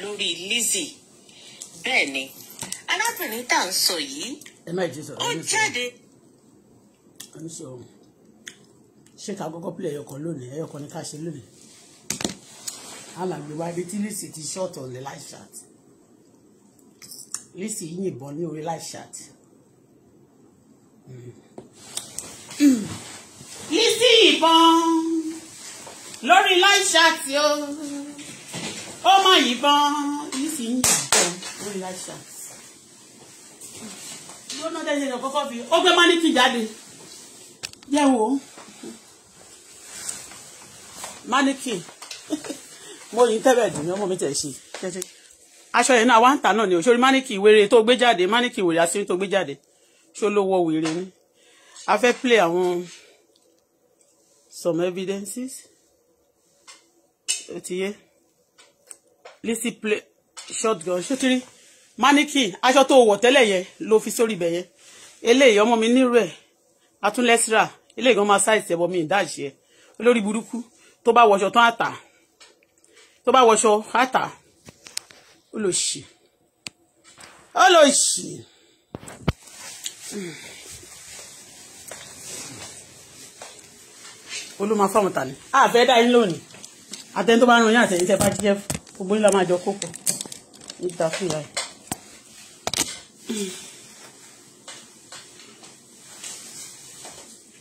lórí Lizzy bẹ́ẹ̀ ni arábìnrin tá à ń sọ yìí ó jáde. ṣé ká kọ́kọ́ pílẹ̀ ẹyọkan lónìí ẹyọkan ni ká ṣe lónìí alàgbé wa ibi tí Lizzy ti ṣọ́ọ̀tọ̀ ní live chat Lizzy yìnbọn ní orí live chat. Lizzy ìbọn lórí live chat o ọmọ ìbọn yìí sì ń Oh lórí láṣà lónà know that you're fi ó gbé mánìkì jáde yẹ̀ wò mánìkì mo yìí tẹ́bẹ̀ interview. ní ọmọ mi tẹ̀ ṣe kẹ́kẹ́ aṣọ yẹn náà wá ń tà náà ni òṣèré mánìkì wèrè tó gbé jáde mánìkì wèrè àṣírí tó gbé jáde ṣó ló wọ ni a fẹ́ play àwọn some evidences ó ti yé. Lizzy play shotgun ṣótìrí mannequin aṣọ tó wọ̀ tẹ́lẹ̀ yẹn ló fi sórí ibẹ̀ yẹn eléyìí ọmọ mi nírú ẹ̀ atúnlẹ́sìrà eléyìí gan máa ṣàìsì ẹ̀bọ mi ìdáàṣì ẹ̀ olórí burúkú tó bá wọṣọ tán àtà tó bá wọṣọ àtà olóṣì olóṣì. olú máa fọ́ọ̀mù tà ní àfẹ́ dá yín lónìí àtẹ́ńtó bá ń ran yín àtẹ̀yìn tẹ́ fún gbogbo yìí la máa jọ kókò níta fún ìyá yìí.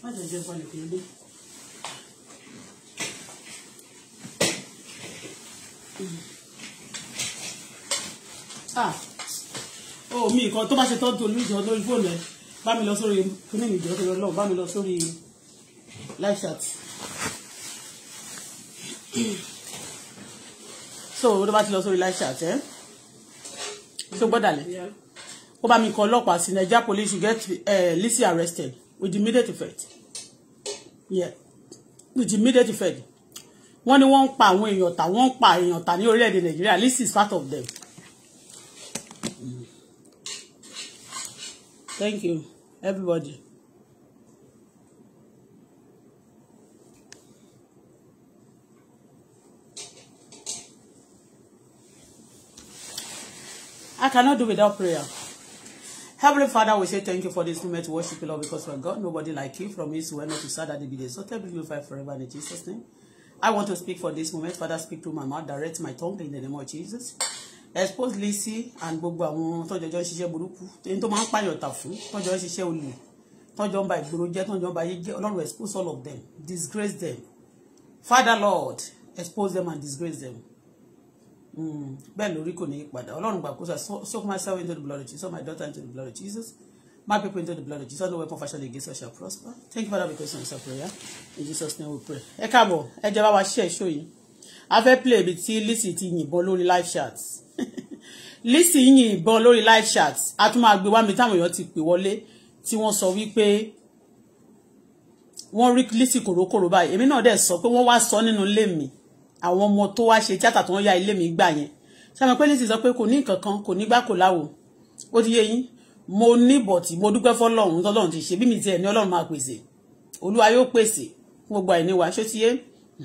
má jẹ jẹ ah oh mi nǹkan tó bá ṣe tọ́jú olùjọ lórí fóònù ẹ bá mi lọ sórí fúnni ìjọ tó lọ lọ́wọ́ bá mi lọ sórí live chat so ó bá ti lọ sórí láì ṣàtẹ́ eh? so gbọ́dàlẹ̀ ó bá mi kọ ọlọ́pàá sí Naija police you get uh, Lizzy arrested with immediate effect yeah with immediate effect wọ́n ní wọ́n ń pa àwọn èèyàn ta wọ́n ń pa èèyàn ta ní orílẹ̀-èdè Nàìjíríà Lizzy is part of them thank you everybody. I cannot do without prayer. Heavenly Father, we say thank you for this moment to worship you, Lord, because from God, nobody like you, from His to west, not to south, at the be So tell me you fight forever in Jesus' name. I want to speak for this moment. Father, speak through my mouth, direct my tongue in the name of Jesus. Expose Lizzy and gbogbo àwọn tọ́jọ́jọ́ ń ṣiṣẹ́ burúkú, ẹni tó máa ń pààyàn tà fún, tọ́jọ́ ń ṣiṣẹ́ olè, tọ́jọ́ ń ba ìgboro jẹ́, tọ́jọ́ ń ba ayé jẹ́, expose all of them, disgrace them. Father Lord, expose them and disgrace them. Mm. bẹ́ẹ̀ lórí kò ní í padà ọlọ́run gbà kó sọ soak myself into the blood of Jesus my daughter into the blood of Jesus my people into the blood of Jesus no weapon fashioned against us shall prosper thank you for that because you answer prayer in Jesus name we pray. ẹ káàbọ̀ ẹ jẹ́ bá wa ṣe ẹ̀ṣọ́ yìí a fẹ́ play ibi tí Lizzy ti yìnbọn lórí live chat Lizzy yìnbọn lórí live chat a tún máa gbé wá mi táwọn èèyàn ti pè wọlé tí wọ́n sọ wípé wọ́n rí Lizzy kòrókòró báyìí èmi náà dẹ̀ sọ pé wọ́n wá sọ nínú ilé mi àwọn ọmọ tó wá ṣe tíátà tó ń ya ilé mi gbà yẹn sẹ́mi pé nísìsiyìí sọ pé kò ní nǹkan kan kò ní gbá láwo ó ti yé yín mo ní bọ̀tì mo dúpẹ́ fọlọ́run tọ́lọ́run ti ṣe bí mi tiẹ̀ ní ọlọ́run máa pèsè olúwa yóò pèsè fún gbogbo àìní wa ṣó ti yé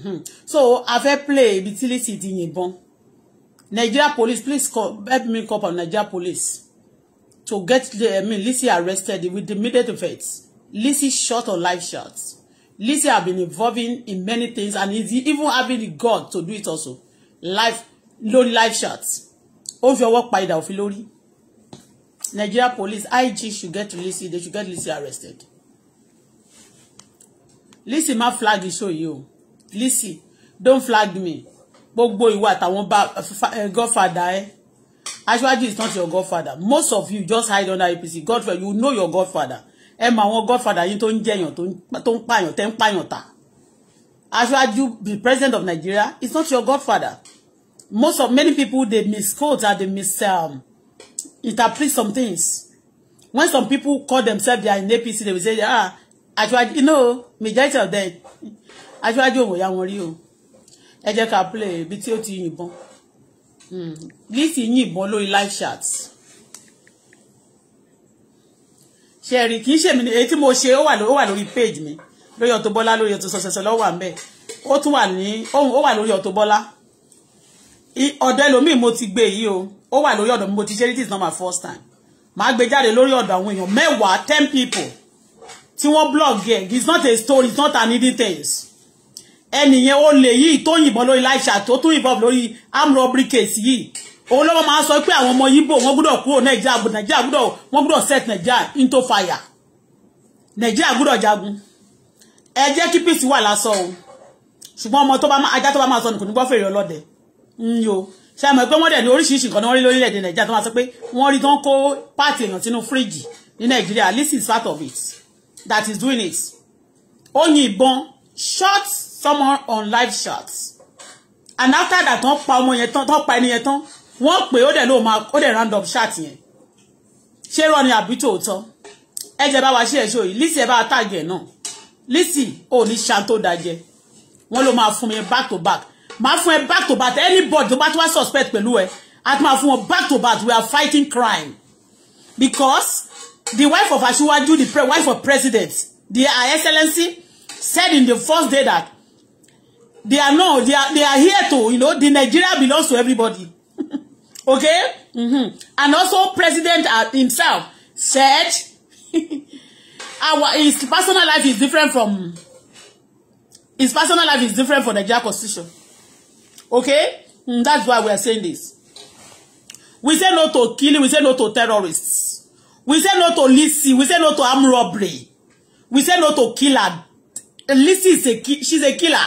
hmm. so a fẹ́ play ibi tí lè sì ti yìnbọn Nigeria police please call, help me call on Nigeria police to get the, I mean, Lizzy arrested with immediate effect Lizzy shot or life shots. Lizzie have been involving in many things and is even having the God to do it also life lórí life shots. ó fi ọwọ́ pa idà òfin lórí Nigeria police IG should get Lizzie they should get Lizzie arrested Lizzie má flag iṣó yìí o Lizzie don't flag me gbogbo ìwà àtàwọn eh, godfather ẹ eh? Aṣíwájú is not your godfather most of you just hide under APC godfather you know your godfather ẹ mọ àwọn godfather yín tó ń jẹyàn tó ń pààyàn tẹ́ ń pààyàn ta aṣáájú the president of Nigeria is not your godfather most of many people dey misquote and dey mis um, interpret some things when some people call themselves they are in APC they will say ah aṣáájú you know majority of them aṣáájú òwò ya wọn rí o ẹ jẹ́ ká play ibi tí ó ti yìnbọn hmm, Lizzy yìnbọn lórí live chat. ṣe rí kì í ṣèmi èyí tí mo ṣe ó wà lórí page mi lórí Auto Bola lórí Auto Success lọ́wọ́ à ń bẹ̀ ó tún wà ní ohun ó wà lórí Auto Bola ọ̀dọ̀ ẹlòmíì mo ti gbé yìí o ó wà lórí ọ̀dọ̀ mi mo ti ṣe this is not my first time màá gbé jáde lórí ọ̀dọ̀ àwọn èèyàn mẹ́wàá ten people tí wọ́n blog yẹ it's not a story it's not an hidden things ẹnìyẹn ó lè yí tó yìnbọn lórí láìṣà tó tún yìnbọn lórí arm robbery case yìí òun lọ́wọ́ máa ń sọ pé àwọn ọmọ yíbo wọ́n gbọ́dọ̀ kúrò nàìjíríà nàìjíríà gbọ́dọ̀ wọ́n gbọ́dọ̀ set nàìjíríà into fire nàìjíríà gbọ́dọ̀ jagun ẹ jẹ́ kí peace wà lásán o ṣùgbọ́n ọmọ tó bá máa ajá tó bá máa sọ nìkò ní gbọ́ fèrè ọlọ́dẹ ń yo ṣe àmọ́ pé wọ́n dẹ̀ ní oríṣiríṣi nǹkan ni wọ́n rí lórílẹ̀‐èdè nàìjíríà tó máa sọ pé wọ́n rí tán kó páàtì èèyàn sínú fíríjì ní nàìjíríà this is part of it that is doing it ó yin ìbọn shot someone on live shot and after that tán pa ọmọ yẹn tán tán pa ẹni yẹn tán wọ́n pè ó dẹ̀ ló máa ó dẹ̀ round up chat yẹn ṣé rọ ni àbí tòótọ́ ẹ jẹ́ bá wa ṣe ẹ̀ṣọ́ yìí Lizzy ẹ bá tag ẹ̀ náà Lizzy ò ní ṣan tó dajẹ́ wọ́n ló máa fún mi back to back máa fún ẹ back to back anybody tó bá tó wá suspect pẹ̀lú ẹ a ti máa fún wọn back to back we are fighting crime because the wife of Asiwaju the pre wife of president the her excellency said in the first day that they are no they are they are here to you know the Nigeria belongs to everybody Okay? Mm-hmm. And also president himself said our his personal life is different from his personal life is different from Nigeria constitution. Okay? Mm, that's why we are saying this. We say no to killing, we say no to terrorists. We say no to Lisi, we say no to armed robbery. We say no to killer. Lisi is a she's a killer.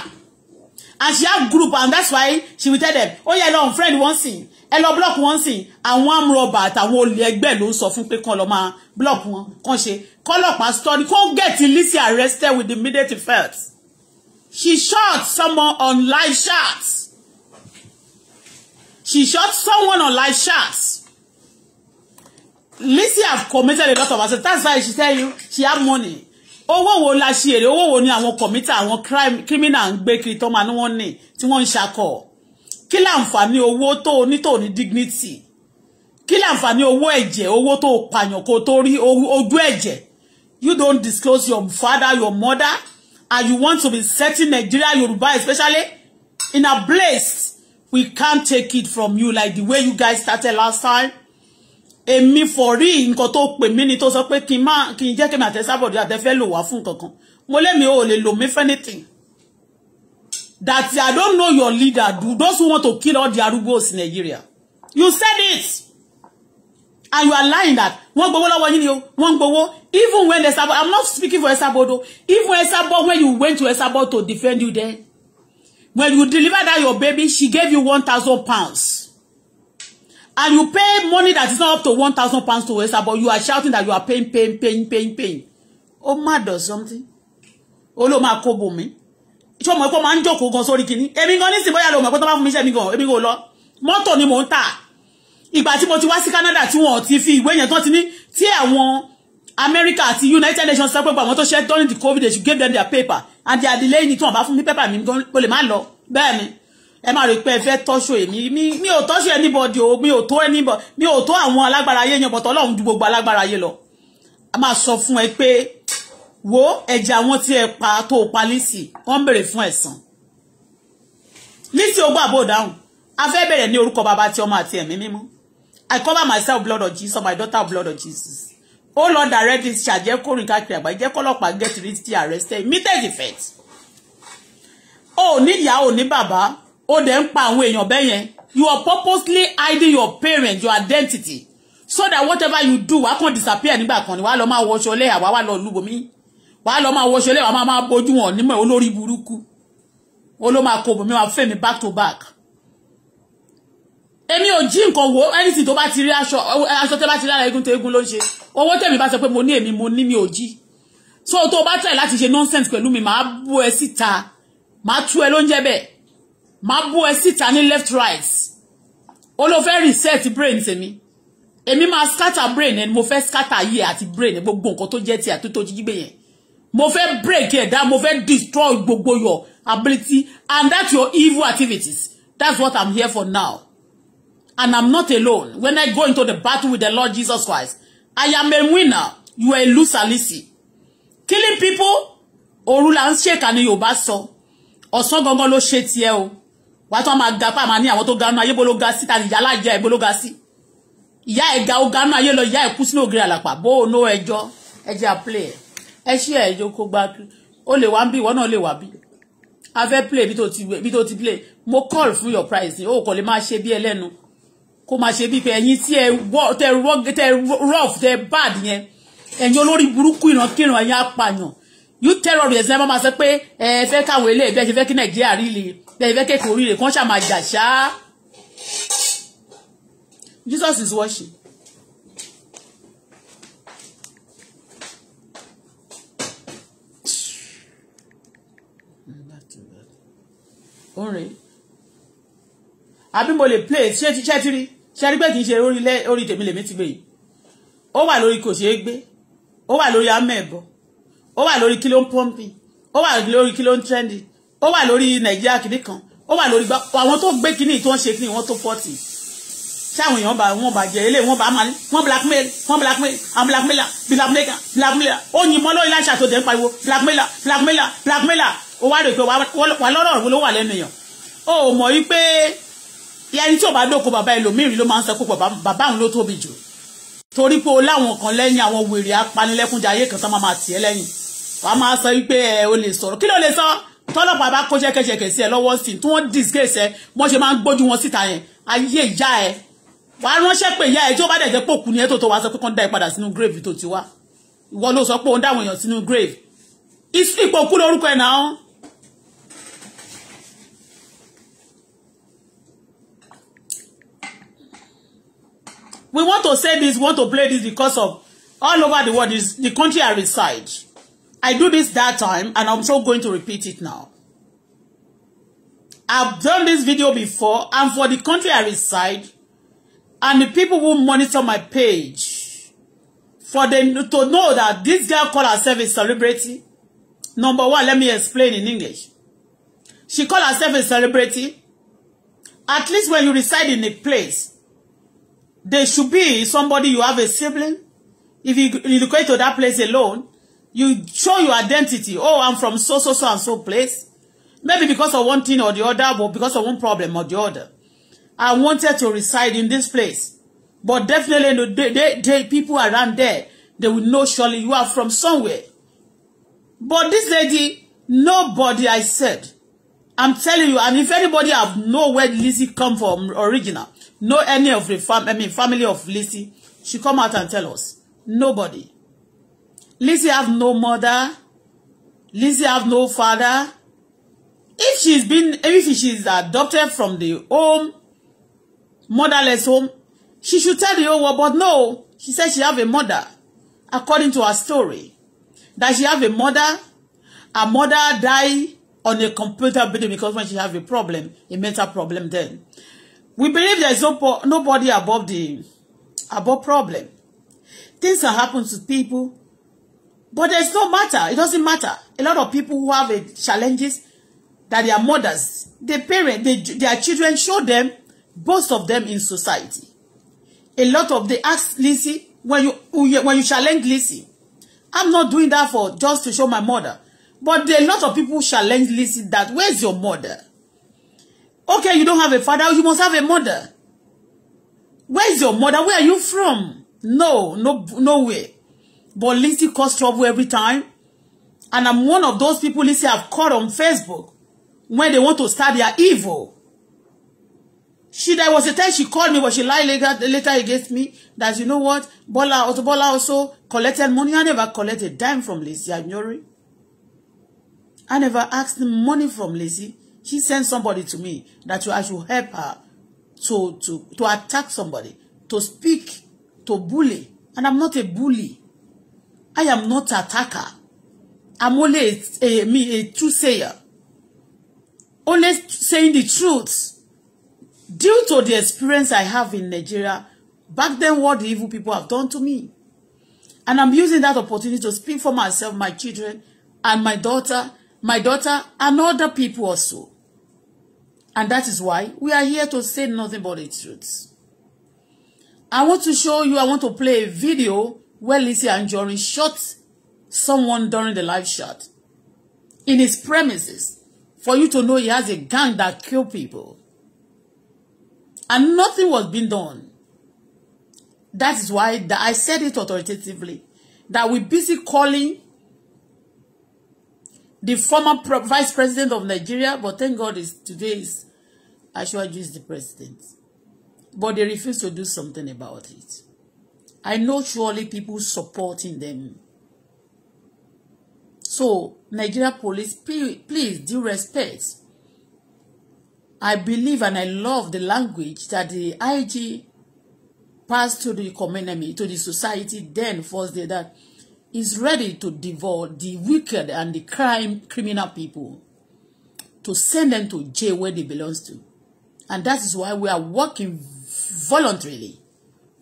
And she have group and that's why she will tell them, oh yeah, no, friend wants him ẹ lọ búlọ́ọ̀kù wọn sìn àwọn amúrọ̀bà àtàwọn olè ẹgbẹ́ ló ń sọ fún pé kán lọ máa búlọ́ọ̀kù wọn kán ṣe kọ́lọ́pàá story kó get Lizzy arrested with immediate effect she shot someone on live chat she shot someone on live chat Lizzy have committed a lot of assets that's why she tell you she have money owó wo la ṣe èrè owó wo ni àwọn kọ̀mítà àwọn criminal ń gbé kiri tó máa ní wọ́n ní tí wọ́n ń ṣakọ̀ọ́ kí láǹfààní owó tó o ní tó o ní dignity kí láǹfààní owó ẹ̀jẹ̀ owó tó o pààyàn kó o tó rí ojú ẹ̀jẹ̀ you don't disclose your father your mother and you want to be certain Nigeria Yoruba especially in a place we can't take it from you like the way you guys started last time èmi for rí nǹkan tó pè mí ni tó sọ pé kí n má kí n jẹ́ kí n àtẹ́sábọ̀dé àtẹ́fẹ́ lò wá fún kankan mo lémi ò lè lò mí fẹ́nìtìn that I don't know your leader, those who want to kill all the Arugbos in Nigeria. You said it. And you are lying that one gbowó lọ́wọ́ yín Even when they, I'm not speaking for Esabodo. Even Esabo, when you went to Esabo to defend you there, when you delivered that your baby, she gave you one thousand pounds. And you pay money that is not up to one thousand pounds to Esabo. You are shouting that you are paying, paying, paying, paying, paying. Oh, mad or something. Olo ma kobo mi tí o mọ̀ pé o máa ń jókòó gan sórí kinní èmi gan nísìnyí bóyá lo mọ̀ tó bá fún mi iṣẹ́ gan èmi kò lọ mọ́tò ni mò ń tà ìgbà tí mo ti wá sí Canada tí wọn ti fi ìwé yẹn tán ti ní tí àwọn America àti United Nations sọ pé àwọn tó ṣe during the COVID they should give them their paper and they are delaying tí wọn bá fún mi paper mi gan o lè má lọ bẹ́ẹ̀ ni ẹ máa rí pé ẹ fẹ́ tọ́ṣọ èmi mi ò tọ́ṣọ anybody o mi ò tó anybody mi ò tó àwọn alágbára ayé yẹn bọ̀tọ̀ ọlọ́run wo ẹ̀jẹ̀ àwọn tí ẹ pa tó pa Lizzy wọ́n ń bèrè fún ẹ̀san Lizzy ó gbà bó dáhùn a fẹ́ ní orúkọ bàbá tí ọmọ àti ẹ̀mí mímọ́ I cover myself blood of Jesus my daughter blood of Jesus ó lọ direct discharge jẹ́ kórìn káàkiri àgbáyé jẹ́ kọ́lọ́pàá get rid ti arrested immediate effect o ní ìyá o ní bàbá ó dẹ̀ ń pa àwọn èèyàn bẹ́ẹ̀ yẹn you are purposely hiding your parents your identity so that whatever you do wàá kàn disappear nígbà kan ni wàá lọ máa wọṣọ lẹ́yà wàá wà lọ lúbomi wàá lọ máa wọṣọ ilé wa máa máa bójú wọn nímọ̀ olórí burúkú ó ló máa kó bòmí máa fẹ́ mi back to back èmi ò jí nǹkan wo anything tó bá ti rí aṣọ aṣọ tó bá ti rí ara egun tó egun ló ń ṣe owó tẹ̀mí bá sọ pé mo ní èmi mo ní mi ò jí so tó o bá tẹ̀ láti ṣe nonsense pẹ̀lú mi màá bú ẹ síta màá tú ẹ ló ń jẹ́ bẹ́ẹ̀ màá bú ẹ síta ní left right ó reset brain tèmi èmi máa scatter brain ẹni mo fẹ́ scatter yìí àti brain gbogbo nǹkan tó jẹ́ ti àtúntò jíjí gbé yẹn mo fẹ́ break ẹ̀ down mo fẹ́ destroy gbogbo your ability and that's your evil activities that's what i'm here for now and i'm not alone when i go into the battle with the lord jesus christ i am a winner you are a loser lisi killing people òru là ń ṣèkà yorùbá sọ ọ̀sán gangan ló ṣe tiẹ̀ o wàá tán máa ga pa ní àwọn tó ga ayé bolo ga sí tàbí ìyá alájà ẹ̀ ga sí ìyá ẹ̀ ga ó ga ayé lọ ìyá ẹ̀ kú sínú ògiri àlàpà bó o nó ẹjọ́ ẹjẹ́ àpilẹ̀ ẹ ṣí ẹ̀ ìjókòó gba ó lè wá ń bí ìwọ náà lè wá bí a fẹ́ play bí tó ti bí tó ti play mo call fún your price ni ó kò lè máa ṣe bí ẹlẹ́nu kó máa ṣe bí pé ẹ̀yin tí ẹ wọ́ tẹ rọ́ tẹ rough tẹ bad yẹn ẹ̀yin olórí burúkú ìrànkíran ẹ̀yin apààyàn you terrorist ẹ máa sọ pé ẹ fẹ́ káwọn eléyìí bẹ́ẹ̀ ṣe fẹ́ kí nàìjíríà rí le bẹ́ẹ̀ fẹ́ kékeré rè kán ṣàmàjà ṣáá Jesus is watching. orin àbí mo lè play ṣé ti ṣẹ́ tiri ṣe rí pé kì í ṣe orí tèmi lèmi ti gbé yìí ó wà lórí kò ṣeé gbé ó wà lórí amẹ́ẹ̀bọ ó wà lórí kí ló ń pọ́ǹpì ó wà lórí kí ló ń trẹ́ndì ó wà lórí nàìjíríà kìíní kan ó wà lórí àwọn tó gbé kìíní tó ń ṣe kìíní wọn tó fọ́tì sáwọn èèyàn bá wọn bá jẹ ilé wọn bá máa wọn blackmail wọn blackmail àwọn blackmailer blackmailer blackmailer ó yìnbọn lórí láṣà tó dẹ̀ ń pariwo blackmailer blackmailer blackmailer ó wá rè pé wà lọ́rọ̀ òun ló wà lẹ́nu èèyàn ó mọ̀ yí pé ẹni tí ò bá dóko bàbá ẹlòmíràn ló máa ń sọ pé bàbá òun ló tóbi jù torí pé o láwọn kan lẹ́yìn àwọn wèrè apanilẹ́kúnjayé kan sọ́mọ́ máa tiẹ̀ lẹ́yìn wàá máa sọ wípé ẹ o lè sọ̀rọ̀ kí ló lè sọ tọ́lọ́pàá bá kó jẹ́kẹ́jẹkẹ̀ sí ẹ lọ́wọ́ sí tí wọ́n disgrace ẹ wọ́n ṣe máa ń gbójú wọn síta yẹn ayé ìyá ẹ wàá ránṣẹ́ pé ìyá ẹ tí ó bá dẹ̀ jẹ́ ni ẹ tó tó wá sọ pé kán dá ẹ sínú grave tó ti wá ìwọ ló sọ pé òun dáwọn èèyàn sínú grave ìsìnkú òkú lórúkọ ẹ̀ náà we want to say this we want to play this because of all over the world is the country I reside I do this that time and I'm so going to repeat it now I've done this video before and for the country I reside and the people who monitor my page for them to know that this girl called herself a celebrity number one let me explain in English she called herself a celebrity at least when you reside in a place There should be somebody you have a sibling. If you relocate to that place alone, you show your identity. Oh, I'm from so, so, so, and so place. Maybe because of one thing or the other, but because of one problem or the other. I wanted to reside in this place. But definitely, the, the, the people around there, they will know surely you are from somewhere. But this lady, nobody I said. I'm telling you, and if anybody have know where Lizzie come from original, no any of the fam I mean, family of Lizzie She come out and tell us. Nobody. Lizzie have no mother. Lizzie have no father. If she's been, if she's adopted from the home, motherless home, she should tell the whole world, but no, she said she have a mother, according to her story, that she have a mother, her mother died on a computer building because when she have a problem, a mental problem then. We believe there is no, nobody above the above problem. Things are happen to people, but there's no matter. It doesn't matter. A lot of people who have a, challenges that their mothers, their parents, they, their children show them, both of them in society. A lot of they ask Lizzy when you when you challenge Lizzy, I'm not doing that for just to show my mother. But there are a lot of people challenge Lizzy that where's your mother? Okay, you don't have a father, you must have a mother. Where's your mother? Where are you from? No, no, no way. But Lizzie cause trouble every time. And I'm one of those people Lizzie have caught on Facebook when they want to start their evil. She, there was a time she called me, but she lied later, later against me that, you know what, Bola, Auto Bola also collected money. I never collected a dime from Lizzie Anjorin. I never asked money from Lizzie. She sent somebody to me that I should help her to, to, to attack somebody, to speak, to bully. And I'm not a bully. I am not attacker. I'm only a, a, me, a true sayer. Only saying the truth. Due to the experience I have in Nigeria, back then what the evil people have done to me. And I'm using that opportunity to speak for myself, my children, and my daughter, my daughter, and other people also. And that is why we are here to say nothing but the truth. I want to show you, I want to play a video where Lizzie and Jory shot someone during the live shot in his premises for you to know he has a gang that kill people. And nothing was being done. That is why the, I said it authoritatively that we busy calling the former vice president of Nigeria, but thank God is today is Ashwaju is the president. But they refuse to do something about it. I know surely people supporting them. So, Nigeria police, please, please due respect. I believe and I love the language that the IG passed to the community to the society then first day that is ready to devour the wicked and the crime criminal people to send them to jail where they belong to. And that is why we are working voluntarily,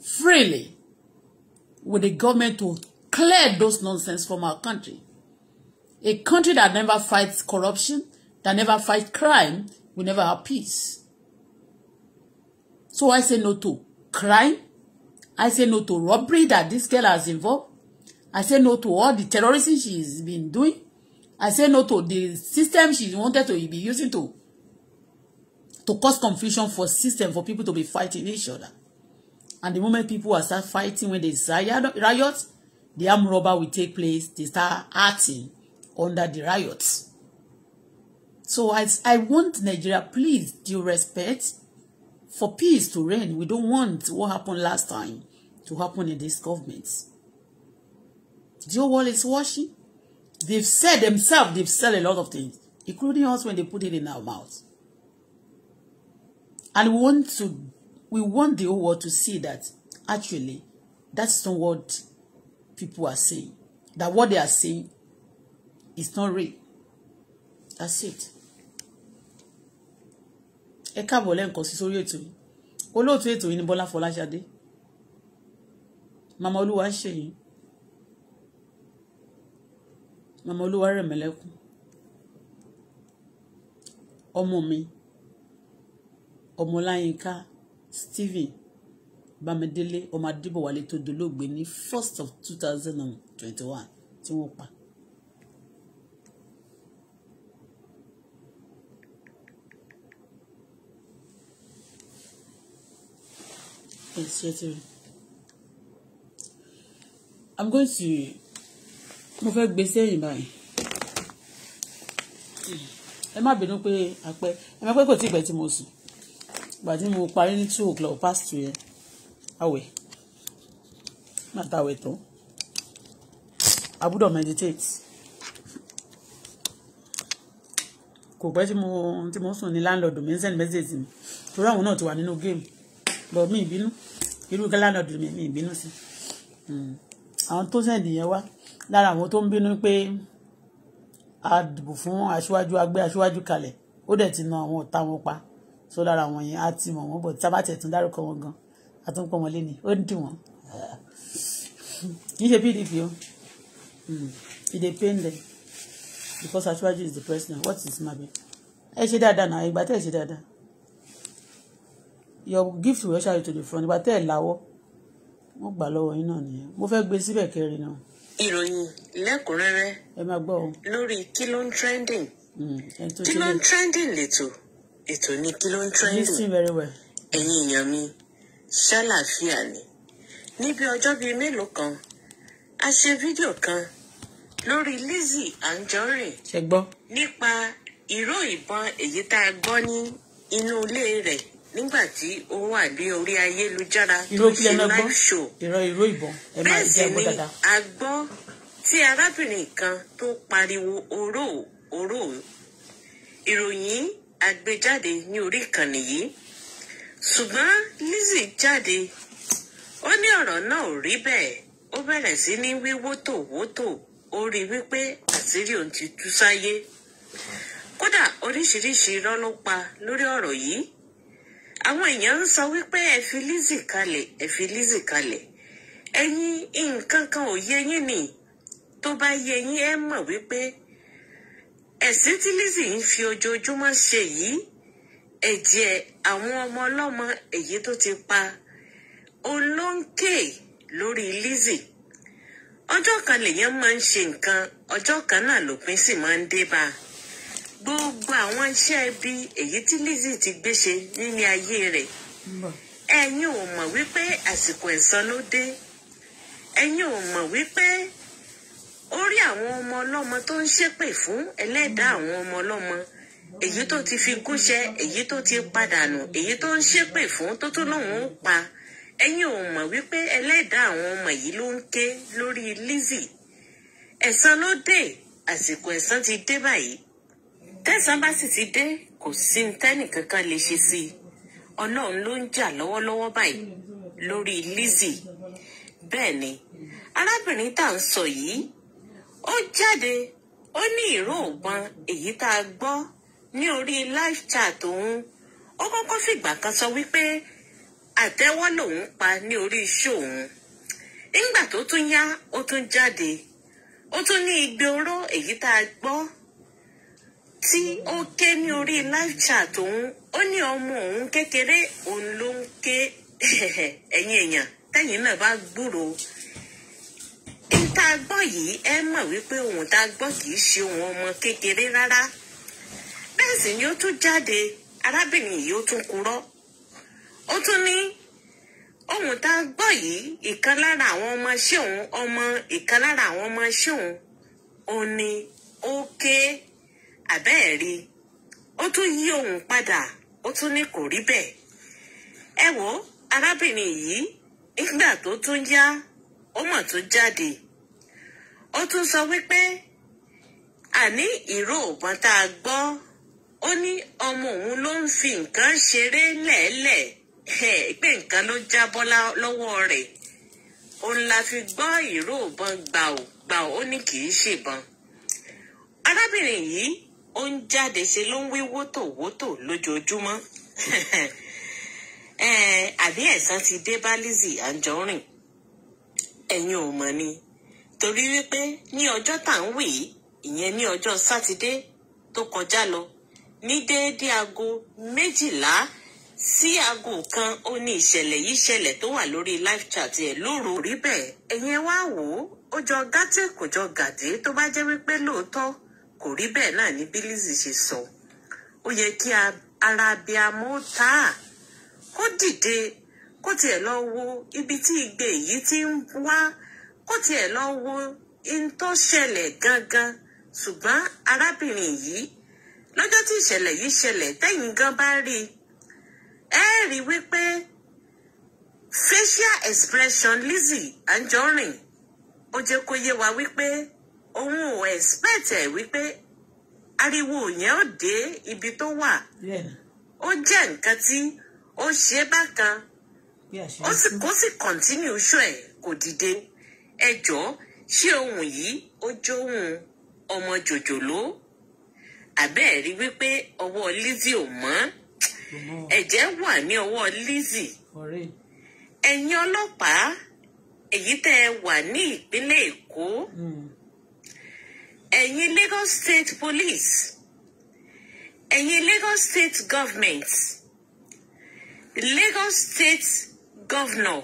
freely, with the government to clear those nonsense from our country. A country that never fights corruption, that never fights crime, will never have peace. So I say no to crime. I say no to robbery that this girl has involved. I say no to all the terrorism she's been doing. I say no to the system she wanted to be using to to cause confusion for system for people to be fighting each other. And the moment people are start fighting when they riots, the armed robber will take place. They start acting under the riots. So I, I want Nigeria, please, do respect for peace to reign. We don't want what happened last time to happen in this government. The whole world is watching. They've said themselves, they've said a lot of things, including us when they put it in our mouth. And we want to, we want the whole world to see that actually, that's not what people are saying. That what they are saying is not real. That's it. Ẹ káàbọ̀ lẹ́ǹkan sí sórí ètò yìí. Olóòtú ètò yìí ni Bọ́lá Fọláṣadé. Màmá Olúwa ṣèyí. màmá Olúwarẹ̀mílẹ́kún ọmọ mi ọmọláyínká stephen bámidélé ọmọ adébọ̀wálé tó dolóògbé ní first of two thousand and twenty-one tí wọ́n pa. I'm going to mo fẹ́ gbé sẹ́yìn báyìí ẹ má bínú pé àpẹ ẹ má pé kò tí ì pẹ́ tí mo sùn ìgbà tí mo parí ní two o'clock past two yẹn àwẹ̀ màtàwẹ̀ tán a gbọ́dọ̀ meditate kò pẹ́ tí mo tí mo sùn ní landlord mi ń send message mi torí àwọn náà ti wà nínú game lọ mí ìbínú irú landlord mi mi ìbínú sí hmm. àwọn tó send yẹn wá lára àwọn tó ń bínú pé a dìbò fún aṣíwájú agbé aṣíwájú kalẹ̀ ó dẹ̀ ti na àwọn ọ̀tá wọn pa so lára àwọn yẹn á ti mọ̀ wọ́n bọ̀ tábàtẹ̀ tún dárúkọ wọn gan àtúnpọ̀ wọn lé ní ó ń dùn wọ́n kì í ṣe pdp o e dey pain them because aṣíwájú is the president what is mabe ẹ ṣe dáadáa náà ìgbà tẹ́ ẹ ṣe dáadáa your gift will usher you to the front ìgbà tẹ́ ẹ láwọ́ wọ́n gbà lọ́wọ́ yín náà nìyẹn mo fẹ́ gbé síbẹ̀ kẹrin náà ìròyìn lẹ́kùnrẹ́rẹ́ lórí kí ló ń trending hmm, kí ló ń trending lẹ́tọ̀ ètò ni kí ló ń trending ẹ̀yin èèyàn mi ṣàlàáfíà ni níbi ọjọ́ bíi mélòó kan a ṣe fídíò kan lórí Lizzy Anjorin nípa ìró ìbọn èyí tá a gbọ́ ní inú ilé rẹ̀ nígbà tí ó wà ní orí ayélujára tó ṣe live show bẹ́ẹ̀ sì ni a gbọ́ tí arábìnrin kan tó pariwo oró oró ìròyìn àgbéjáde ní orí ìkànnì yìí ṣùgbọ́n Lizzy jáde ó ní ọ̀rọ̀ náà ò rí bẹ́ẹ̀ ó bẹ̀rẹ̀ sí ní wíwótò wótò ó rí wípé àṣírí òun ti tú sáyé kódà oríṣiríṣi irọ́ ló pa lórí ọ̀rọ̀ yìí àwọn èèyàn ń sọ wípé ẹ fi Lizzy kalẹ̀ ẹ fi Lizzy kalẹ̀ ẹ̀yin nǹkan kan ò yé yín nì tó bá yé yín ẹ mọ̀ wípé ẹ̀sìn tí Lizzy ń fi ojoojúmọ́ ṣe yìí ẹ̀jẹ̀ àwọn ọmọ ọlọ́mọ èyí tó ti pa olóńkè lórí Lizzy ọjọ́ kan lèèyàn máa ń ṣe nǹkan ọjọ́ kan náà lòpin sì máa ń dé bá a gbogbo àwọn iṣẹ́ ibi èyí tí Lizzy ti gbé ṣe níní ayé rẹ̀ ẹ̀yin ò mọ̀ wípé àsìkò ẹ̀san ló dé ẹ̀yin ò mọ̀ wípé orí àwọn ọmọ ọlọ́mọ tó ń ṣépè fún ẹlẹ́dàá àwọn ọmọ ọlọ́mọ èyí tó ti fi gúnṣẹ èyí tó ti padànù èyí tó ń ṣépè fún tó tó lóun ó pa ẹ̀yin ò mọ̀ wípé ẹlẹ́dàá àwọn ọmọ yìí ló ń ké lórí Lizzy ẹ̀san ló dé àsìkò ẹ̀san ti dé báyìí tẹ̀sán bá sì ti dé kò sí tẹ́nì kankan lè ṣe sí i ọlọ́run ló ń jà lọ́wọ́lọ́wọ́ báyìí lórí Lizzy bẹ́ẹ̀ ni arábìnrin tá à ń sọ yìí ó jáde ó ní ìró ògbọn èyí tá a gbọ́ ní orí live chat òun ó kọ́kọ́ fìgbà kan sọ wípé àtẹ́wọ́ lòun pa ní orí iṣẹ́ òun nígbà tó tún yá ó tún jáde ó tún ní igbe oró èyí tá a gbọ́ tí ó ké ní orí live chat òun ó ní ọmọ òun kékeré òun ló ń ké ẹ̀yin èèyàn tẹ́yìn náà bá gbúrò n tá a gbọ́ yìí ẹ mọ̀ wípé ohun tá a gbọ́ kì í ṣe ohun ọmọ kékeré rárá bẹ́ẹ̀ sì ni ó tún jáde arábìnrin yìí ó tún kúrò ó tún ní ohun tá a gbọ́ yìí ìkan lára àwọn ọmọ ṣé òun ọmọ ìkan lára àwọn ọmọ ṣé òun ò ní ó ké. Okay àbẹ́ẹ̀ rí ó tún yí òun padà ó tún ní kò rí bẹ́ẹ̀ ẹ wo arábìnrin yìí nígbà tó tún yá ó mọ̀ tó jáde ó tún sọ wípé àní ìró òbọn tá a gbọ́ ó ní ọmọ òun ló ń fi nǹkan ṣeré lẹ́ẹ̀lẹ̀ pé nǹkan ló jábọ́ lọ́wọ́ rẹ̀ òun la fi gbọ́ ìró òbọn gbàù gbàù ó ní kì í ṣèbọn arábìnrin yìí ó ń jáde ṣe ló ń wí wótòwótò lójoojúmọ́ àbí ẹ̀san ti dé bá Lizzy Anjorin ẹ̀yin ò mọ̀ ni torí wípé ní ọjọ́ tá à ń wì í ìyẹn ní ọjọ́ sátidé tó kọjá lọ ní déédéé aago méjìlá sí aago kan ó ní ìṣẹ̀lẹ̀ yìí ṣẹlẹ̀ tó wà lórí live chat ẹ̀ lóru rí bẹ́ẹ̀ ẹ̀yin wá wò ó ó jọ gàtẹ́ kò jọ gàdé tó bá jẹ́ wípé lóòótọ́ kò rí bẹ́ẹ̀ náà ní bílíìsì ṣe sọ ó yẹ kí ara abiamọ ta kó dìde kó tiẹ̀ lọ wo ibi tí igbe yìí ti ń wá kó tiẹ̀ lọ wo in tó ṣẹlẹ̀ gangan ṣùgbọ́n arábìnrin yìí lọ́jọ́ tí ìṣẹ̀lẹ̀ yìí ṣẹlẹ̀ tẹ́yìn gan bá rí ẹ rí wípé facial expression Lizzy Anjorin ó jẹ́ kó yé wa wípé òun ò expect ẹ̀ wípé ariwo yẹn ò dé ibi tó wà ó jẹ́ nǹkan tí ó ṣe bákan ó sì kó sì continue ṣọ́ ẹ̀ kò dìde ẹ jọ̀ọ́ ṣé ohun yìí ó jóhun ọmọ jòjòló àbẹ́ẹ̀ rí wípé ọwọ́ Lizzy ò mọ́ ẹ̀jẹ̀ wà ní ọwọ́ Lizzy ẹ̀yin ọlọ́pàá èyí tẹ́ ẹ wà ní ìpínlẹ̀ Èkó. Mm ẹ̀yin Lagos State Police ẹ̀yin Lagos State Government Lagos State Governor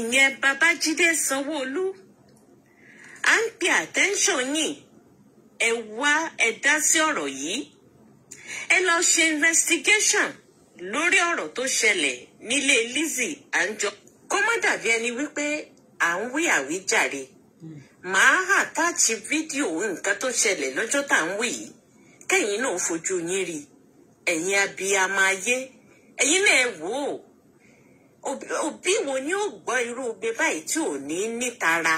ìyẹn Babájídé Sanwó-Olú à ń pè attention yìí ẹ wá ẹ dá sí ọ̀rọ̀ yìí ẹ lọ ṣe investigation lórí ọ̀rọ̀ tó ṣẹlẹ̀ nílé Lizzy Anjorin kó má dàbí ẹni wípé à ń wí àwíjàre. Mm màá àtàchì fídíò nǹkan tó ṣẹlẹ̀ lọ́jọ́ tá à ń wí yìí kẹ́yìn náà fojú yín rí ẹ̀yin abiyamọ ayé ẹ̀yin náà wò ó òbí wo ni ó gbọ́ irú ugbe báyìí tí ò ní nítara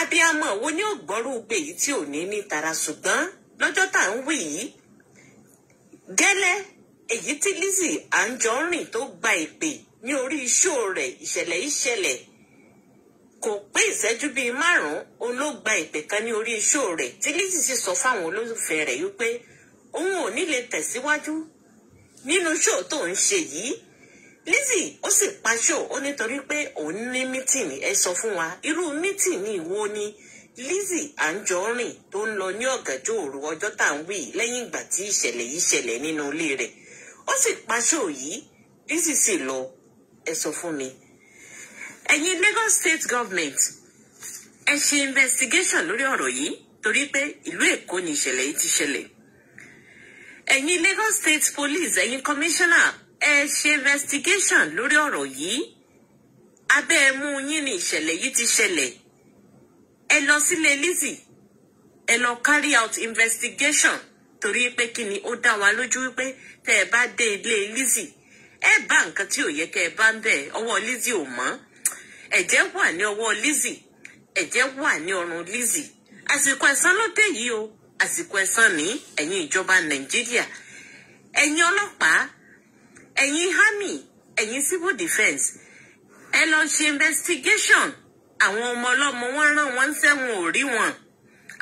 abiyamọ wo ni ó gbọ́rú ugbe yìí tí ò ní nítara ṣùgbọ́n lọ́jọ́ tá à ń wí yìí gẹ́lẹ́ èyí tí Lizzy Anjorin tó gba ìpè ní orí iṣó rẹ̀ ìṣẹ̀lẹ̀ ìṣẹ̀lẹ̀ kò pé ìṣẹ́jú bíi márùn-ún òun ló gba ìpè kan ní orí iṣó rẹ̀ tí Lizzy sì sọ fáwọn olólùfẹ́ rẹ̀ wípé òun ò ní lè tẹ̀síwájú nínú iṣó tó ń ṣe yìí Lizzy ó sì pa iṣó ó nítorí pé òun ní mítìnì ẹ sọ fún wa irú mítìnì wo ni Lizzy Anjorin tó ń lọ ní ọ̀gànjọ́ òru ọjọ́ tá à ń wí lẹ́yìn ìgbà tí ìṣẹ̀lẹ̀ yìí ṣẹlẹ̀ nínú ilé rẹ̀ ó sì pa iṣó yìí Lizzy sì lọ ẹ sọ fún mi ẹ̀yin Lagos state government ẹ ṣe investigation lórí ọ̀rọ̀ yìí torí pé ìlú Èkó ni ìṣẹ̀lẹ̀ yìí ti ṣẹlẹ̀ ẹ̀yin Lagos state police ẹ̀yin commissioner ẹ ṣe investigation lórí ọ̀rọ̀ yìí abẹ́ ẹ̀mú yín ni ìṣẹ̀lẹ̀ yìí ti ṣẹlẹ̀ ẹ lọ sílé Lizzy ẹ lọ carry out investigation torí pé kí ni ó dá wa lójú wípé tẹ́ ẹ bá dé ilé Lizzy ẹ bá nǹkan tí ò yẹ kẹ́ ẹ bá ń bẹ̀ ọwọ́ Lizzy ò mọ́ ẹ̀jẹ̀ wà ní ọwọ́ Lizzy ẹ̀jẹ̀ wà ní ọrùn Lizzy àsìkò ẹ̀san ló dé yìí o àsìkò ẹ̀san ní ẹ̀yin ìjọba Nàìjíríà ẹ̀yin ọlọ́pàá ẹ̀yin army ẹ̀yin civil defence ẹ lọ ṣe investigation àwọn ọmọ ọlọ́mọ wọn rán wọn sẹ́wọ̀n ò rí wọn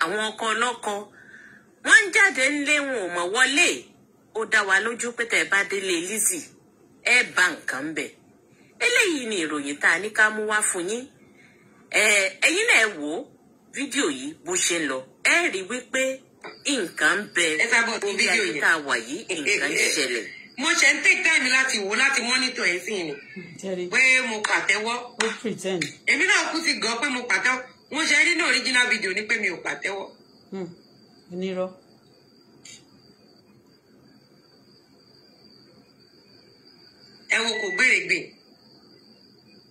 àwọn ọkọ ọlọ́kọ wọ́n ń jáde ńlé wọn ò mọ̀ wọlé ó dá wa lójú pé tẹ́ ẹ bá délé Lizzy ẹ bá nǹkan bẹ̀ eléyìí ni ìròyìn tá a ní ká mú wá fún yín ẹ̀yin náà wò ó fídíò yìí bó ṣe ń lọ ẹ rí i wípé nǹkan ń bẹ níbi ayé tá a wà yìí eh, nǹkan ń eh, ṣẹlẹ̀. mo ṣe ń take time láti wò láti monitor ẹ̀ sí ni pé mo pàtẹ́wọ́ èmi náà kú ti gan pé mo pàtẹ́wọ́ mo ṣe rí ní original video ni pé mi ò pàtẹ́wọ́. Hmm. onírọ́. ẹ wo kò gbèrègbè.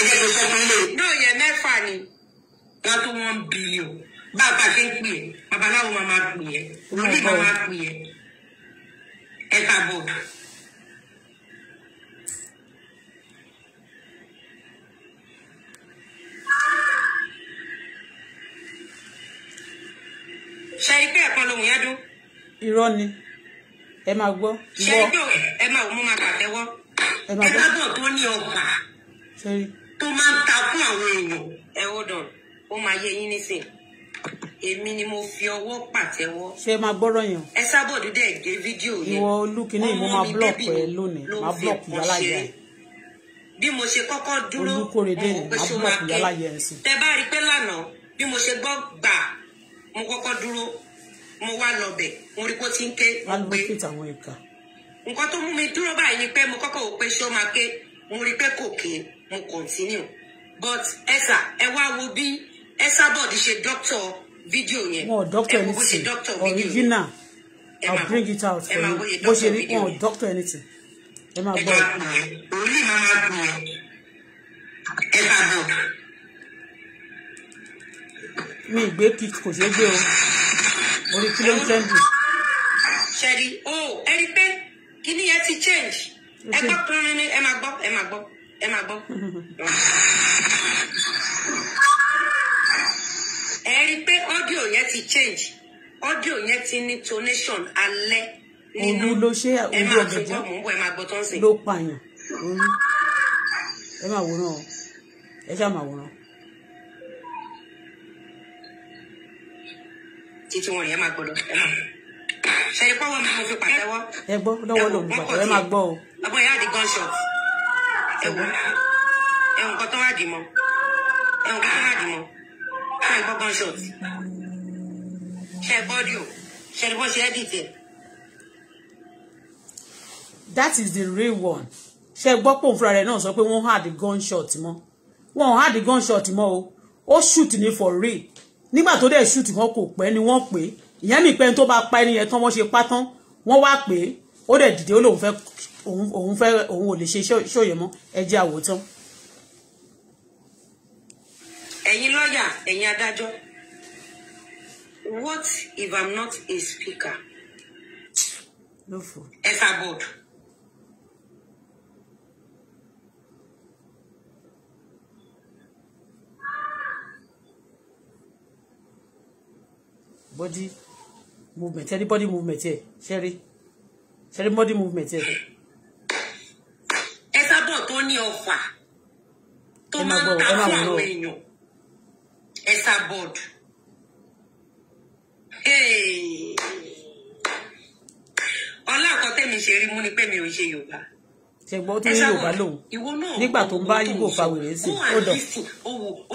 ìjẹ́ kí n sọ fún ilé. náà yẹn mẹ́fà ni wọ́n tó wọ́n bílíọ̀ bá a bá a ṣe ń pè é babaláwo máa máa pè é olórí oh máa máa pè é ẹ̀ka bọ̀dù. ṣe ipé ẹ̀kan lòun yẹn dún. irọ́ ni ẹ máa gbọ́. ṣe ipé ẹ máa mú máa pàtẹ́wọ́ ẹ máa bọ̀ tó ní ọgbà tó máa ń ta fún àwọn èèyàn ẹ hold on ó máa yé yín nísìn èmi ni mo fi ọwọ́ pàtẹ́wọ́. ṣé máa gbọ́rọ̀ yàn. ẹ sábòdú dẹ̀ gé fídíò yẹn. ìwọ olúkinní mo máa blọọkù ẹ lónìí máa blọọkù yálà yẹn. bí mo ṣe kọ́kọ́ dúró olùkórèdè máa blọọkù yálà yẹn sí. tẹ bá rí i pé lánàá bí mo ṣe gbọ́ gbà mo kọ́kọ́ dúró mo wá lọ bẹ̀ mo rí kó ti ń ké mo gbé. nǹkan tó mú mi dúró báyìí ni pé mo kọ́kọ́ wò pé ṣé ó máa ké mo rí pé kò ké mo continue but ẹsà ẹ wá wo bí ẹsà bọ̀dì ṣe doctor video, yẹn ẹ doctor, bó ṣe dọ́kítọ̀ fídíò yẹn bring it out for you bó ṣe rí wọn dọ́kítọ̀ anything ẹ máa gbọ́. orí máa máa gbọ́ ẹ bá bọ̀. mi ìgbé kò ṣeé gbé o orí kí ló ń tẹ́ǹdì. ṣẹ́ni o ẹ̀rí pé kíní yẹn ti change ẹ gbọ́ pínrín ẹ máa gbọ́ ẹ máa gbọ́ ẹ máa gbọ́. ẹ rí i pé ọ́díò yẹn ti change ọ́díò yẹn ti ní tonation alẹ́ nínú ẹ máa fi gbọ́ mò ń bọ̀ ẹ máa gbọ́ tó ń sìn. ló pààyàn ẹ máa wòran o ẹ ṣáà máa wòran. títí wọn yẹn máa gbọ́dọ̀ ẹ máa ṣe é pọ́wọ́ mi mo fi pàtẹ́wọ́. ẹ gbọ́ lọ́wọ́ lòun gbàgbọ́ ẹ máa gbọ́ o. ọmọ ìyá di gunshot ẹ wò nǹkan tó wá dì mọ́ ẹ nǹkan tó wá dì mọ́ ẹ nǹkan gunshot ṣe bọ́dí o ṣe ni wọ́n ṣe edit that is the real one ṣe gbọ́ pòun fúnra rẹ̀ náà sọ pé wọ́n had the gunshot mọ́ wọ́n had the gunshot mọ́ o ó shoot ní for real nígbà tó dẹ̀ shoot kan kò pẹ́ ni wọ́n pè é ìyẹn mi pẹ́ tó bá pa ẹni yẹn tán wọ́n ṣe pátán wọ́n wá pè é ó dẹ̀ dìde ó lóun fẹ́ òun fẹ́ òun ò lè ṣe ṣòye mọ́ ẹ àwòtán. ẹ̀yin lọ́ọ̀yà ẹ̀yin adájọ́ what if i'm not a speaker? ẹ̀fà bọ̀dù. body movement anybody movement here sherry sherry body movement here ní fa. tó máa ń ta fún àwọn èèyàn ẹ̀sà bọ́ọ̀dù. ọlọ́ọ̀kan tẹ̀mí ṣe rí mú ni pé mi ò ṣe yorùbá. ṣègbọ́n ó tún ní yorùbá lòun nígbà tó ń bá ibo fa wèrè sí ó dọ̀.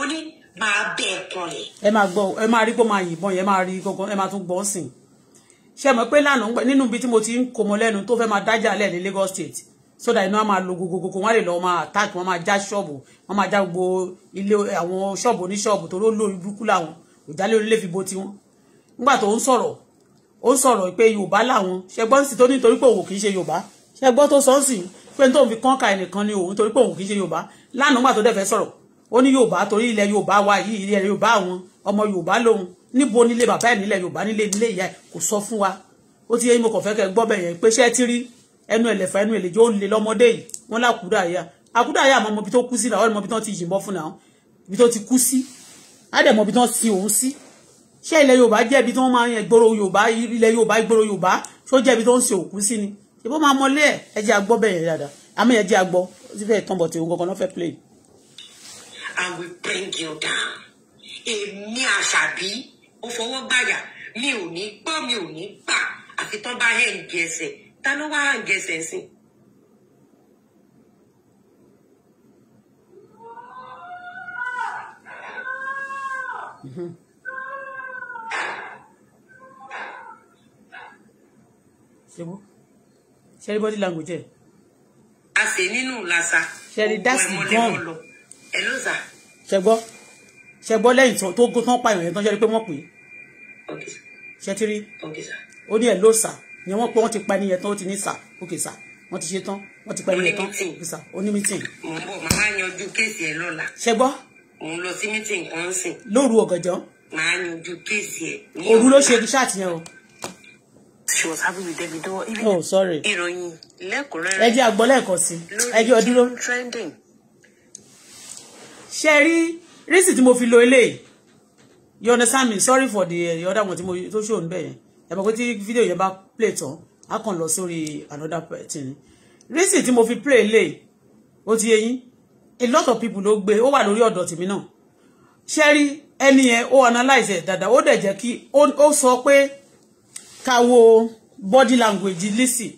é ní máa bẹ̀ ẹ̀kan rẹ̀. ẹ máa gbọ́ ẹ máa rí pé ó máa yìnbọn yẹn ẹ máa rí gangan ẹ máa tún gbọ́ sìn. ṣé ẹ mọ̀ pé lánàá nínú ibi tí mo Lagos State so that iná máa lo gogogogo wọn lè lọ máa attack wọn máa já ṣọ́ọ̀bù wọn máa já gbogbo ilé àwọn ṣọ́ọ̀bù oníṣọ́ọ̀bù tó ló lórí burúkú làwọn òjálé orílẹ̀ fi bo tiwọn nígbà tó ń sọ̀rọ̀ ó ń sọ̀rọ̀ pé yorùbá làwọn ṣẹgbọ́n sì tó nítorí pé òwò kì í ṣe yorùbá ṣẹgbọ́n tó sọ́ọ̀sì pé nítorí fi kọ́ńkà ẹnìkan ni òun torí pé òun kì í ṣe yorùbá lánàá nígbà tó dẹ̀ fẹ́ sọ̀rọ̀ ó ní yorùbá torí ilẹ̀ yorùbá wa yìí ilẹ̀ yorùbá àwọn ọmọ yorùbá lòun níbo nílé bàbá ẹ̀ nílẹ̀ yorùbá nílé nílé ìyá ẹ̀ kò sọ fún wa ó ti yẹ mo kàn fẹ́ kẹ́ gbọ́ bẹ̀yẹn pé ṣẹ́ ti rí ẹnu ẹlẹ́fà ẹnu ẹlẹ́jọ́ ó lè lọ́mọdé yìí wọ́n lákùúdà yá àkúdà yá àmọ́ ibi tó kú sí làwọn ọmọbi tán ti yìnbọn fún náà ibi tó ti kú sí ádẹ̀mọbi tán sin òun sí ṣé ilẹ̀ Yorùbá jẹ́ ibi tí wọ́n máa ń gbòòrò Yorùbá ilẹ̀ Yorùbá gbòòrò Yorùbá ṣó jẹ́ ibi tó ń sin òkú sí ni ìbọn máa mọlé ẹ̀ ẹ jẹ́ agbọ́ bẹ̀yẹn dáadáa àmọ́ ẹ jẹ́ agbọ́ tí fẹ́ẹ́ tán bọ̀ tí òun gangan náà bring you down èmi àṣàbí ó fọwọ́ gbàyà mi ò ní gbọ́ mi ò ní gbà àfi tán bá hẹ́ǹdì ẹsẹ̀ ta ló wá àǹgẹ̀sẹ̀ sí. ṣebó ṣẹ́rí body language ẹ̀. a sì nínú làṣà. ṣẹ́rí that's the gun. ẹ ló sà. ṣẹgbọ́ ṣẹgbọ́ lẹ́yìn tó tó tán pààyàn yẹn tán ṣẹ́rí pé wọ́n pè é. ṣẹ́tírí ó ní ẹ̀ ló sà ìyẹn wọ́n pé wọ́n ti pa ẹni yẹn tán ó ti ní sà ókè sà wọ́n ti ṣe tán wọ́n ti pa ẹni yẹn tán ókè sà ó ní mítìn. mo ń màá yanjú kéèsì ẹ lọ́la. ṣe gbọ́. mo ń lọ sí mítìn kan sìn. lóru ọ̀gànjọ́. màá yanjú kéèsì ẹ. òru ló ṣe ṣáàtì yẹn o. she was happy with Davido. oh sorry. ìròyìn lẹ́kùnrẹ́rẹ́. ẹ jẹ́ àgbọ̀ lẹ́ẹ̀kan sí ẹ jẹ́ ọdúró. ṣe rí rísì tí mo fi lo eléyìí you sorry for eh, the other one tí mo tó ṣòun bẹ́ẹ̀ yẹn ẹ mọ̀ pé tí fídíò yẹn bá play tán á kàn lọ sórí another thing reason tí mo fi play lè ó ti yé yín a lot of people ló gbé ó wà lórí ọ̀dọ̀ tèmi náà ṣé rí ẹni yẹn ó analyze ẹ̀ dáadáa ó dẹ̀ jẹ́ kí ó sọ pé ká wo body language Lizzy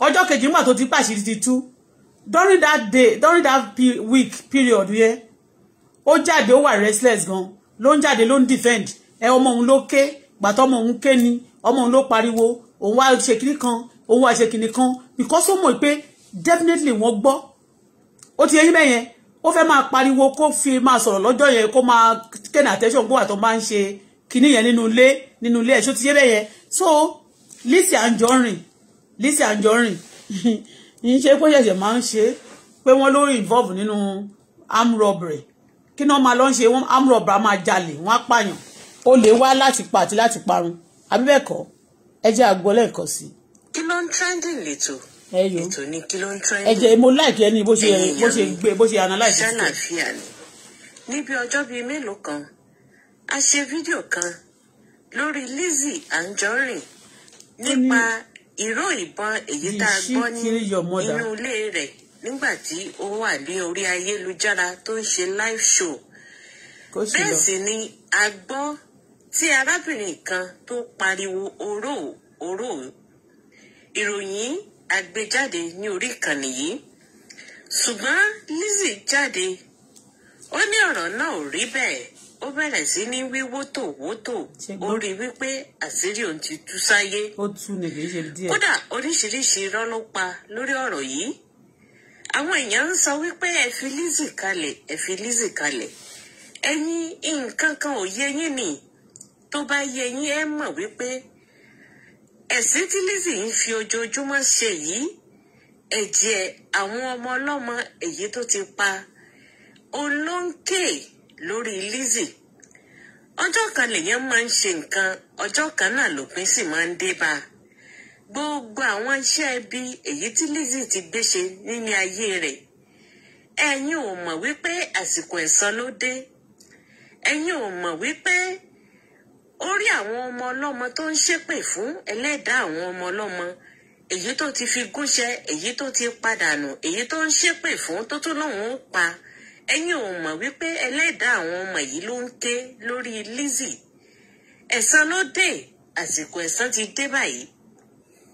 ọjọ́ kejì nígbà tó ti pàṣírí ti tú during that day during that week period yẹn ó jáde ó wà restless gan ló ń jáde ló ń defend ẹ ọmọ òun ló ké gbàtọ́ ọmọ òun ké ni ọmọ òun ló pariwo òun wá ṣe kinní kan òun wá ṣe kinní kan because ó mọ̀ pé definitely wọ́n gbọ́ ó ti yẹyìn bẹ́yẹn ó fẹ́ máa pariwo kó fi máa sọ̀rọ̀ lọ́jọ́ yẹn kó máa kéde attention kó wà tó máa ń ṣe kinní yẹn nínú ilé nínú ilé ẹ̀ ṣó ti yẹ bẹ́yẹn so Lizzy Anjorin Lizzy Anjorin yìí ṣe pé ṣẹ̀ṣẹ̀ máa ń ṣe pé wọ́n ló involve nínú arm robbery kí náà máa lọ ń ṣe arm robbery máa jalè wọ́n á pààyàn ó lè wá láti pa àti láti parun àbí ẹ jẹ́ àgbọ̀ lẹ́ẹ̀kan sí. kí ló ń trending lẹ́tọ̀ ètò ni kí ló ń trending. ẹ jẹ́ mo like ẹni bó ṣe bó ṣe gbé bó ṣe analyze. ṣáná fíà ni níbi ọjọ́ bíi mélòó kan a ṣe fídíò kan lórí Lizzy Anjorin nípa ìró ìbọn èyí tá a gbọ́ ní inú ilé rẹ̀ nígbà tí ó wà ní orí ayélujára tó ń ṣe live show bẹ́ẹ̀ sì ni a gbọ́ tí arábìnrin kan tó pariwo oró oró ìròyìn àgbéjáde ní orí ìkànnì yìí ṣùgbọ́n Lizzy jáde ó ní ọ̀rọ̀ náà ò rí bẹ́ẹ̀ ó bẹ̀rẹ̀ sí ní wí wótò wótò ó rí wípé àṣírí òun ti tú sáyé kódà oríṣiríṣi irọ́ ló pa lórí ọ̀rọ̀ yìí àwọn èèyàn ń sọ wípé ẹ fi Lizzy kalẹ̀ ẹ fi Lizzy kalẹ̀ ẹ̀yin nǹkan kan ò yé yín nìyí tó bá yẹ yín ẹ mọ̀ wípé ẹ̀sìn tí Lizzy ń fi ojoojúmọ́ ṣe yìí ẹ̀jẹ̀ àwọn ọmọ ọlọ́mọ èyí tó ti pa olóńkè lórí Lizzy ọjọ́ kan lèèyàn máa ń ṣe nǹkan ọjọ́ kan náà lòpin sì máa ń dé bá a gbogbo àwọn iṣẹ́ ibi èyí tí Lizzy ti gbé ṣe nílé ayé rẹ̀ ẹ̀yin ò mọ̀ wípé àsìkò ẹ̀san ló dé ẹ̀yin ò mọ̀ wípé ó rí àwọn ọmọ ọlọ́mọ tó ń ṣépè fún ẹlẹ́dàá àwọn ọmọ ọlọ́mọ èyí tó ti fi gúnṣẹ èyí tó ti padà nù èyí tó ń ṣépè fún tó tún lòun ó pa ẹ̀yin ò mọ̀ wípé ẹlẹ́dàá àwọn ọmọ yìí ló ń ké lórí Lizzy ẹ̀san ló dé àsìkò ẹ̀san ti dé báyìí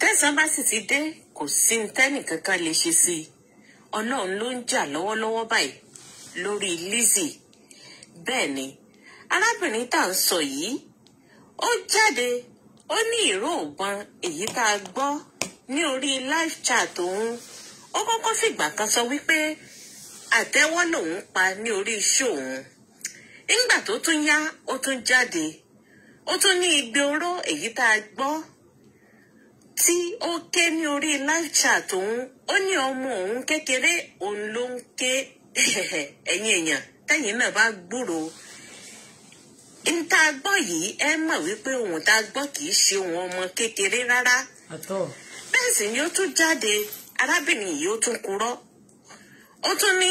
tẹ̀san bá sì ti dé kò sí tẹ́nì kankan lè ṣe sí i Ọlọ́run ló ń jà lọ́wọ́lọ́wọ́ báyìí lórí Lizzy bẹ́ẹ̀ ni arábìnrin tá à ń sọ yìí ó jáde ó ní ìró ògbọn èyí tá a gbọ́ ní orí live chat òun ó kọ́kọ́ fìgbà kan sọ wípé àtẹ́wọ́ lòun pa ní orí iṣẹ́ òun nígbà tó tún yá ó tún jáde ó tún ní igbe oró èyí tá a gbọ́ tí ó ké ní orí live chat òun ó ní ọmọ òun kékeré òun ló ń ké ẹ̀yin èèyàn tẹ́yìn náà bá n tá a gbọ́ yìí ẹ mọ̀ wípé ohun tá a gbọ́ kì í ṣe ohun ọmọ kékeré rárá bẹ́ẹ̀ sì ni ó tún jáde arábìnrin yìí ó tún kúrò ó tún ní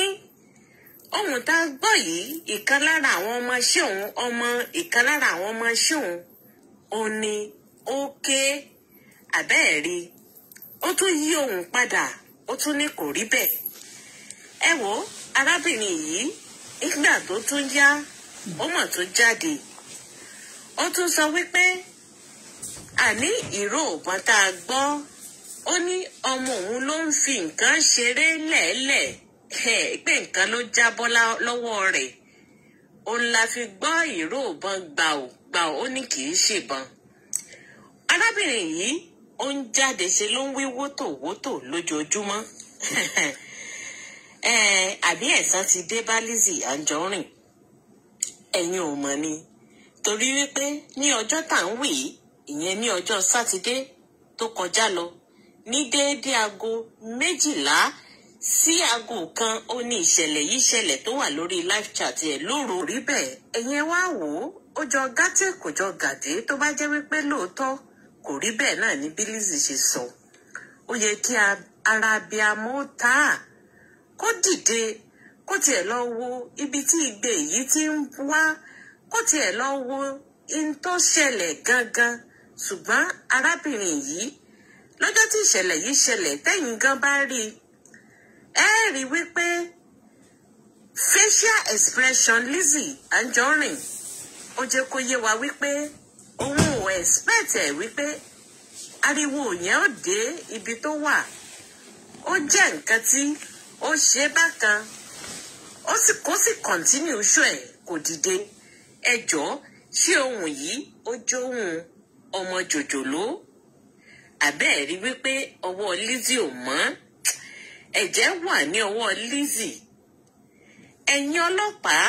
ohun tá a gbọ́ yìí ìkan lára àwọn ọmọ iṣẹ́ òun ọmọ ìkan lára àwọn ọmọ iṣẹ́ òun ò ní ó ké àbẹ́ẹ̀rí ó tún yí ohun padà ó tún ní kò rí bẹ́ẹ̀ ẹ wo arábìnrin yìí nígbà tó tún yá ó mọ̀ tó jáde ó tún sọ wípé àní ìró ògbọ́n tá a gbọ́ ó ní ọmọ òun ló ń fi nǹkan ṣeré lẹ́ẹ̀lẹ̀ pé nǹkan ló jábọ́ lọ́wọ́ rẹ̀ òun la fi gbọ́ ìró òbọn gbàù gbàù ó ní kì í ṣèbọn arábìnrin yìí ó ń jáde ṣe ló ń wí wótòwótò lójoojúmọ́ àbí ẹ̀san ti dé bá Lizzy Anjorin ẹ̀yin ò mọ̀ ni torí wípé ní ọjọ́ tá à ń wì í ìyẹn ní ọjọ́ sátidé tó kọjá lọ ní déédé aago méjìlá sí aago kan ó ní ìṣẹ̀lẹ̀ yìí ṣẹlẹ̀ tó wà lórí live chat ẹ̀ lóru rí bẹ́ẹ̀ ẹ̀yin wá wò ó ó jọ gàtẹ́ kò jọ gàdé tó bá jẹ́ wípé lóòótọ́ kò rí bẹ́ẹ̀ náà ni Bílíìsì ṣe sọ ó yẹ kí ara abiyamọ tá a kó dìde kó tiẹ̀ lọ wo ibi tí igbe yìí ti ń wá kó tiẹ̀ lọ wo in tó ṣẹlẹ̀ gangan ṣùgbọ́n arábìnrin yìí lọ́jọ́ tí ìṣẹ̀lẹ̀ yìí ṣẹlẹ̀ tẹ́yìn gan bá rí ẹ rí wípé facial expression Lizzy Anjorin ó jẹ́ kó yé wa wípé òun ò expect ẹ̀ wípé ariwo yẹn ó dé ibi tó wà ó jẹ́ nǹkan tí ó ṣe bákan ó sì kó sì kọ̀ntínú ṣó ẹ̀ kò dìde ẹ jọ̀ọ́ ṣé ohun yìí ó jóhun ọmọ jòjòló àbẹ́ẹ̀ rí wípé ọwọ́ Lizzy ò mọ́ ẹ̀jẹ̀ wà ní ọwọ́ Lizzy ẹ̀yin ọlọ́pàá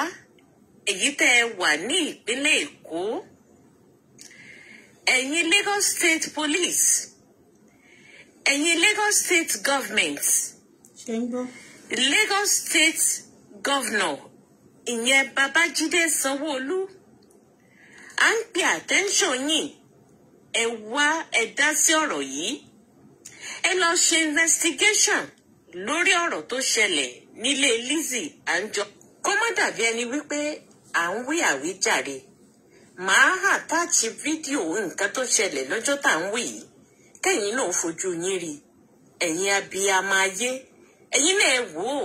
èyí tẹ́ ẹ wà ní ìpínlẹ̀ Èkó ẹ̀yin Lagos State Police ẹ̀yin Lagos State Government Lagos State gọ́vnọ̀ ìyẹn babájídé sanwóolu à ń pe attention yìí ẹ wá ẹ dá sí ọ̀rọ̀ yìí ẹ lọ ṣe investigation lórí ọ̀rọ̀ tó ṣẹlẹ̀ nílé Lizzy Anjọ kó má dàbí ẹni wípé à ń wí àwíjàre màá àtàchì fídíò nǹkan tó ṣẹlẹ̀ lọ́jọ́ tá à ń wí yìí kẹ́yìn náà fojú yín rí ẹ̀yin abiyamọ ayé ẹ̀yin náà ẹ wò ó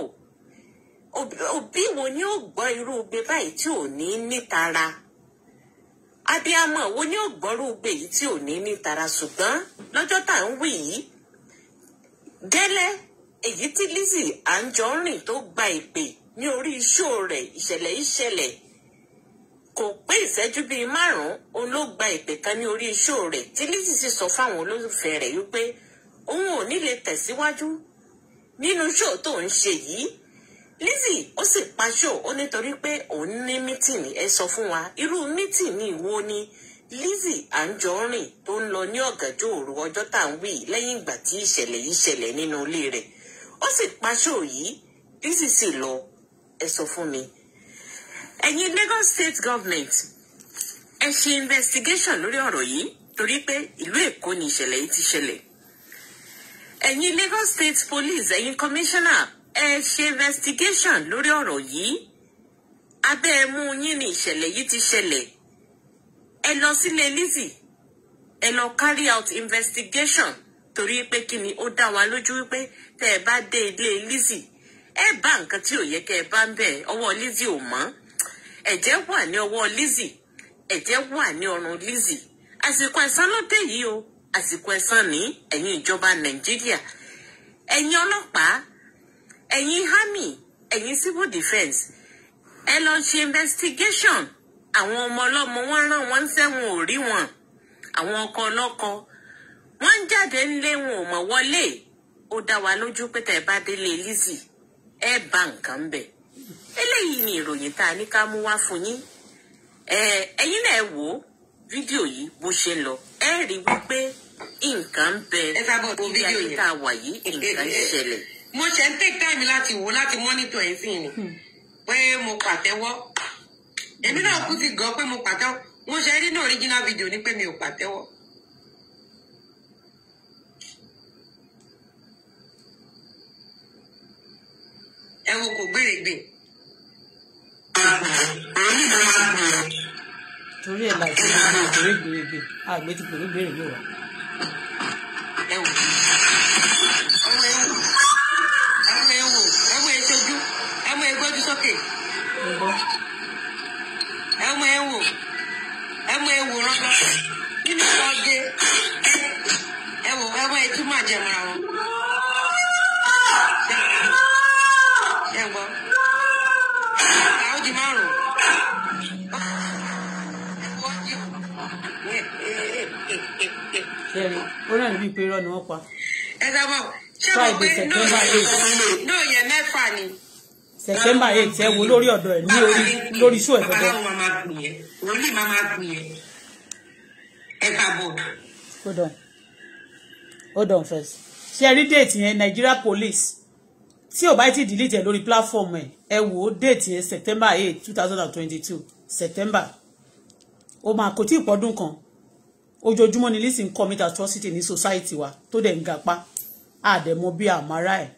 òbí wo ni ó gbọ́ irú igbe báyìí tí ò ní nítara abiyamọ wo ni ó gbọ́ irú igbe yìí tí ò ní nítara ṣùgbọ́n lọ́jọ́ tá ń wí yìí gẹ́lẹ́ èyí tí Lizzy Anjorin tó gba ìpè ní orí iṣó rẹ̀ ìṣẹ̀lẹ̀ ìṣẹ̀lẹ̀ kò pé ìṣẹ́jú bíi márùn-ún òun ló gba ìpè kan ní orí iṣó rẹ̀ tí Lizzy sì sọ fáwọn olólùfẹ́ rẹ̀ wípé òun ò ní lè tẹ̀síwájú nínú iṣó tó ń ṣe yìí Lizzie, ó sì pa show ó nítorí pé òun ní mítìnì ẹ sọ fún wa irú mítìnì wo ni Lizzy Anjorin tó ń lọ ní ọ̀gànjọ́ òru ọjọ́ tá à ń wí lẹ́yìn ìgbà tí ìṣẹ̀lẹ̀ yìí ṣẹlẹ̀ nínú ilé rẹ̀ ó sì pa yìí Lizzy sì lọ ẹ sọ fún mi. ẹ̀yin Lagos State Government ẹ ṣe investigation lórí ọ̀rọ̀ yìí torí pé ìlú Èkó ni ìṣẹ̀lẹ̀ yìí ti ṣẹlẹ̀ ẹ̀yin Lagos State Police ẹ̀yin commissioner ẹ ṣe investigation lórí ọ̀rọ̀ yìí abẹ́ ẹ mú yín ni ìṣẹ̀lẹ̀ yìí ti ṣẹlẹ̀ ẹ lọ sílé Lizzy ẹ lọ carry out investigation torí pé kí ni ó dá wa lójú wípé tẹ́ ẹ bá dé ilé Lizzy ẹ bá nǹkan tí ò yẹ kẹ́ ẹ bá ń bẹ̀ ọwọ́ Lizzy ò mọ́ ẹ̀jẹ̀ wà ní ọwọ́ Lizzy ẹ̀jẹ̀ wà ní ọrùn Lizzy àsìkò ẹ̀san ló yìí o àsìkò ẹ̀san ní ẹ̀yin ìjọba Nàìjíríà ẹ̀yin ọlọ́pàá ẹ̀yin army ẹ̀yin civil defence ẹ lọ ṣe investigation àwọn ọmọ ọlọ́mọ wọ́n rán wọn sẹ́wọ̀n ò rí wọn àwọn ọkọ ọlọ́kọ wọ́n ń jáde ńlé wọn ò mọ̀ wọlé ó dá wa lójú pé tẹ́ ẹ bá délé Lizzy ẹ bá nǹkan bẹ̀ eléyìí ni ìròyìn tá a ní ká mú wá fún yín ẹ̀yin náà ẹ wò ó fídíò yìí bó ṣe lọ ẹ rí wípé nǹkan bẹ orí ayé tá a wà yìí nǹkan ń mo ṣe ń take time láti wò láti monitor ẹ̀ sí ni hmm. pé mo pàtẹ́wọ́ èmi náà kú ti gan pé mo pàtẹ́wọ́ mo ṣe nínú original video ni pé mi ò pàtẹ́wọ́. ẹ wo kò gbèrègbè. torí ẹ̀ láti ṣe ìgbèrè gbèrègbè àgbẹ̀ ti pèrè gbèrègbè wa. ẹ wò ọmọ àwọn ẹ̀ ń wò ẹ̀ mú ẹ ṣojú ẹ̀ mú ẹ gbójú sókè ẹ̀ mú ẹ wò ẹ̀ mú ẹ wò rọ́lọ́ nínú ọdẹ ẹ̀ wò ẹ̀ mú ẹ túmọ̀ àjẹmọ́ra wọn. ó rẹ̀ níbi pé irọ́ ni wọ́n pa. ẹ dábàá friday september eight. no yẹn mẹ́fà ni. september eight ẹ wo lórí ọ̀dọ̀ ẹ̀ ní orí lórí iṣu ẹ̀ gbọ́dọ̀. babaláwo máa máa pè é wòlíì máa máa pè é ẹ káàbọ̀. hold on hold on first ṣe rí déètì yẹn nigeria police tí ò bá ti delete ẹ lórí platform ẹ ẹ wò ó déètì yẹn september eight two thousand and twenty-two september ó máa kò tí ì pọ́dún kan ojoojúmọ́ ni lisi ń commit atrocity ní society wa tó dẹ̀ ń gapá àdẹ̀mọ bíi àmàrà ẹ̀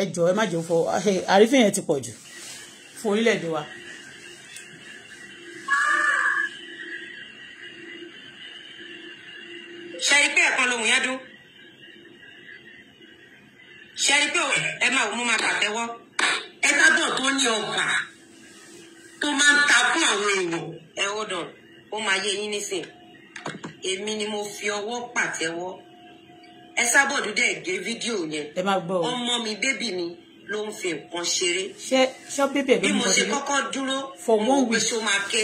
ẹ jọ ẹ má jẹ́ fọ àrífín yẹn ti pọ̀ jù fún orílẹ̀-èdè wa. ṣe rí pé ẹ̀kan lòun yẹn dún ṣe rí pé ẹ máa mú máa pàtẹ́wọ́ ẹ sábọ̀ tó ní ọgbà tó máa ń ta fún àwọn èèyàn ẹ hold on ó máa yé yín nísìn èmi ni mo fi ọwọ́ pàtẹ́wọ́ ẹ sábọ̀dù dẹ̀ gé fídíò yẹn ọmọ mi bébì mi ló ń fi nǹkan ṣeré bí mo ṣe kọ́kọ́ dúró mo gbé so máa ké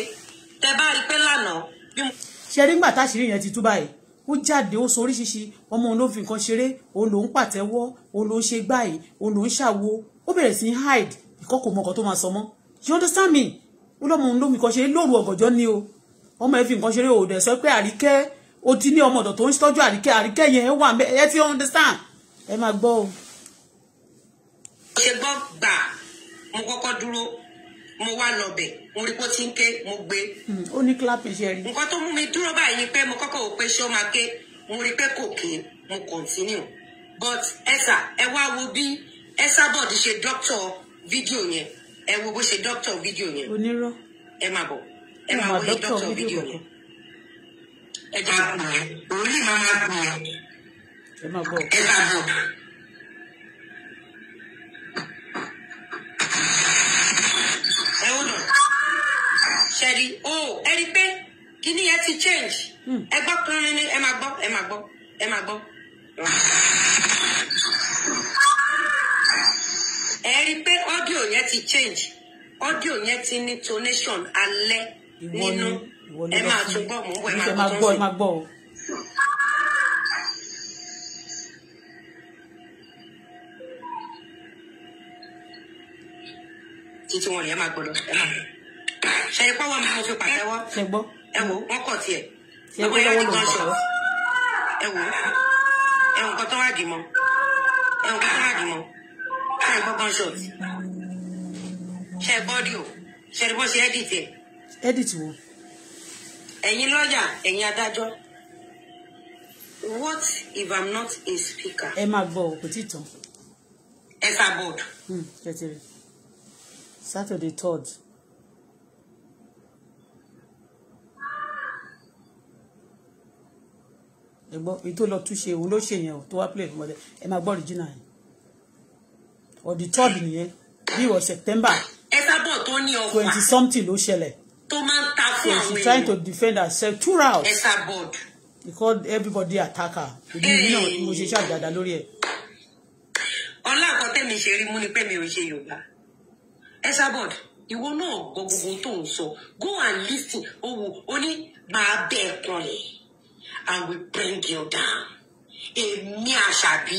tẹ bá rí pé lánàá bí mo. ṣe nígbà táṣìírí yẹn ti tú báyìí ó jáde ó sọ oríṣiríṣi ọmọ òun ló fi nǹkan ṣeré òun ló ń pàtẹ́wọ́ òun ló ń ṣe gbáyìí òun ló ń ṣàwo ó bẹ̀rẹ̀ sí hide ìkọ́kọ̀ mọ nǹkan tó máa sọ mọ́ you understand me ó lọ́mọ òun ló fi nǹkan ṣeré lóru ọ̀gànjọ́ ni o ọmọ ẹ fi nǹkan ṣeré òun dẹ̀ sọ pé àríkẹ́ o ti ní ọmọ ọ̀dọ̀ tó ń tọ́jú àríkẹ́ àríkẹ́ yẹn wà mẹ́ ẹ ti understand ẹ máa gbọ́ o. mo ṣe gbọ́ gbà mo kọ́kọ́ dúró mo wá lọ́bẹ̀ mo rí pé ó ti ń ké mo gbé. Hmm, ó ní clapping ṣe rí. nǹkan tó mú mi dúró báyìí ni pé mo kọ́kọ́ wò pé ṣé ó máa ké mo rí pé kò kí mo continue but ẹ̀sà ẹ wá wo bí ẹ̀sà bọ̀dì ṣe dọ́kítọ̀ fídíò yẹn ẹ wo bó ṣe dọ́kítọ̀ fídíò yẹn. onírọ́ ẹ máa bọ̀ ẹ máa wo dọ́kítọ̀ fídíò yẹn ẹ bá pè é òórì máa máa pè é ẹ bá bọ̀. ẹ ó nà ṣẹ́rí o ẹ rí pé kíní yẹn ti change hmm. ẹ gbọ́ pínrín ní ẹ máa gbọ́ ẹ máa gbọ́ ẹ máa gbọ́. ẹ rí pé ọ́díò yẹn ti change ọ́díò yẹn ti ní tonation alẹ́ nínú ìwọ ló lọ sí ìṣe máa máa gbọ́ o. títí wọn yẹn máa gbọ́dọ̀ ẹ máa ṣe ipá wọn máa fi pàtẹ́wọ́ ẹ wò wọn kọ tiẹ̀ ẹ wò yẹn nìkan sọ ẹ wò ẹ wò nǹkan tó dì mọ́ ẹ wò nǹkan tó dì mọ́ ṣe gbọ́ gunshot ṣe gbọ́ díò ṣe ni bó ṣe edit ẹ. edit wo ẹ̀yin lọ́yà ẹ̀yin adájọ́ what if i'm not a speaker. ẹ máa gbọ́ òkú títàn. ẹ sá board. Hmm, saturday third. ẹ gbọ́ èyí tó lọ túnṣe òun ló ṣe yẹn o tó wá play fún ọdẹ ẹ máa gbọ́ regina yẹn ọdí third nìyẹn bí ìwọ september. ẹ sábọ̀ tó ní ọkọ̀ twenty something ló ṣẹlẹ̀ tó máa ń ta fún àwọn èèyàn. she's trying to defend herself throughout. ẹ sá bọ́ọ̀dù. because everybody attack her. ìdí náà mo ṣe ṣàdàdà lórí ẹ. ọlá nǹkan tẹ́mi ṣe rí mú ni pé mi ò ṣe yorùbá ẹ sá bọ́ọ̀dù ìwọ náà gbọ́ gbogbo tó ń sọ go and listen owó ó ní máa bẹ́ẹ̀ kan ẹ̀ and we bring you down èmi àṣàbí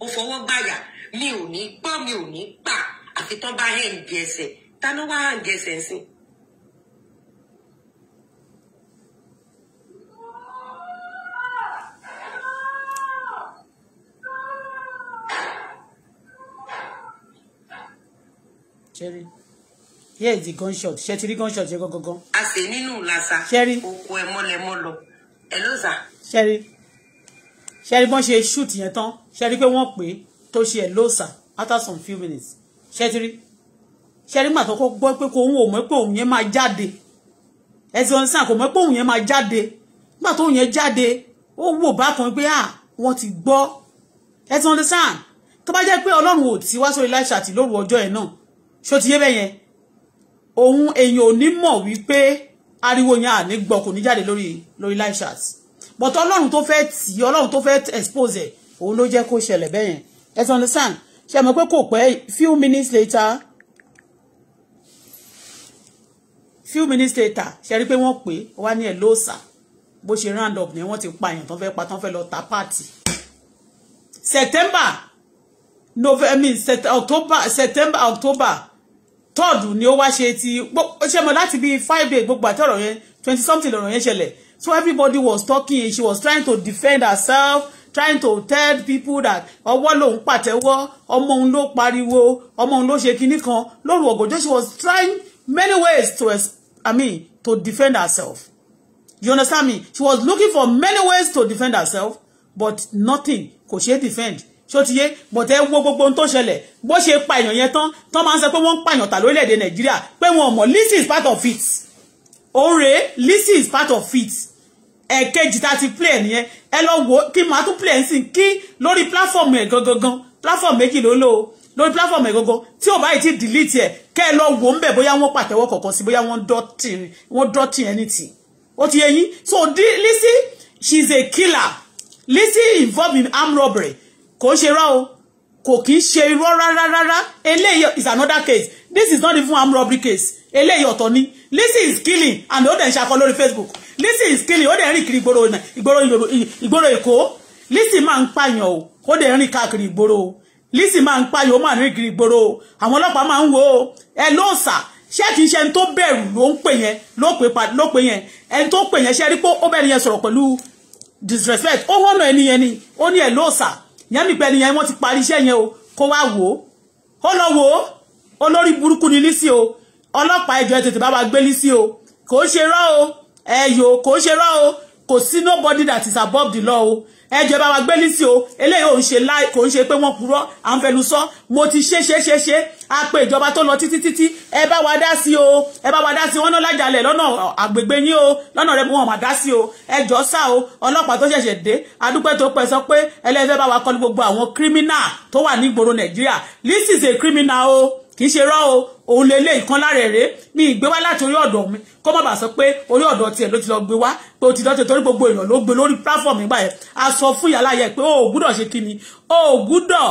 ó fọwọ́ gbàyà mi ò ní gbọ́ mi ò ní gbà àfi tán bá hẹ́ǹdì ẹsẹ̀ tánú wá hẹ́ǹdì ẹsẹ̀ ń sìn ṣẹ́rí here is the gunshot ṣe ti rí gunshot ṣe gangan. a sì nínú làṣà oko ẹ mọ́lẹ́mọ́ lọ ẹ ló sà. ṣẹ́rí ṣẹ́rí bọ́n ṣe shoot yẹn tán ṣẹ́rí pé wọ́n pè é tó ṣe ẹ̀ ló sà after some few minutes ṣẹ́rí rí ṣẹ́rí màtọ́ kó gbọ́ pé kò ń wò mọ́ pé òun yẹn máa jáde ẹ̀sìn ọ̀hún sàn kò mọ́ pé òun yẹn máa jáde nígbà tó òun yẹn jáde ó wò bákan pé à ah, wọ́n ti gbọ́ ẹ̀sìn ọ̀hún sàn tó bá jẹ́ pé ọlọ́run ò ti wá sórí láìṣàtì lóru ọjọ́ ẹ̀ náà ṣó ti yé bẹ́ẹ̀ yẹn òun èèyàn ò ní mọ̀ wípé ariwo yẹn àní gbọ́ kò ní jáde lórí lórí live but ọlọ́run tó fẹ́ tì í ọlọ́run tó fẹ́ expose ẹ̀ òun ló jẹ́ kó ṣẹlẹ̀ bẹ́ẹ̀ yẹn ẹ ti understand ṣe mọ̀ pé kò pẹ́ few minutes later few minutes later ṣe rí pé wọ́n pè é wá ní ẹ̀ lóòsà bó ṣe round up ni wọ́n ti pa èèyàn tán fẹ́ pa tán fẹ́ lọ ta páàtì September November I mean October September October third ni ó wá ṣe ti ó ṣe mọ láti bíi five days gbogbo àti ọ̀rọ̀ yẹn twenty something lọ̀rọ̀ yẹn ṣẹlẹ̀ so everybody was talking she was trying to defend herself trying to tell people that ọwọ́ lòun pàtẹ́wọ́ ọmọ òun ló pariwo ọmọ òun ló ṣe kinní kan lóru ọ̀gọ̀jọ́ she was trying many ways to I mean to defend herself you understand me she was looking for many ways to defend herself but nothing kò she defend So ti yé bọ̀tẹ́ wo gbogbo ohun tó ṣẹlẹ̀ bó ṣe pa èèyàn yẹn tán tán máa ń sọ pé wọ́n ń pààyàn tà lórílẹ̀‐èdè nàìjíríà pé wọn ò is part of it òun this is part of it ẹ̀ẹ̀kejì tá a ti play nìyẹn ẹ lọ wo kí màá tún play sí kí lórí platform ẹ̀ gangan platform méjì ló lò ó platform ẹ̀ gangan tí ò báyìí ti delete ẹ̀ kẹ́ ẹ lọ wò ó ń bẹ̀ bóyá wọ́n pàtẹ́wọ́ kọ̀ọ̀kan sí bóyá wọ́n dọ́tì anything ó ti yé yín so this she's a killer This involved in armed robbery kò ṣe rọ́ o kò kì í ṣe irọ́ rárá rárá is another case this is not even armed robbery case eléyìí ọ̀tọ̀ ni Lizzy is killing and ó dẹ̀ ń ṣakọ lórí Facebook Lizzy is killing ó dẹ̀ ń rìn kiri ìgboro ìgboro ìgboro Èkó Lizzy máa ń pààyàn o ó dẹ̀ ń rìn káàkiri ìgboro o Lizzy máa ń pààyàn ó máa ń rìn kiri ìgboro o àwọn ọlọ́pàá máa ń wo o ẹ ló sà ṣé kì í ṣe ẹni tó bẹ̀rù ló ń pè yẹn ló pè yẹn ẹni tó pè yẹn ṣe rí pé ó bẹ̀rù yẹn sọ̀rọ̀ pẹ̀lú disrespect ó hànà ẹni yẹn ni ó ní ẹ ló sà ìyẹn mi pẹ̀lú yẹn wọ́n ti parí iṣẹ́ yẹn o kó wá wò ó ó lọ wò ó olórí burúkú ni lísì o ọlọ́pàá ẹjọ́ ẹ tètè bá wa gbé lísì o kò ó ṣe rọ́ o ẹ̀yọ́ kò ó ṣe rọ́ o kò sí nobody that is above the law o ẹ jẹ́ bá wa gbé lísì o eléyìí ò ń ṣe láì kò ń ṣe pé wọ́n purọ́ à ń fẹnu sọ mo ti ṣe ṣe ṣe ṣe a pé ìjọba tó lọ títí títí ẹ bá wa dá sí o ẹ bá wa dá sí wọn náà lájàlẹ̀ lọ́nà àgbègbè yín o lọ́nà rẹ wọn mà dá sí o ẹ jọ sá o ọlọ́pàá tó ṣẹ̀ṣẹ̀ dé adúpẹ́ tó pẹ́ sọ pé ẹlẹ́fẹ́ bá wa kọlu gbogbo àwọn criminal tó wà ní ìgboro nàìjíríà lísì ṣe criminal o kì í ṣe rọ́ o òun lè lé ìkan lára èrè mi ìgbé wá láti orí ọ̀dọ̀ mi kó má bàa sọ pé orí ọ̀dọ̀ tiẹ̀ ló ti lọ gbé wá pé o ti dọ́tẹ̀ torí gbogbo èèyàn ló gbé lórí platform nígbà yẹn a sọ fún ìyàlá yẹ pé o ò gbúdọ̀ ṣe kíni o ò gbúdọ̀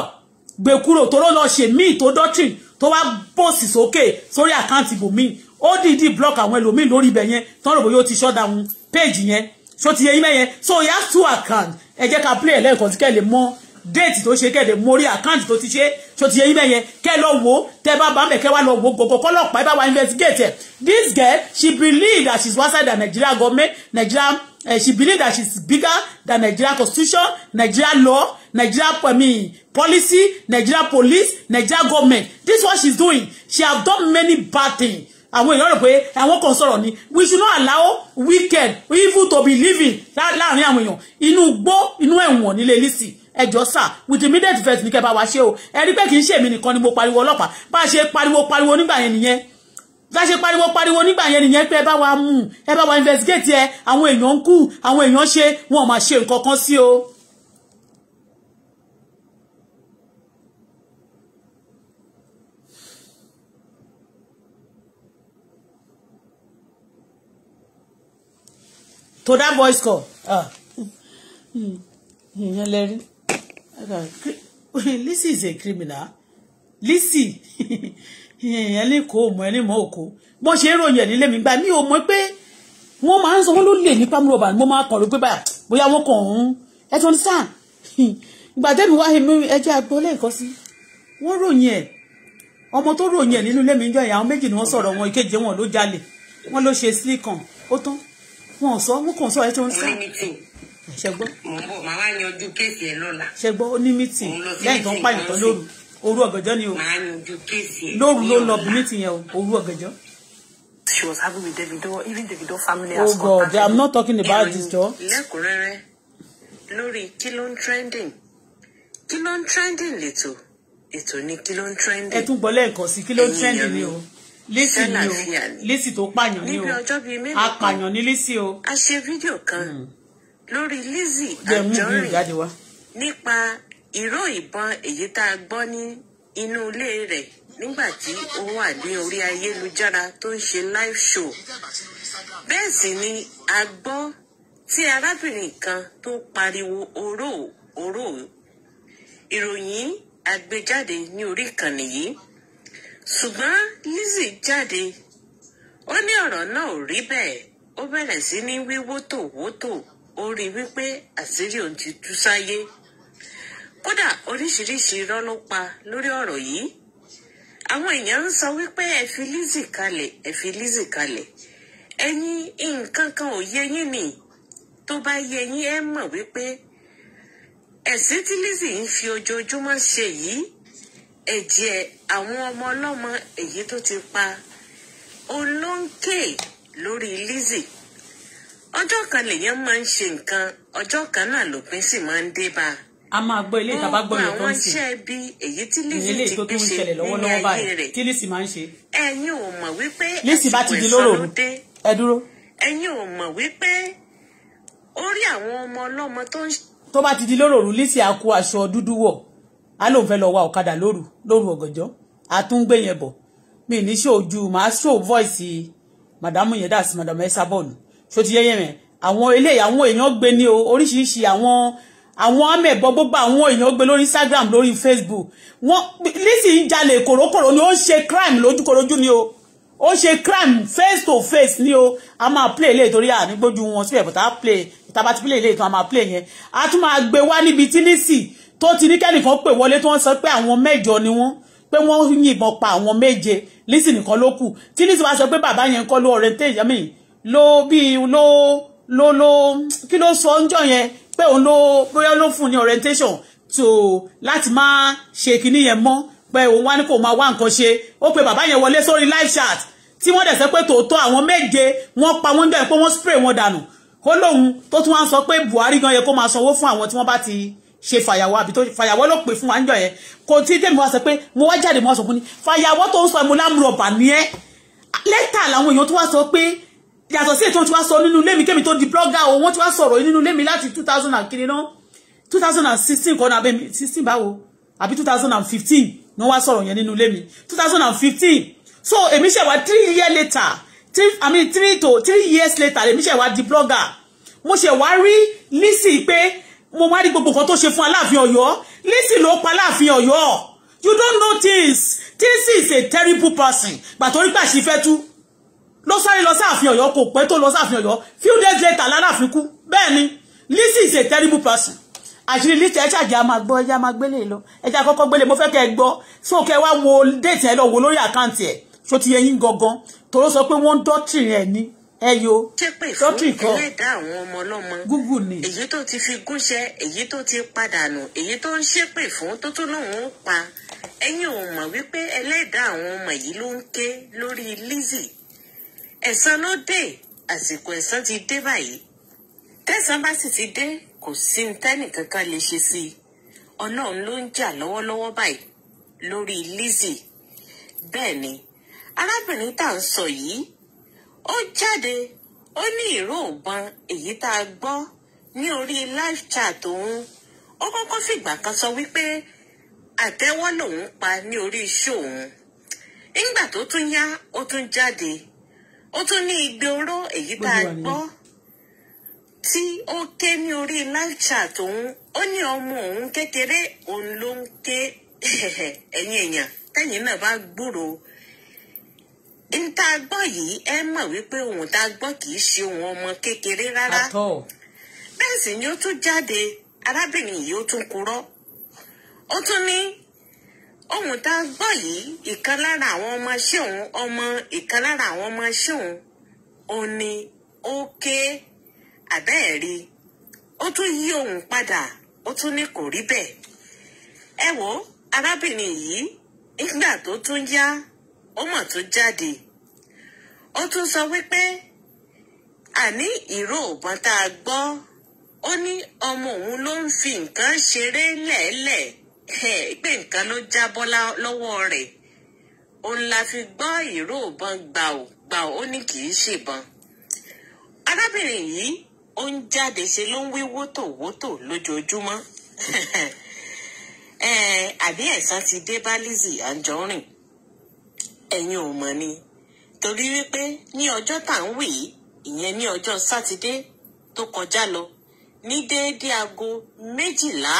gbé kúrò tó ló lọ ṣe míì tó doctrine tó wá bòsì sókè sórí àkáǹtì ibòmíì ó dìídì block àwọn ẹlòmíì lórí ibẹ̀ yẹn tán rògbò yóò ti shut down page yẹn so ti yẹ yín mẹ́yẹn so he has two account ẹ jẹ́ ká play ẹ̀ lẹ́ẹ̀kan sí kẹ́ lè mọ̀ déètì tó ṣe kéde mo rí àkáǹtì tó ti ṣe tó ti yẹ yín bẹ́yẹn kẹ́ lọ wò ó tẹ́ bá bá ń bẹ̀ kẹ́ wá lọ wò ó gbogbo kọ́lọ́pàá ẹ bá wa investigate ẹ̀ this girl she believe that she's one side of Nigeria government Nigeria uh, she believe that she's bigger than Nigeria constitution Nigeria law Nigeria I mean, policy Nigeria police Nigeria government this is what she's doing she have done many bad things àwọn èèyàn rò pé àwọn kan sọ̀rọ̀ ni we should not allow wicked evil to be living láàrin àwọn èèyàn inú gbó inú ẹ̀wọ̀n nílé lisi ẹjọ́ sà with immediate effect ní kẹba wa ṣe o ẹ rí pé kì í ṣe èmi nìkan ni mo pariwo ọlọ́pàá bá a ṣe pariwo pariwo nígbà yẹn nìyẹn bá a ṣe pariwo pariwo nígbà yẹn nìyẹn pé ẹ bá wa mú ẹ bá wa investigate ẹ àwọn èèyàn ń kú àwọn èèyàn ṣe wọn ò máa ṣe nǹkan kan sí o. to that voice call. Ah. Mm. Mm. Lizzy is a criminal Lizzy ẹ lè kó òmò ẹ lè mọ òkó bó ṣe ròyìn ẹ nílé mi gbà mí ò mọ pé wọ́n máa ń sọ wọ́n ló lè ní pamọ́ ọba mo máa kàn ló pé báyà bóyá wọ́n kàn ń ẹ tí wọ́n ti sàn gbàdébí wá ẹjẹ́ àgbọ̀ lẹ́ẹ̀kan sí wọ́n ròyìn ẹ̀ ọmọ tó ròyìn ẹ̀ nínú lẹ́mìí jọ ìyàwó méjì ni wọ́n sọ̀rọ̀ wọn ìkejì wọn ló jalè wọ́n ló ṣe sílíkàn ó tán wọn ò sọ wọn kàn sọ ẹ tí wọ́n sàn ṣẹgbọ́n. màá wá yanjú kéèsì ẹ lọ́la. ṣẹgbọ́n ó ní mítìn lẹ́yìn tó ń pààyàn tán lóru òru ọ̀gànjọ́ ni o. màá yanjú kéèsì ẹ lóru ló lọ bí mítìn yẹn o òru ọ̀gànjọ́. she was having with Davido even Davido family oh has oh God I'm not talking about this jọ. lẹ́kùnrẹ́rẹ́ lórí kí ló ń trending kí ló ń trending lẹ́tọ̀ ètò ni kí ló ń trending. ẹ tún gbọ́ lẹ́ẹ̀kan sí kí ló ń trending ni o lisi ni o lisi tó pààyàn ni o apààyàn ni lisi o. a ṣe fídíò kan. Mm lórí Lizzy Anjorin nípa ìró ìbọn èyí tá a gbọ́ ní inú ilé rẹ̀ nígbà tí ó wà ní orí ayélujára tó ń ṣe live show bẹ́ẹ̀ sì ni a gbọ́ tí arábìnrin kan tó pariwo oró oró ìròyìn àgbéjáde ní orí ìkànnì yìí ṣùgbọ́n Lizzy jáde ó ní ọ̀rọ̀ náà ò rí bẹ́ẹ̀ ó bẹ̀rẹ̀ sí ní wíwótòwótò ó rí i wípé àṣírí òun ti tú sáyé kódà oríṣiríṣi irọ́ ló pa lórí ọ̀rọ̀ yìí àwọn èèyàn ń sọ wípé ẹ fi Lizzy kalẹ̀ ẹ fi Lizzy kalẹ̀ ẹ̀yin nǹkan kan ò yé yín nì tó bá yé yín ẹ mọ̀ wípé ẹ̀sìn tí Lizzy ń fi ojoojúmọ́ ṣe yìí ẹ̀jẹ̀ àwọn ọmọ ọlọ́mọ èyí tó ti pa olóńkè lórí Lizzy ọjọ́ kan lèèyàn máa ń ṣe nǹkan ọjọ́ kan náà lòpin sì máa ń dé bá a. a máa gbọ́ ilé ìtàbá gbọ́ yẹn tó ń sìn ìyẹn lè tó tó ń ṣẹlẹ̀ lọ́wọ́lọ́wọ́ báyìí kí Lizzy máa ń ṣe. ẹ̀yin ò mọ̀ wípé àsìkò ìsọlódé ẹ dúró. ẹ̀yin ò mọ̀ wípé orí àwọn ọmọ ọlọ́mọ tó ń. tó bá ti di lóròrù Lizzy á aṣọ dúdú wọ̀ á lóun fẹ́ lọ wa ọ̀kadà lóru lóru ọ̀gànjọ́ àtúngbé yẹn bọ̀ mi ní ṣòjú màá ṣò voice màdàmú ṣó ti yẹ́yẹ́ mẹ́ àwọn eléyìí àwọn èèyàn gbé ní o oríṣiríṣi àwọn àwọn amẹ̀bọ gbogbo àwọn èèyàn gbé lórí Instagram lórí Facebook wọn Lizzy ń jalè kòrókòrò ni ó ń ṣe crime lójúkorojú ni o ó ṣe crime face to face ni o a máa play eléyìí torí ànígbójú wọn síbẹ̀ bọ̀tà play ìtaba ti play eléyìí tó a máa play yẹn a tún máa gbé wá níbi tí Lizzy tó ti ní kẹ́nìkan pè wọlé tí wọ́n sọ pé àwọn mẹ́jọ ni wọ́n pé wọ́n yìnbọn pa àwọn méje Lizzy nìkan ló kù tí Lizzy wá sọ pé bàbá yẹn kọ́ ló orientation mi ló bí ló ló ló kí ló sọ ńjọ́ yẹn pé òun ló bóyá ló fún ní orientation to láti má ṣe kinní yẹn mọ́ pé òun wá ní kò máa wá nǹkan ṣe ó pe bàbá yẹn wọlé sórí live chat tí wọ́n dẹ̀ sẹ́ pé tòótọ́ àwọn méje wọ́n pa wọ́n dẹ̀ pé wọ́n spray wọn dànù ó lóun tó tún wá ń sọ pé Buhari gan yẹ kó máa sanwó fún àwọn tí wọ́n bá ti ṣe fàyàwọ́ àbí tó fàyàwọ́ ló pè fún wa níjọ́ yẹn kò tí tèmi wá sọ pé mo wá jáde mo wá sọ fún ni fàyàwọ́ tó ń sọ mo lámúrọ̀bà ni ẹ́ lẹ́tà làwọn èèyàn tó wá sọ pé yàtọ̀ sí ètò tí wọ́n sọ nínú ilé mi kémi tó di blogger o wọ́n ti wá sọ̀rọ̀ nínú ilé mi láti two thousand and kiri náà two thousand and sixteen kọ́ náà abẹ́mi sixteen báwo àbí two thousand and fifteen ni wọ́n wá sọ̀rọ̀ yẹn nínú ilé mi two thousand and fifteen so èmi ṣe wá three years later three i mean three to three years later èmi ṣe wá di blogger mo ṣe wá rí Lizzy pé mo wá rí gbogbo nǹkan tó ṣe fún aláàfin Ọ̀yọ́ Lizzy ló pa aláàfin Ọ̀yọ́ you don't know things this is a terrible person gbàtọ́ nígbà ṣe fẹ́ tú ló sáré lọ sáàfin Ọ̀yọ́ kò pẹ́ tó lọ sáàfin Ọ̀yọ́ few days later lálàfin kú bẹ́ẹ̀ ni Lizzy is a terrible person àṣírí Lizzy ẹ̀ṣẹ̀ àjẹ́ a máa gbọ́ ẹ̀ṣẹ̀ a máa gbélé lọ ẹ̀ṣẹ̀ àkọ́kọ́ gbélé mo fẹ́ kẹ́ ẹ gbọ́ so kẹ́ wá wo déètì ẹ lọ wo lórí àkáǹtì ẹ̀ so ti yẹ yín gangan tòró sọ pé wọ́n ń dọ́tì rẹ̀ ni ẹyọ sọ́tì kọ́ Google ni. èyí tó ti fi gúnṣẹ èyí tó ti padànù èyí tó ń ṣépè fún tó tún lòun ń pa ẹ̀yin ò mọ̀ wípé ẹlẹ́dàá àwọn ọmọ yìí ló ń ké lórí Lizzy ẹ̀san ló dé àsìkò ẹ̀san ti dé báyìí tẹ̀san bá sì ti dé kò sí tẹ́nìkankan lè ṣe sí i ọlọ́run ló ń jà lọ́wọ́lọ́wọ́ báyìí lórí Lizzy bẹ́ẹ̀ ni arábìnrin tá à ń sọ yìí ó jáde ó ní ìró ògbọn èyí tá a gbọ́ ní orí live chat òun ó kọ́kọ́ fìgbà kan sọ wípé àtẹ́wọ́ lòun pa ní orí iṣẹ́ òun nígbà tó tún yá ó tún jáde ó tún ní igbe oró èyí tá a gbọ́ tí ó ké ní orí live chat òun ó ní ọmọ òun kékeré òun ló ń ké ẹ̀yin èèyàn tẹ́yìn náà bá gbúrò n tá a gbọ́ yìí ẹ mọ̀ wípé ohun tá a gbọ́ kì í ṣe ohun ọmọ kékeré rárá bẹ́ẹ̀ sì ni ó tún jáde arábìnrin yìí ó tún kúrò ó tún ní ohun tá a gbọ́ yìí ìkan lára àwọn ọmọ ṣé òun ọmọ ìkan lára àwọn ọmọ ṣé òun òun ni ó ké àbẹ́ẹ̀rí ó tún yí ohun padà ó tún ní kò rí bẹ́ẹ̀ ẹ wo arábìnrin yìí nígbà tó tún yá ó mọ̀ tó jáde ó tún sọ wípé àní ìró òbọn tá a gbọ́ ó ní ọmọ òun ló ń fi nǹkan ṣeré lẹ́ẹ̀lẹ́ẹ̀ gbé nǹkan ló jábọ́ lọ́wọ́ rẹ̀ òun la fi gbọ́ ìró ìbọn gbàù gbàù ó ní kì í ṣèbọn arábìnrin yìí ó ń jáde ṣe ló ń wí wótòwótò lójoojúmọ́ àbí ẹ̀san ti dé bá Lizzy Anjorin ẹ̀yin ò mọ̀ ni torí wípé ní ọjọ́ tá à ń wì í ìyẹn ní ọjọ́ sátidé tó kọjá lọ ní déédéé aago méjìlá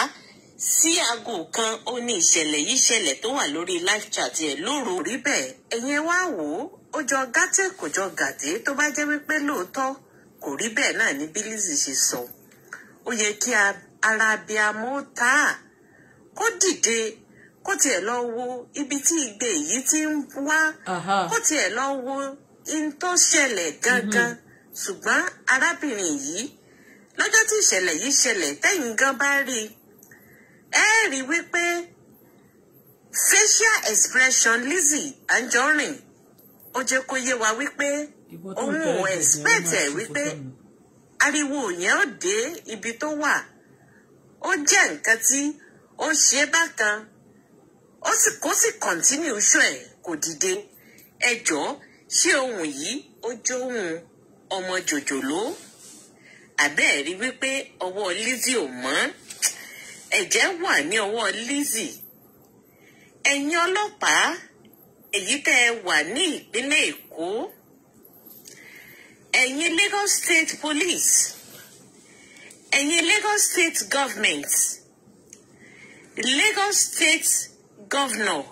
sí aago kan ó ní ìṣẹ̀lẹ̀ yìí ṣẹlẹ̀ tó wà lórí live chat ẹ̀ lóru rí bẹ́ẹ̀ ẹ̀yin ẹ wá wò ó ó jọ gàtẹ́ kò jọ gàdé tó bá jẹ́ wípé lóòótọ́ kò rí bẹ́ẹ̀ náà ní bílíìsì ṣe sọ ó yẹ kí ara abiyamọ ó ta á kó dìde kó tiẹ̀ lọ wo ibi tí igbe yìí ti ń wá kó tiẹ̀ lọ wo in tó ṣẹlẹ̀ gangan mm-hmm. ṣùgbọ́n arábìnrin yìí lọ́jọ́ tí ìṣẹ̀lẹ̀ yìí ṣẹlẹ̀ tẹ́yìn gan bá rí i ẹ rí wípé facial expression Lizzy Anjorin ó jẹ́ kó yé wa wípé òun ò expect ẹ̀ wípé ariwo yẹn ò dé ibi tó wà ó jẹ́ nǹkan tí ó ṣe bákan ó sì kó sì continue show ẹ̀ kò dìde ẹ jọ̀ọ́ ṣé ohun yìí ó jó ohun ọmọ jòjòló àbẹ́ẹ̀ rí wípé ọwọ́ Lizzy ò mọ́ ẹ̀jẹ̀ wà ní ọwọ́ Lizzy ẹ̀yin ọlọ́pàá èyí tẹ́ ẹ wà ní ìpínlẹ̀ Èkó ẹ̀yin Lagos State Police ẹ̀yin Lagos State Government Lagos State Governor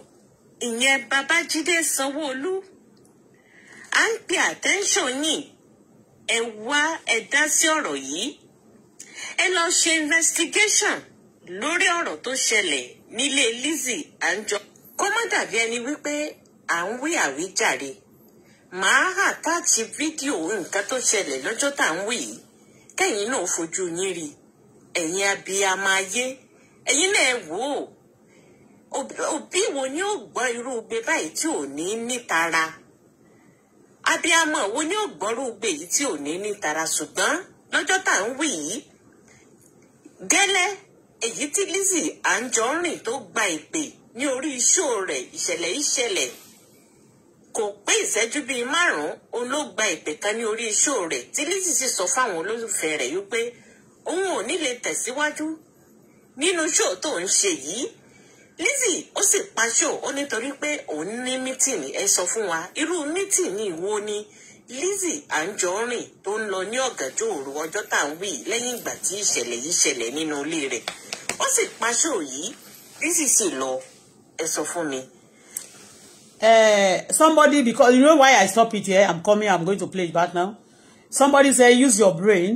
ìyẹn Babájídé Sanwó-Olú à ń pè attention yìí ẹ wá ẹ dá sí ọ̀rọ̀ yìí ẹ lọ ṣe investigation lórí ọ̀rọ̀ tó ṣẹlẹ̀ nílé Lizzy Anjorin kó má dàbí ẹni wípé à ń wí àwíjàre màá àtàchì fídíò nǹkan tó ṣẹlẹ̀ lọ́jọ́ tá à ń wí yìí kẹ́yìn náà fojú yín rí ẹ̀yin abiyamọ ẹ̀yin náà wò ó òbí wo ni ó gbọ́ irú ugbe báyìí tí ò ní nítara abiyamọ wo ni ó gbọ́ irú ugbe yìí tí ò ní nítara ṣùgbọ́n lọ́jọ́ tá à ń wí yìí gẹ́lẹ́ èyí tí Lizzy Anjorin tó gba ìpè ní orí iṣó rẹ̀ ìṣẹ̀lẹ̀ ìṣẹ̀lẹ̀ kò pé ìṣẹ́jú bíi márùn-ún òun ló gba ìpè kan ní orí iṣó rẹ̀ tí Lizzy sì sọ fáwọn olólùfẹ́ rẹ̀ wípé òun ò ní lè tẹ̀síwájú nínú ṣó tó ń ṣe yìí Lizzy ó sì pa ṣó ó nítorí pé òun ní mítìnì ẹ sọ fún wa irú mítìnì wo ni. Mítìnì, Lizzy Anjorin tó ń lọ ní ọ̀gànjọ́ òru ọjọ́ tá à ń wí lẹ́yìn ìgbà tí ìṣẹ̀lẹ̀ yìí ṣẹlẹ̀ nínú ilé rẹ̀ ó sì pa ṣóò yìí Lizzy sì lọ ẹ sọ fún mi. somebody because you know why I stop it here I'm coming I'm going to play it back now somebody say use your brain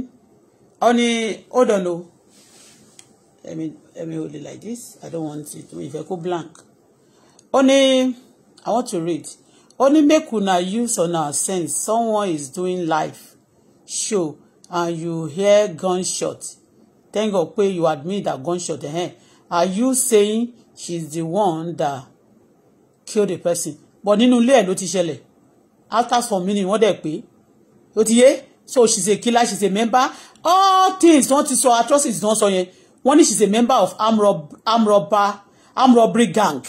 ó ní hold on o let me let me hold it like this I don't want it to be if I go blank ó I want to read only make una use una sense someone is doing life show and you hear gunshot thank God pé you admit that gunshot eh? are you saying she's the one that kill the person but nínú ilé ẹ̀ ló ti ṣẹlẹ̀ after some minutes wọ́n dẹ̀ pé ó ti yé so she's a killer she's a member all things wọ́n ti sọ atrocities so sọ yẹn wọ́n ní she's a member of robber, amroba robbery gang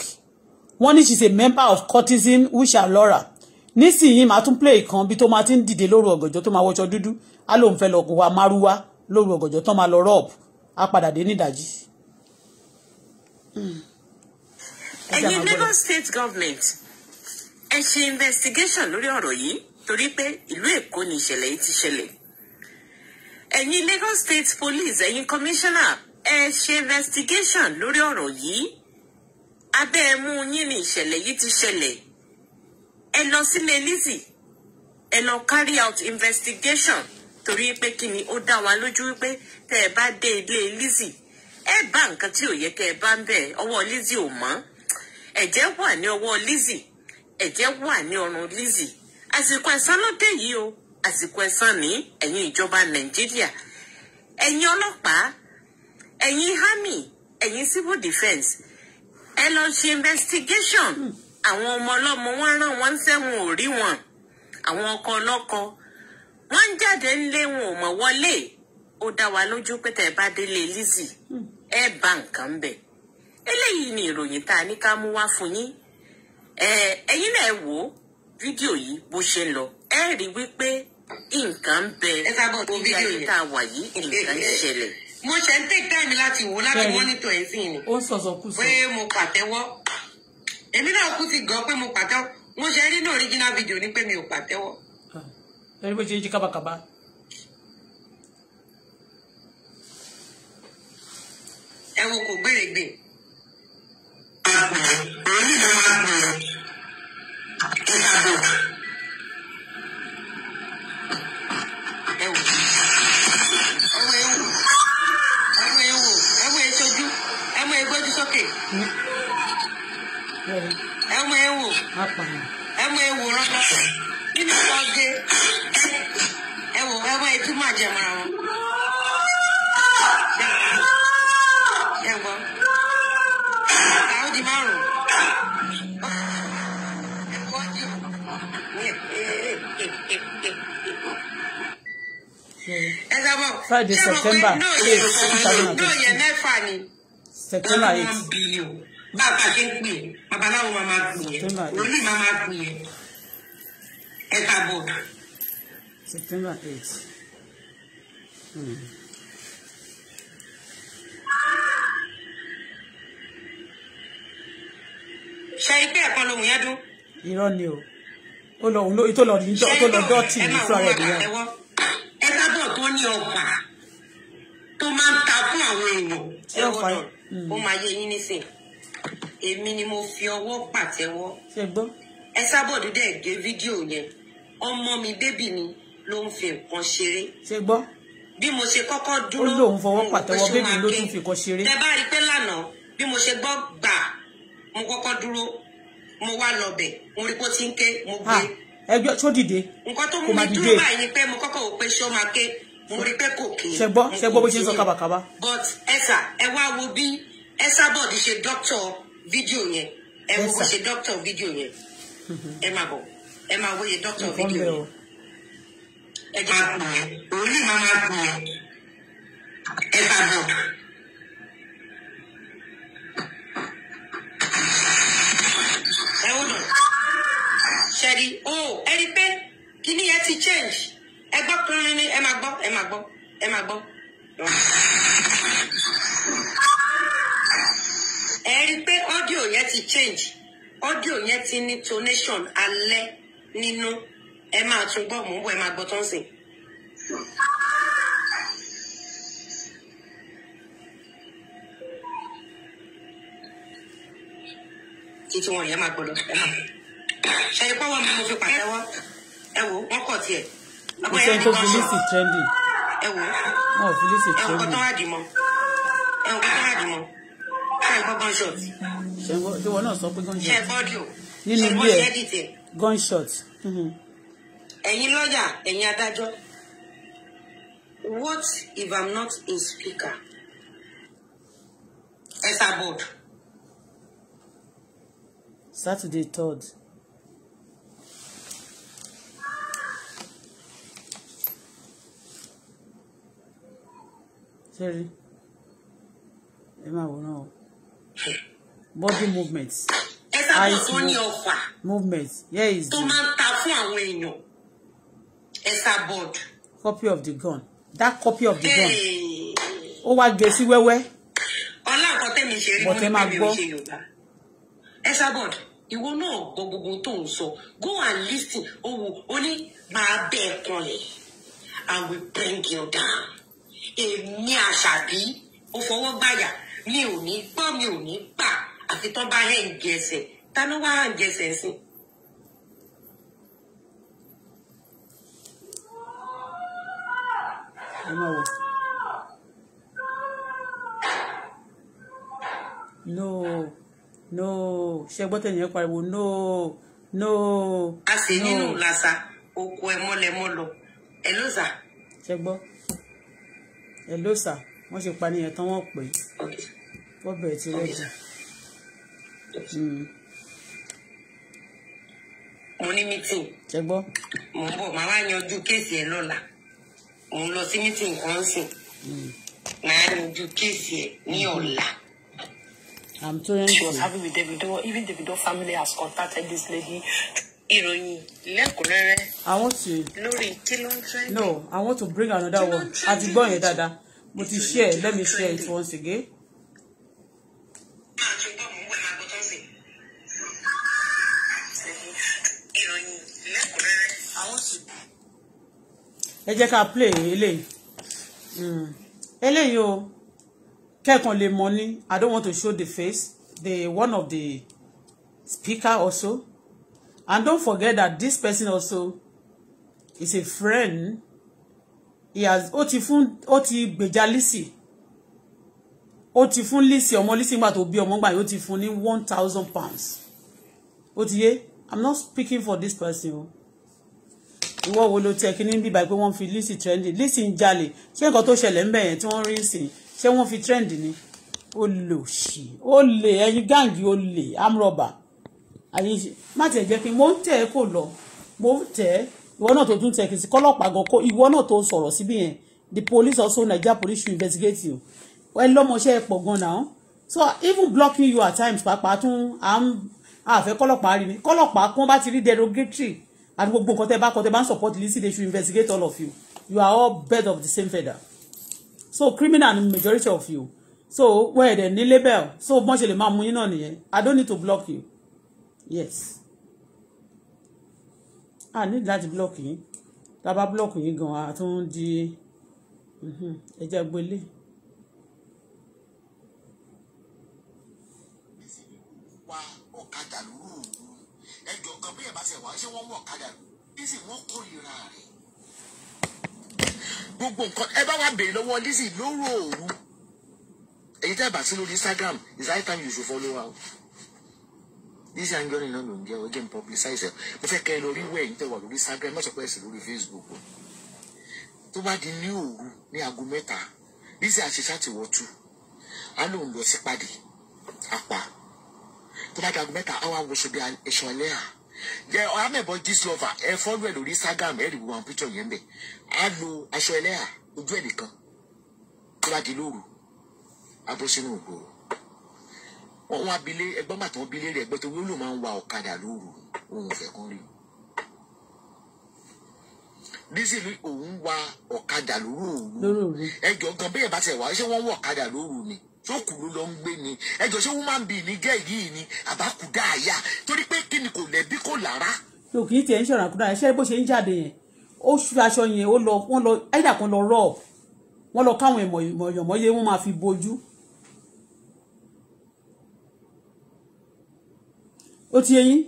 wọ́n ní she's a member of courtesan usha laura nísìnyí màá tún play kan bí tó máa ti ń dìde lóru ọ̀gànjọ́ tó máa wọṣọ dúdú á lóun fẹ́ lọ kó wa márúwá lóru ọ̀gànjọ́ tó máa lọ rọ́ọ̀b á padà dé nídàjí. ẹ̀yin Lagos state government ẹ ṣe investigation lórí ọ̀rọ̀ yìí torí pé ìlú Èkó ni ìṣẹ̀lẹ̀ yìí ti ṣẹlẹ̀ ẹ̀yin Lagos state police ẹ̀yin commissioner ẹ ṣe investigation lórí ọ̀rọ̀ yìí abẹ́ ẹ̀mú yín ni ìṣẹ̀lẹ̀ yìí ti ṣẹlẹ̀ ẹ lọ sílé Lizzy ẹ lọ carry out investigation torí pé kí ni ó dá wa lójú wípé tẹ́ ẹ bá dé ilé Lizzy ẹ bá nǹkan tí ò yẹ kẹ́ ẹ bá ń bẹ̀ ọwọ́ Lizzy ò mọ́ ẹ̀jẹ̀ wà ní ọwọ́ Lizzy ẹ̀jẹ̀ wà ní ọrùn Lizzy àsìkò ẹ̀san ló dé yìí o àsìkò ẹ̀san ní ẹ̀yin ìjọba Nàìjíríà ẹ̀yin ọlọ́pàá ẹ̀yin army ẹ̀yin civil defence ẹ lọ ṣe investigation hmm. àwọn ọmọ ọlọ́mọ wọn rán wọn sẹ́wọ̀n ò rí wọn àwọn ọkọ ọlọ́kọ wọn ń jáde ńlé wọn ò mọ̀ wọlé ó dá wa lójú pé tẹ́ bá délé Lizzy hmm. ẹ bá nǹkan ń bẹ eléyìí ni ìròyìn tá a ní ká mú wá fún yín ẹ̀yin náà wò ó fídíò yìí bó ṣe ń lọ ẹ rí wípé nǹkan ń bẹ bí ayé tá a wà yìí nǹkan ń ṣẹlẹ̀ mo ṣe ń take time láti wò láti monitor ẹ̀ sí ni. ó sọ̀sọ̀ kù sọ. pé mo pàtẹ́wọ́ èmi náà kú ti gan pé mo pàtẹ́wọ́ mo ṣe rí ní original video ní pé mi ò pàtẹ́wọ́. Ah. ẹni bó ṣe ń jí kábàkábà. ẹ wo kò gbèrègbè. èyí ló máa ń bẹ̀rẹ̀ ìtàgé. ẹ wò ọmọ ẹ wò ẹ mọ ẹ sojú ẹ mọ ẹ gbójú sókè ẹ mọ ẹ wò ẹ mọ ẹ wò rárá nínú ọdẹ ẹ wò ẹ mọ ẹ tún máa jẹ mọ́ra wọn. Friday September eight two thousand bàbá ṣe ń pè é babaláwo máa máa pè é wòlíì máa máa pè é ẹ káàbọ̀. September eight. Hmm. ṣe ipé ẹ̀kan lòun yẹn dún. irọ́ ni o ó lọ òun ló tó lọ dọ́ọ̀tì ní fúlọ́rẹ̀ nìyẹn jẹ́ ọba tó máa ń ta fún àwọn èèyàn ó máa yé yín nísìn èmi ni mo fi ọwọ́ pàtẹ́wọ́ ẹ sábọ̀dù dẹ̀ gé fídíò yẹn ọmọ mi bébì ni ló ń fi nǹkan ṣeré bí mo ṣe kọ́kọ́ dúró ó lóun fọwọ́ pàtẹ́wọ́ bébì ló tún fi nǹkan ṣeré tẹ bá rí i pé lánàá bí mo ṣe gbọ́ gbà mo kọ́kọ́ dúró mo wá lọ bẹ̀ mo rí bó ti ń ké mo gbé ẹgbẹ́ tó dìde nǹkan tó mú mi dúró báyìí ni pé mo kọ́kọ́ wò pé ṣó máa ké mo rí pé kò kí n ṣe gbọ́ ṣe gbọ́ bó ṣe ń sọ kábàkábà. but ẹ̀sà ẹ wá wo bí ẹ̀sà bọ̀dì ṣe dọ́kítọ̀ fídíò yẹn ẹ wo bó ṣe dọ́kítọ̀ fídíò yẹn ẹ máa bọ̀ ẹ máa wòye dọ́kítọ̀ fídíò yẹn. ẹ jẹ́ máa pè é òun máa máa é ẹ bá bọ̀. ẹ wò lọ ṣẹ́ni o ẹ rí pé kíní yẹn ti change ẹ gbọ́ kiri ni ẹ máa gbọ́ ẹ máa gbọ́ ẹ máa gbọ́. ẹ rí i pé ọ́díò yẹn ti change ọ́díò yẹn ti ní tonation alẹ́ nínú ẹ máa tún gbọ́ mò ń bọ̀ ẹ máa gbọ́ tó ń sìn. títí wọn yẹn máa gbọ́dọ̀ ẹ máa ṣe é pọ́wọ́ mo fi pàtẹ́wọ́ ẹ wò wọ́n kọ̀ tiẹ̀ kò sẹ́ni tó fi lísì trending. ẹ wo wọn ò fi lísì trending. ẹ wo kó tó wá dì mọ́ ẹ wo kó tó wá dì mọ́ ṣe gbọ́ gunshot. ṣe gbọ́ ṣe wọ́n náà sọ pé gunshot. ṣe bọ́dì o nínú ilé ẹ gunshot. Mm-hmm. ẹ̀yin lọ́yà ẹ̀yin adájọ́ what if i'm not a speaker ẹ sábọ̀d. Saturday third. sẹ́rí Emma will know. body movements. eyes movement here is the. tó máa ń ta fún àwọn board. copy of the gun that copy of the gun ó wá gbé sí wẹ́wẹ́. ọlá nǹkan tẹ̀mí ṣe rí nínú ìpínlẹ̀ you yorùbá ẹ̀sà board ìwọ náà gbọ́ gbogbo tó ń sọ go and listen Oh, only my máa bẹ́ẹ̀ and we bring you down èmi àṣàbí ó fọwọ́ gbàyà mi ò ní gbọ́ mi ò ní gbà àfi tán bá hẹ̀ ń gẹ̀ẹ́sẹ̀ ta ló wá hẹ̀ ń gẹ̀ẹ́sẹ̀ no no ṣe gbọ́ tẹ̀yìn ẹ̀ pariwo no no. a sì nínú làṣà oko ẹ mọ́lẹ̀ mọ́ lọ ẹ ló zà. ṣe gbọ́ ẹ ló ṣe pa nìyẹn tán wọ́n pè é wọ́n ti rẹ́jì. Hmm. mo ní mítìn. ṣe gbọ́. mo bọ̀ màá wá yanjú kéèsì ẹ lọ́la mo ń lọ sí mítìn kan sìn hmm. màá yanjú kéèsì ẹ ní hmm. ọ̀la. I'm too angry. She was having with Davido. Even Davido family has contacted this lady ìròyìn lẹ́kùnrẹ́rẹ́. I want to. lórí kí ló ń trending. no I want to bring another one àti gbọ́ yẹn dáadáa mo ti share let me share it once again. ẹ jẹ́ ká play eléyìí hmm. eléyìí o kẹ́kàn lè mọ ní I don't want to show the face the one of the speaker also And don't forget that this person also is a friend. He has ó ti fún ó ti gbèjà Lizzy. Ó ti fún Lizzy ọmọ Lizzy nígbà tó bí ọmọ gbà yóò ti fún ní one thousand pounds. Ó ti yé I'm not speaking for this person o. Ìwọ wo ló tiẹ̀ kí ní bíbá pé wọ́n fi Lizzy trendy Lizzy ń jalè ṣé nǹkan tó ṣẹlẹ̀ ń bẹ̀ yẹn tí wọ́n rí ń sìn ṣé wọ́n fi trendy ni? Olè òṣì olè ẹyin gáàngì olè amrọ̀bà ayé ṣe má tiẹ̀ jẹ́ kí n mo ń tẹ̀ kò lọ mo ń tẹ̀ ìwọ náà tó tún tẹ̀ kì í sí kọ́lọ́pàá gan kó ìwọ náà tó sọ̀rọ̀ síbí yẹn the police also Nigeria police should investigate you well lọ́mọṣẹ́ pọ̀ gan náà so even blocking you at times pàápàá tún à ń àfẹ́ kọ́lọ́pàá rí mi kọ́lọ́pàá kí wọ́n bá ti rí derogatory àti gbogbo nǹkan tẹ́ bá kọ́ tẹ́ bá ń support Lizzy they should investigate all of you you are all birds of the same feather so criminal majority of you so wẹ́ẹ̀dẹ̀ ní label so bọ́n ṣe lè máa mú yín náà nìyẹn I don't need to block you yes a nídìí láti búlọ̀kì yín tá a bá búlọ̀kì yín gan a tún di mhm, ẹjẹ́ gbélé. wa ọ̀kadà lóru ẹjọ́ kan bí ẹ̀ bá ṣe wá ṣé wọ́n wọ ọ̀kadà Lizzy wọ́n kórìíra rẹ̀ gbogbo nǹkan ẹ bá wa béèrè lọ́wọ́ Lizzy lóru òru èyí tẹ́ bá sí lórí Instagram is that time you should follow her. Lizzy Anjorin náà ló ń jẹ́ ọjọ́ publicize ẹ̀ mo fẹ́ kẹ́ ẹ lórí wẹ̀ yìí tẹ̀ wà lórí Instagram mọ́sọ̀ pẹ́ẹ́sì lórí Facebook o tó bá di ní òru ní aago mẹ́ta Lizzy àṣeṣà ti wọ́ tu á lóun lọ sí pàdé apá tó bá di aago mẹ́ta á wá wọṣọ bí ẹṣọ ẹlẹ́ à jẹ amẹ́bọ̀ gist lover ẹ fọ́lú ẹ̀ lórí Instagram ẹ̀ rìbùwọ̀n píṣọ̀ yẹn bẹ̀ á lo aṣọ ẹlẹ́ ojú ẹ̀ nìkan tó bá di lóru abọ́ sínú ògbóró wọ́n wá bilé ẹgbọ́n bàtà wọn bilé rẹ̀ gbẹ́tọ̀ wọ́n ló máa ń wa ọ̀kadà lóru òun fẹ́ kán rí dísìlì òun wa ọ̀kadà lóru òru ẹjọ́ gan bẹ́ẹ̀ bá tẹ̀ wá ṣé wọ́n wọ ọ̀kadà lóru ni tó kù ló lọ ń gbé ni ẹjọ́ ṣé wọ́n máa ń bì ní gẹ́ yìí ni àbákùdá àyà torí pé kí ni kò lẹ́bí kò lára. yóò kì í tiẹ̀ ń ṣọ̀rọ̀ àkúdà ẹ̀ ṣe bó ṣe ń jáde yẹn ó ṣu aṣọ yẹn ó lọ wọ́n lọ ẹ̀dà kan lọ rọ̀ wọ́n lọ káwọn ìmọ̀ ìmọ̀ ìyọ̀mọ́yé wọ́n máa fi bojú ó ti yẹyin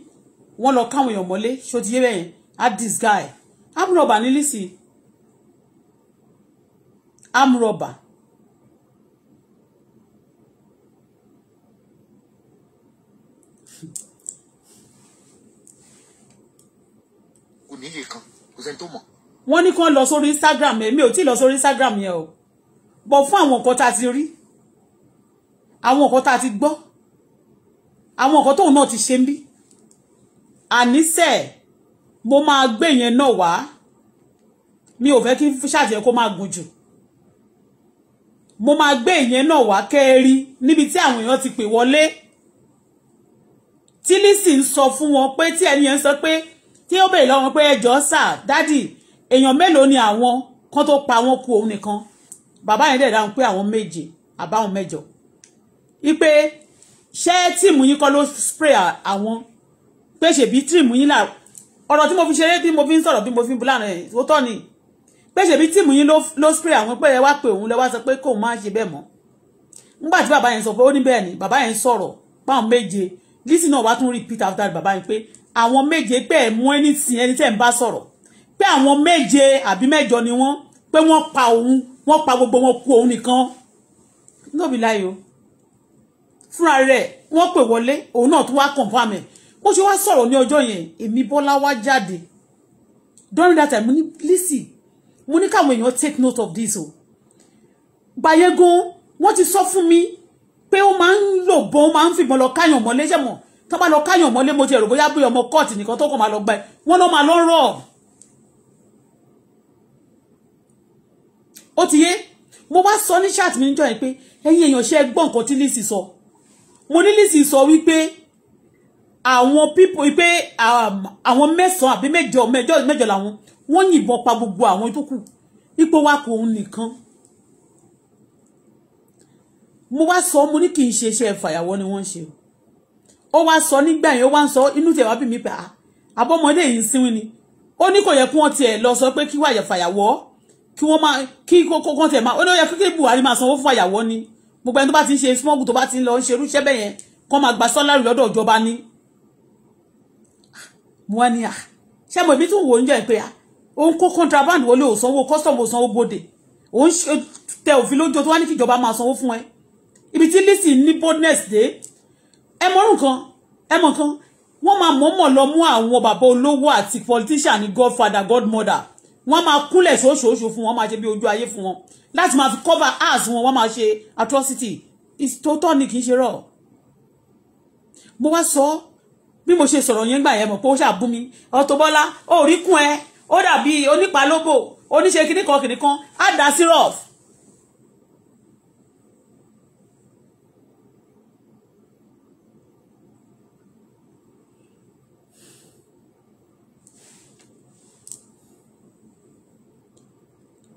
wọ́n lọ káwọn èèyàn mọ́lé ṣó ti yé bẹ́ẹ̀ yẹn á dis guy amúrọ̀bà ní Lizzy amúrọ̀bà kò níye kan kò sẹ́ni tó mọ̀. wọ́n ní kán lọ sórí Instagram èmi ò tí ì lọ sórí Instagram yẹn o bọ̀ fún àwọn nǹkan tá a ti rí àwọn nǹkan tá a ti gbọ́ àwọn nǹkan tóun náà ti ṣe ń bí àníṣe mo máa gbé yẹn náà wá mi ò fẹ́ kí ṣàṣẹ kó máa gùn jù mo máa gbé ìyẹn náà wá kẹ́ẹ̀rí níbi tí àwọn èèyàn ti pè wọlé tí Lizzy ń sọ fún wọn pé tí ẹni yẹn sọ pé tí ó bèèrè lọ́wọ́ pé ẹjọ́ sà dádì èèyàn mélòó ni àwọn kan tó pa wọn kú òun nìkan bàbá yẹn dẹ̀ dáhùn pé àwọn méje àbáwọn mẹ́jọ ipe ṣé tíìmù yín kọ́ ló spray àwọn pé ṣèbí tíìmù yín là ọ̀rọ̀ tí mo fi ṣeré bí mo fi ń sọ̀rọ̀ bí mo fi ń bu lánàá ó tọ́ ni pé ṣèbí tíìmù yín ló spray àwọn pé ẹ wá pé òun lẹ wá sọ pé kóun má ṣe bẹ́ẹ̀ mọ́ nígbà tí bàbá yẹn sọ pé ó ní bẹ́ẹ̀ ni bàbá yẹn sọ̀rọ̀ páwọn méje lísì náà wá tún repeat after bàbá yẹn pé àwọn méje pé ẹ̀ mú ẹni tì ẹni tẹ̀ ń bá sọ̀rọ̀ pé àwọn méje àbí mẹ́jọ ni wọ́n pé wọ́n pa òun wọ́n pa gbogbo wọn kú òun nìkan níbi láyò fúnra rẹ̀ wọ́n pè wọlé òun náà tún wá confirm ẹ̀ bó ṣe wá sọ̀rọ̀ ní ọjọ́ yẹn èmi Bọ́lá wá jáde during that time mo ní listen mo ní káwọn èèyàn take note of this o gbàyẹ gan wọ́n ti sọ fún mi pé ó máa ń lò bọ́ ó máa ń fìbọn lọ káyàn mọ́lé ṣe mọ̀ tó bá lọ káyàn mọ́lé mo ti rò bóyá bóyá ọmọ kọ́ọ̀tì nìkan tó kàn máa lọ gbà ẹ́ wọ́n lọ́ máa lọ́ rọ̀ ó ti yé mo wá sọ ní chat mi níjọ́ yẹn pé ẹ̀yin èèyàn ṣe gbọ́ nǹkan tí Lizzy sọ mo ní Lizzy sọ wípé àwọn pípọ̀ wípé um, àwọn mẹ́sàn-án àbí mẹ́jọ mẹ́jọ mẹ́jọ làwọn wọ́n yìnbọn pa gbogbo àwọn tó kù ipò wa kò ń nìkan mo wá sọ mo ní kì í ṣe iṣẹ́ fàyàwọ́ ni wọ́n ṣe ó wá sọ nígbà yẹn ó wá ń sọ inú tẹ̀ wá bí mi pé àbọ̀mọdé ah, yìí ń sinwi ni ó ní kò yẹ kí wọ́n tiẹ̀ lọ sọ pé kí wàyẹ̀ fàyàwọ́ kí wọ́n máa kí kókó tiẹ̀ máa ó ní ó yẹ kí Buhari máa sanwó fún fàyàwọ́ ni gbogbo ẹni tó bá ti ń ṣe small tó bá ti ń lọ ń ṣe irúṣẹ́ bẹ́ẹ̀ yẹn kọ́ máa gba sọ́lárì lọ́dọ̀ ìjọba ní. mo wá ní à ah, ṣé mo ìbí tún wò ń jẹ́ pé à ah, òun kó contraband wọlé ò sanwó custom ò sanwó bòde òun tẹ òfin lójó tó wá ní kí ìjọba máa sanwó fún ẹ ibi tí lisi ní boldness dé ẹ mọ nǹkan ẹ mọ nǹkan wọ́n máa mọ̀ọ́mọ̀ lọ mú àwọn bàbá olówó àti politician ní godfather godmother wọ́n máa kúnlẹ̀ ṣoṣooṣo fún wọn máa ṣe bí ojú ayé fún wọn láti máa fi cover house wọn wọ́n máa ṣe atrocity ìtòótọ́ ni kì í ṣe rọ̀ mo wá sọ bí mo ṣe sọ̀rọ̀ yẹn gbà yẹn mọ̀ pé ó ṣàbú mi Auto Bola ó rí kún ẹ ó dàbí onípalóbò oníṣe kìnnìkan kìnnìkan á dá sí rọ̀f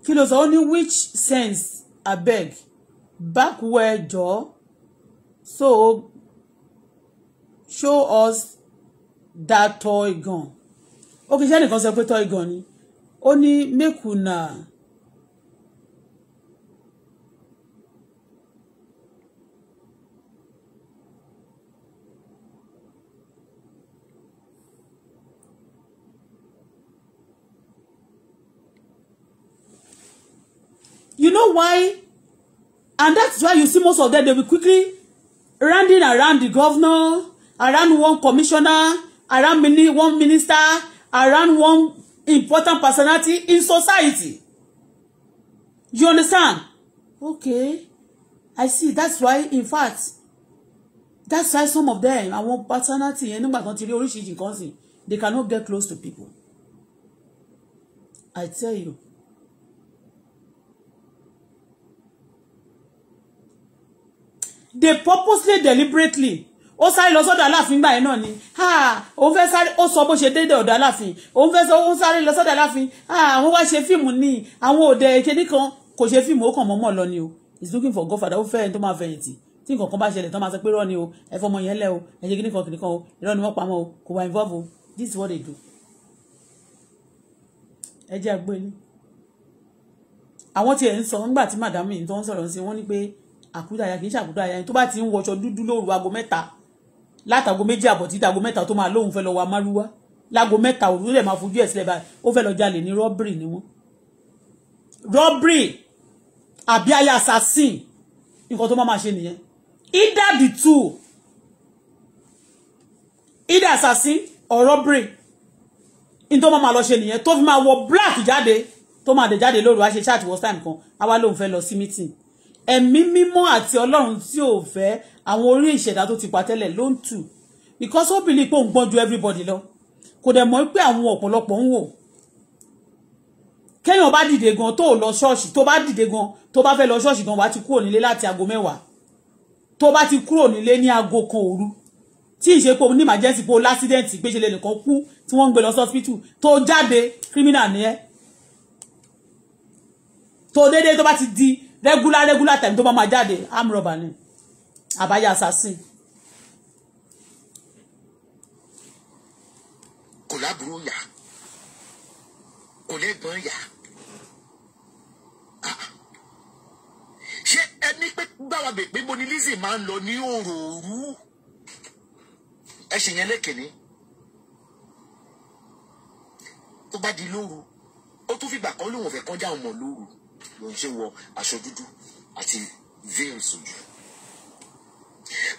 kí ló sọ ó ní which sense abeg back where jọ so show us that toy gun ó kì í ṣe ẹnìkan sọ pé toy gun ni ó ní make una you know why and that's why you see most of them they will quickly rounding around the governor around one commissioner around many one minister around one important personality in society you understand okay I see that's why in fact that's why some of them àwọn personality yẹn nígbà kan ti rí oríṣiríṣi they cannot get close to people I tell you they purposely deliberately ó sáré lọ sọ́dọ̀ aláàfin gbà yẹn náà ni òun fẹ́ sáré ó sọ bó ṣe déédé ọ̀dọ̀ aláàfin òun fẹ́ sáré lọ sọ́dọ̀ aláàfin àwọn wá ṣe fíìmù ní àwọn òde ìkíní kan kò ṣe fíìmù ó kàn mọ́mọ́ lọ ni o is looking for godfather ó fẹ́ ẹni tó máa fẹ̀yìntì tí nǹkan kan bá ṣẹlẹ̀ tó máa sọ pé irọ́ ni o ẹ fọmọ yẹn lẹ o ẹ ṣe kíní kan kíní kan o irọ́ ni wọ́n pamọ́ o kò wá involve o this is what they do ẹ jẹ́ àgbélé àwọn tiẹ̀ ń sọ ńgbà tí màdámì tó ń sọ̀rọ̀ sí wọ́n ní pé àkúdàáyá kì í ṣàkúdàáyá ẹni tó bá ti ń wọṣọ dúdú lóru aago mẹ́ta látago méjì àbọ̀ títí aago mẹ́ta tó máa lóun fẹ́ lọ wa márúwá láago mẹ́ta òru lè máa fojú ẹ̀ sílẹ̀ báyìí ó fẹ́ lọ jalè ní rọ́bìrì ni wọ́n rọ́bìrì àbí aya assassin nǹkan tó máa máa ṣe nìyẹn either the two either assassin or robbery in tó máa máa lọ ṣe nìyẹn tó fi máa wọ black jáde tó máa dé jáde lóru wá ṣe ṣáàtì wọ́n time kan àwa lóun fẹ́ lọ sí meeting ẹ̀mí mímọ́ àti ọlọ́run tí ò fẹ́ àwọn orí ìṣẹ̀dá tó ti pa tẹ́lẹ̀ ló ń tù because ó bìlí pé òun gbọ́n ju everybody lọ kò dẹ̀ mọ̀ pé àwọn ọ̀pọ̀lọpọ̀ ń wò kéèyàn bá dìde gan tó lọ ṣọ́ọ̀ṣì tó bá dìde gan tó bá fẹ́ lọ ṣọ́ọ̀ṣì gan wà á ti kúrò nílé láti aago mẹ́wàá tó bá ti kúrò nílé ní aago kan òru tí ìṣe pé ní emergency pé o lásídẹ̀ǹtì gbéṣe lè nìkan kú tí wọ́n ń gbé lọ sí hospital tó jáde criminal ni ẹ́ tó déédéé tó bá ti di regular regular time tó bá máa jáde arm rubber ni àbáyá assassin. kò lábúrò yá kò lẹ́gbọ̀n yá ah. ṣé ẹni pé gbára bèbè mo ní Lizzy máa ń lọ ní òròòrú ẹ ṣe yẹn lẹ́kìnní tó bá di lóru ó tún fìgbà kan lóun ò fẹ́ kọjá ọmọ lóru ló ṣe wọ aṣọ dúdú àti veils ojú.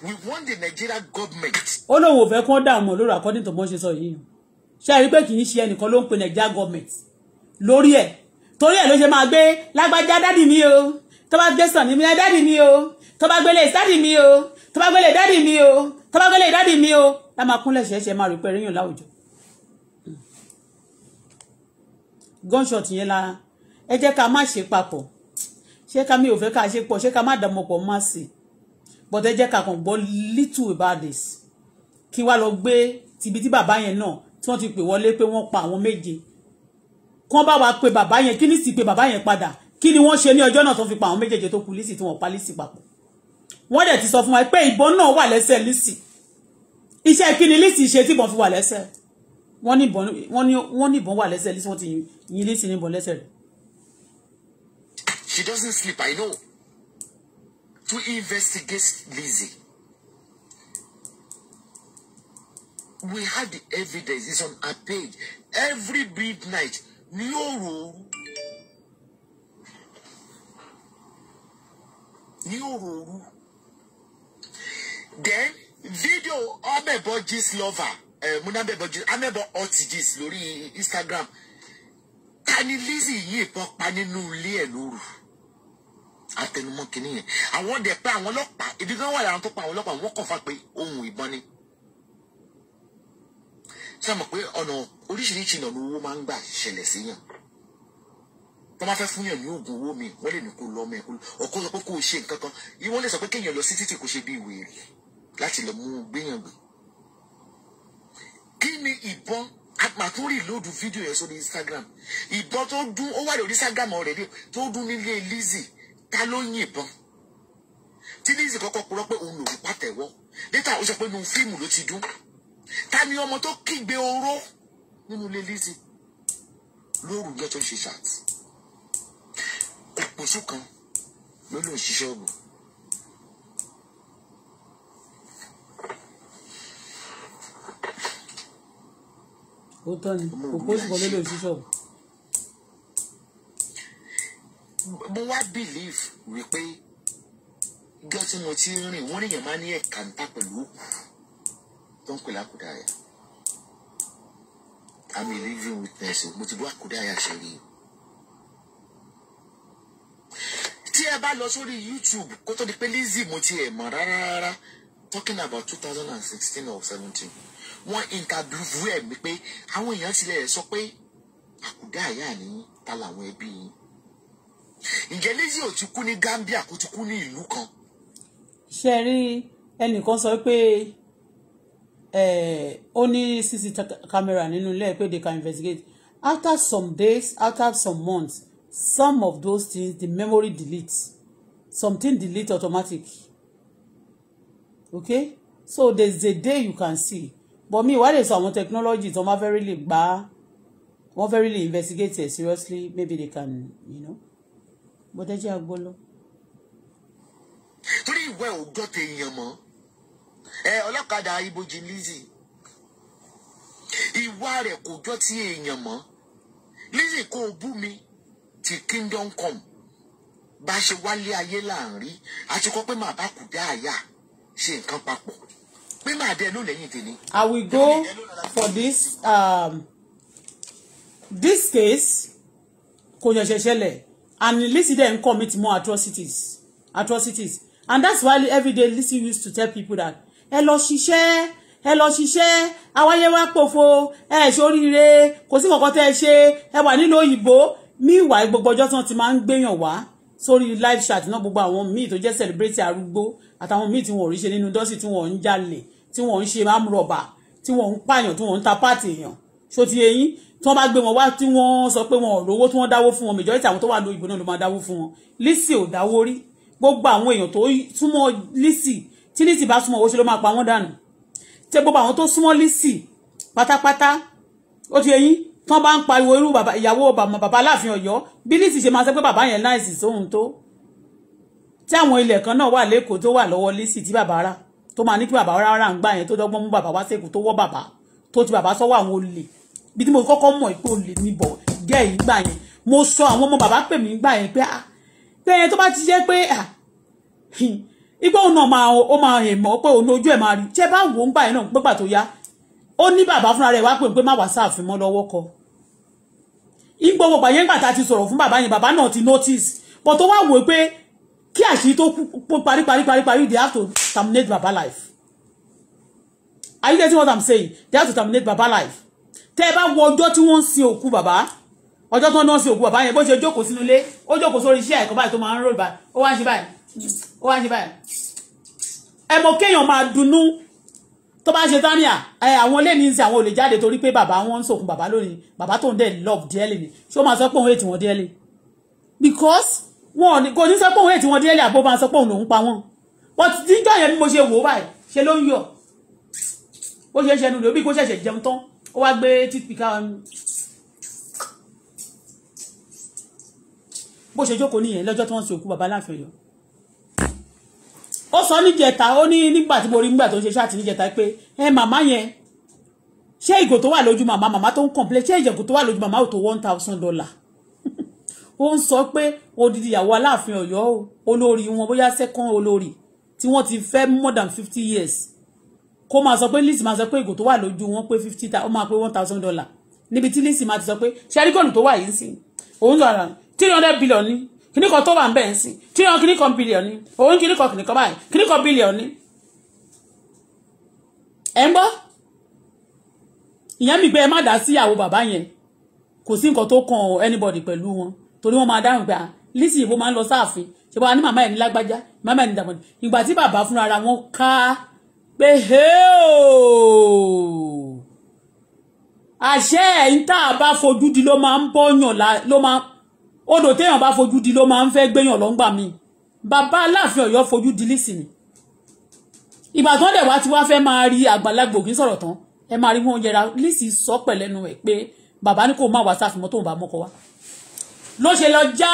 we want the Nigerian government. ó lóun ò fẹ́ kán dààmú lórí according to bọ́n ṣe sọ yìí ṣe àrí pé kì í ṣe ẹnìkan ló ń pe Nigerian government lórí ẹ̀ torí ẹ̀ ló ṣe máa gbé lágbájá dádì mi o tó bá gbé sàn ní mi dádì mi o tó bá gbélé dádì mi o tó bá gbélé dádì mi o tó bá gbélé dádì mi o tá máa kúnlẹ̀ ṣẹ̀ṣẹ̀ máa rí pé ríyàn láwùjọ gunshot yẹn la ẹ jẹ́ ká má ṣe papọ̀ ṣé ká mi ò fẹ́ ká ṣe pọ̀ ṣé ká má dàmọ̀pọ̀ má sí but ẹ jẹ́ ká kàn gbọ́ little about this kí wá lọ gbé tìbí tí bàbá yẹn náà tí wọ́n ti pè wọlé pé wọ́n pa àwọn méje kán bá wa pe bàbá yẹn kí ní sì pe bàbá yẹn padà kí ni wọ́n ṣe ní ọjọ́ náà tó fi pa àwọn méjèèjì tó kú lísì tí wọ́n pa lísì papọ̀ wọ́n dẹ̀ ti sọ fún wa pé ìbọn náà wà lẹ́sẹ̀ lísì iṣẹ́ kí ni lísì ṣe tí ìbọn fi wà lẹ́sẹ̀ wọ́n ní ìbọn wà lẹ́sẹ̀ lísì wọ́n ti yin lísì ní ìbọn lẹ́sẹ̀ rẹ̀ She doesn't sleep, I know. To investigate Lizzie. We had the evidence. It's on our page. Every midnight, Nioro. Nioro. Then, video Amebo G's lover. Uh, eh, Munabebo G's, Amebo Oti G's lórí Instagram. Tani Lizzie yìí ìbọn pa nínú ilé ẹ̀ lóru àtẹnumọ́ kìíní yẹn àwọn dẹ̀ pé àwọn ọlọ́pàá ibi gan wà láwọn tó pa àwọn ọlọ́pàá wọ́n kàn fà pé ohun ìbọn ni. ṣé mọ̀ pé ọ̀nà oríṣiríṣi ìnà ni owó máa ń gbà ṣẹlẹ̀ sí yàn tó máa fẹ́ fún yàn ní oògùn owó mi wọ́n lè ní kó lọ ọmọ ẹ̀kọ́ ọkọ sọ pé kó o ṣe nǹkan kan ìwọ́n lè sọ pé kéèyàn lọ sí títì kó ṣe bí wèrè láti lọ mú gbéyàn gbé. kí ni ìbọn àpàtúrì lóòdù fídíò yẹn sórí Instagram ìbọn tó dún ó wà lórí Instagram already tó dún nílé Lizzie ta ló yìnbọn tí Lizzy kọ́kọ́ purọ́ pé òun lòún pàtẹ́wọ́ data ó sọ pé nínú fíìmù ló ti dún ta ni ọmọ tó kígbe oró nínú ilé Lizzy lóòrùn jẹ́ tó ń ṣe ṣáàtì òpòṣù kan ló lòún ṣiṣẹ́ ọ̀gbìn. ó tán ni òpòṣù kan ló lòún ṣiṣẹ́ ọ̀gbìn. mo wá believe wípé gẹ́gẹ́ tí mo ti rìn wọ́n níyàn máa ní ẹ̀ka ń ta pẹ̀lú òkú tó ń pè lákùdáyà àmì living witness mo ti bú àkùdáyà ṣe rí o. tí ẹ bá lọ sórí YouTube kó tó di pé Lizzy mo ti ẹ̀ mọ̀ rárá rárá talking about two thousand and sixteen or seventeen wọ́n interview ẹ̀ mi pé àwọn èèyàn tilẹ̀ sọ pé àkùdáyà ni ta làwọn ẹbí yìí ǹjẹ́ Lizzy ò ti kú ní Gambia kò ti kú ní ìlú kan. ṣe rí ẹnìkan sọ pé ó ní cc camera nínú ilé pé they can investigate after some days after some months some of those things the memory delete something delete automatic okay so there's a day you can see but me, ìwádìí sọ àwọn technology tó máa fẹ́ rí lè gbá wọ́n fẹ́ rí investigate it seriously maybe they can you know, bọ́dẹ́ jẹ́ agbọ́lọ́. torí ìwé ò dọ́tẹ̀ èèyàn mọ́ ẹ ọlọ́kadà ibojì Lizzy ìwà rẹ̀ kò jọ ti èèyàn mọ́ Lizzy kò bú mi ti kingdom come bá ṣe wálé ayé láàrin àti pé màá bá kù dá àyà ṣe nǹkan papọ̀ pé màá dẹ ló lẹ́yìn tèmi. I will go for this um, this case kò yàn ṣẹ̀ṣẹ̀ lẹ̀ and Lizzy then commit more atrocities atrocities and that's why every day Lizzy used to tell people that ẹ lọ ṣiṣẹ́ ẹ lọ ṣiṣẹ́ awáyé wá pòfo ẹ ṣoríire kò sí kankan tẹ́ ẹ ṣe ẹ wà nílùú òyìnbó meanwhile gbogbo ọjọ́ tí wọ́n ti máa ń gbéyàn wá sórí live chat náà gbogbo àwọn míì tó jẹ́ celebrate arúgbó àtàwọn míì tí wọ́n ò rí ṣe nínú dọ́sì tí wọ́n ń jalè tí wọ́n ń ṣe mámúrọ̀bà tí wọ́n ń pààyàn tí wọ́n ń ta páàtì èèyàn ṣó ti eyín tí wọ́n bá gbé wọn wá tí wọ́n sọ pé wọn ò tí wọ́n dáwó fún wọn majority àwọn tó wà lóyìnbó náà ló máa dáwó fún wọn Lizzy ò dáwó rí gbogbo àwọn èèyàn tó súnmọ́ Lizzy tí Lizzy bá súnmọ́ owó ṣe ló máa pa wọ́n dànù tí gbogbo àwọn tó súnmọ́ Lizzy pátápátá ó ti yẹyìn tí bá ń pariwo irú ìyàwó bàbá aláàfin Ọ̀yọ́ bí Lizzy ṣe máa sọ pé bàbá yẹn láìsí sóhun tó tí àwọn ilẹ̀ kan náà wà lẹ́kọ̀ọ́ tó wà lọ́wọ́ Lizzy tí bàbá rà tó máa ní kí bàbá rárá ń gbà yẹn tó dọ́gbọ́n mú bàbá wá sẹ́kù tó wọ́ bàbá tó ti bàbá sọ́wọ́ àwọn olè bí tí mo kọ́kọ́ mọ̀ pé o lè níbọ̀ gẹ́ yìí gbà yẹn mo sọ àwọn ọmọ bàbá pè mí gbà yẹn pé ah pé ẹni tó bá ti jẹ́ pé ah igbó òun náà máa ó máa hẹ̀ mọ́ pé òun ojú ẹ̀ máa rí tí ẹ bá wò ó gbà yẹn náà gbọ́gbà tó yá ó ní bàbá fúnra rẹ̀ wá pé pé má wàá sáàfin mọ́ lọ́wọ́ kọ ìgbọ̀wọ̀ gbà yẹn gbà tá a ti sọ̀rọ̀ fún bàbá yẹn bàbá náà ti notice but tó wá wò ó pé kí àṣírí tó kú parí parí parí parí they have to terminate baba life are you getting what i'm saying they have to terminate baba life tẹ́ bá wo ọjọ́ tí wọ́n ń sin òkú bàbá ọjọ́ tó ń dán sin òkú bàbá yẹn bó ṣe jókòó sínú ilé ó jókòó sórí iṣẹ́ àìkọ́ báyìí tó máa ń rò báyìí ó wá ń ṣe báyìí ó wá ń ṣe báyìí. ẹ mọ̀ kéèyàn máa dunnú tó bá ń ṣe tánìyà ẹ àwọn ilé nìyí àwọn olè jáde torí pé bàbá wọn ń sòkun bàbá lónìí bàbá tó ń dẹ̀ love díẹ̀lì ni ṣé ó máa sọ pé òun ètì wọn díẹ̀lì because wọn kò ní sọ pé òun ètì wọn díẹ̀lì àbó máa sọ pé òun lòún pa wọn but níjọ́ yẹn bí mo ṣe wò ó báyìí ṣe ló ń yọ bó ṣe ń ṣẹnu lò ó ó wá gbé títpìkà bó ṣe jókòó nìyẹn lọ́jọ́ tí wọ́n sì òkú bàbá láàfin yọ ó sọ níjẹta ó ní nígbà tí mo rí nígbà tó ń ṣe ṣáàtì níjẹta pé ẹ màmá yẹn ṣé ìgò tó wà lójú màmá màmá tó ń kọ̀ǹpilẹ̀ ṣé ìjẹ̀kù tó wà lójú màmá ò tó one thousand dollar ó ń sọ pé odidi ìyàwó aláàfin Ọ̀yọ́ olórí wọn bóyá second olórí tí wọ́n ti fẹ́ more than fifty years kó máa sọ pé Lizzy máa sọ pé ìgò tó wà lójú wọn pé fifty ta ó máa pé one thousand dollar níbi tí Lizzy máa ti sọ pé ṣẹ́rí góòlù tó wà yìí ń sìn òun tó ara three hundred billion ni kíní kan tó wà ń bẹ̀ ń sìn three hundred kíní kan billion ni òun kíní kan kíní kan báyìí kíní kan billion ni. ẹ ń mi pé ẹ má dá sí ìyàwó bàbá yẹn kò sí nǹkan kan anybody pẹ̀lú wọn torí wọ́n máa dáhùn pé à Lizzy ìbò máa ń lọ sáàfin ṣe bá ní màmá ẹ̀ ní lágbájá màmá ẹ̀ ní dàmọ́ni ìgbà tí bàbá ara wọn ká pé àṣẹ ẹ̀yìn tá a bá fojú di ló máa ń bọ́yàn ló máa odò téèyàn bá fojú di ló máa ń fẹ́ gbéyàn lọ́ngbà mi bàbá aláàfin ọ̀yọ́ fojú di lísìnì ìgbà tán dẹ̀ wá ti wá fẹ́ máa rí àgbàlagbò kí n sọ̀rọ̀ tán ẹ máa rí wọn yẹra lísì sọ pẹ̀lẹ́nu ẹ̀ pé bàbá ní kò má wá sáfìmọ́ tóun bá mọ́kọ wá ló ṣe lọ já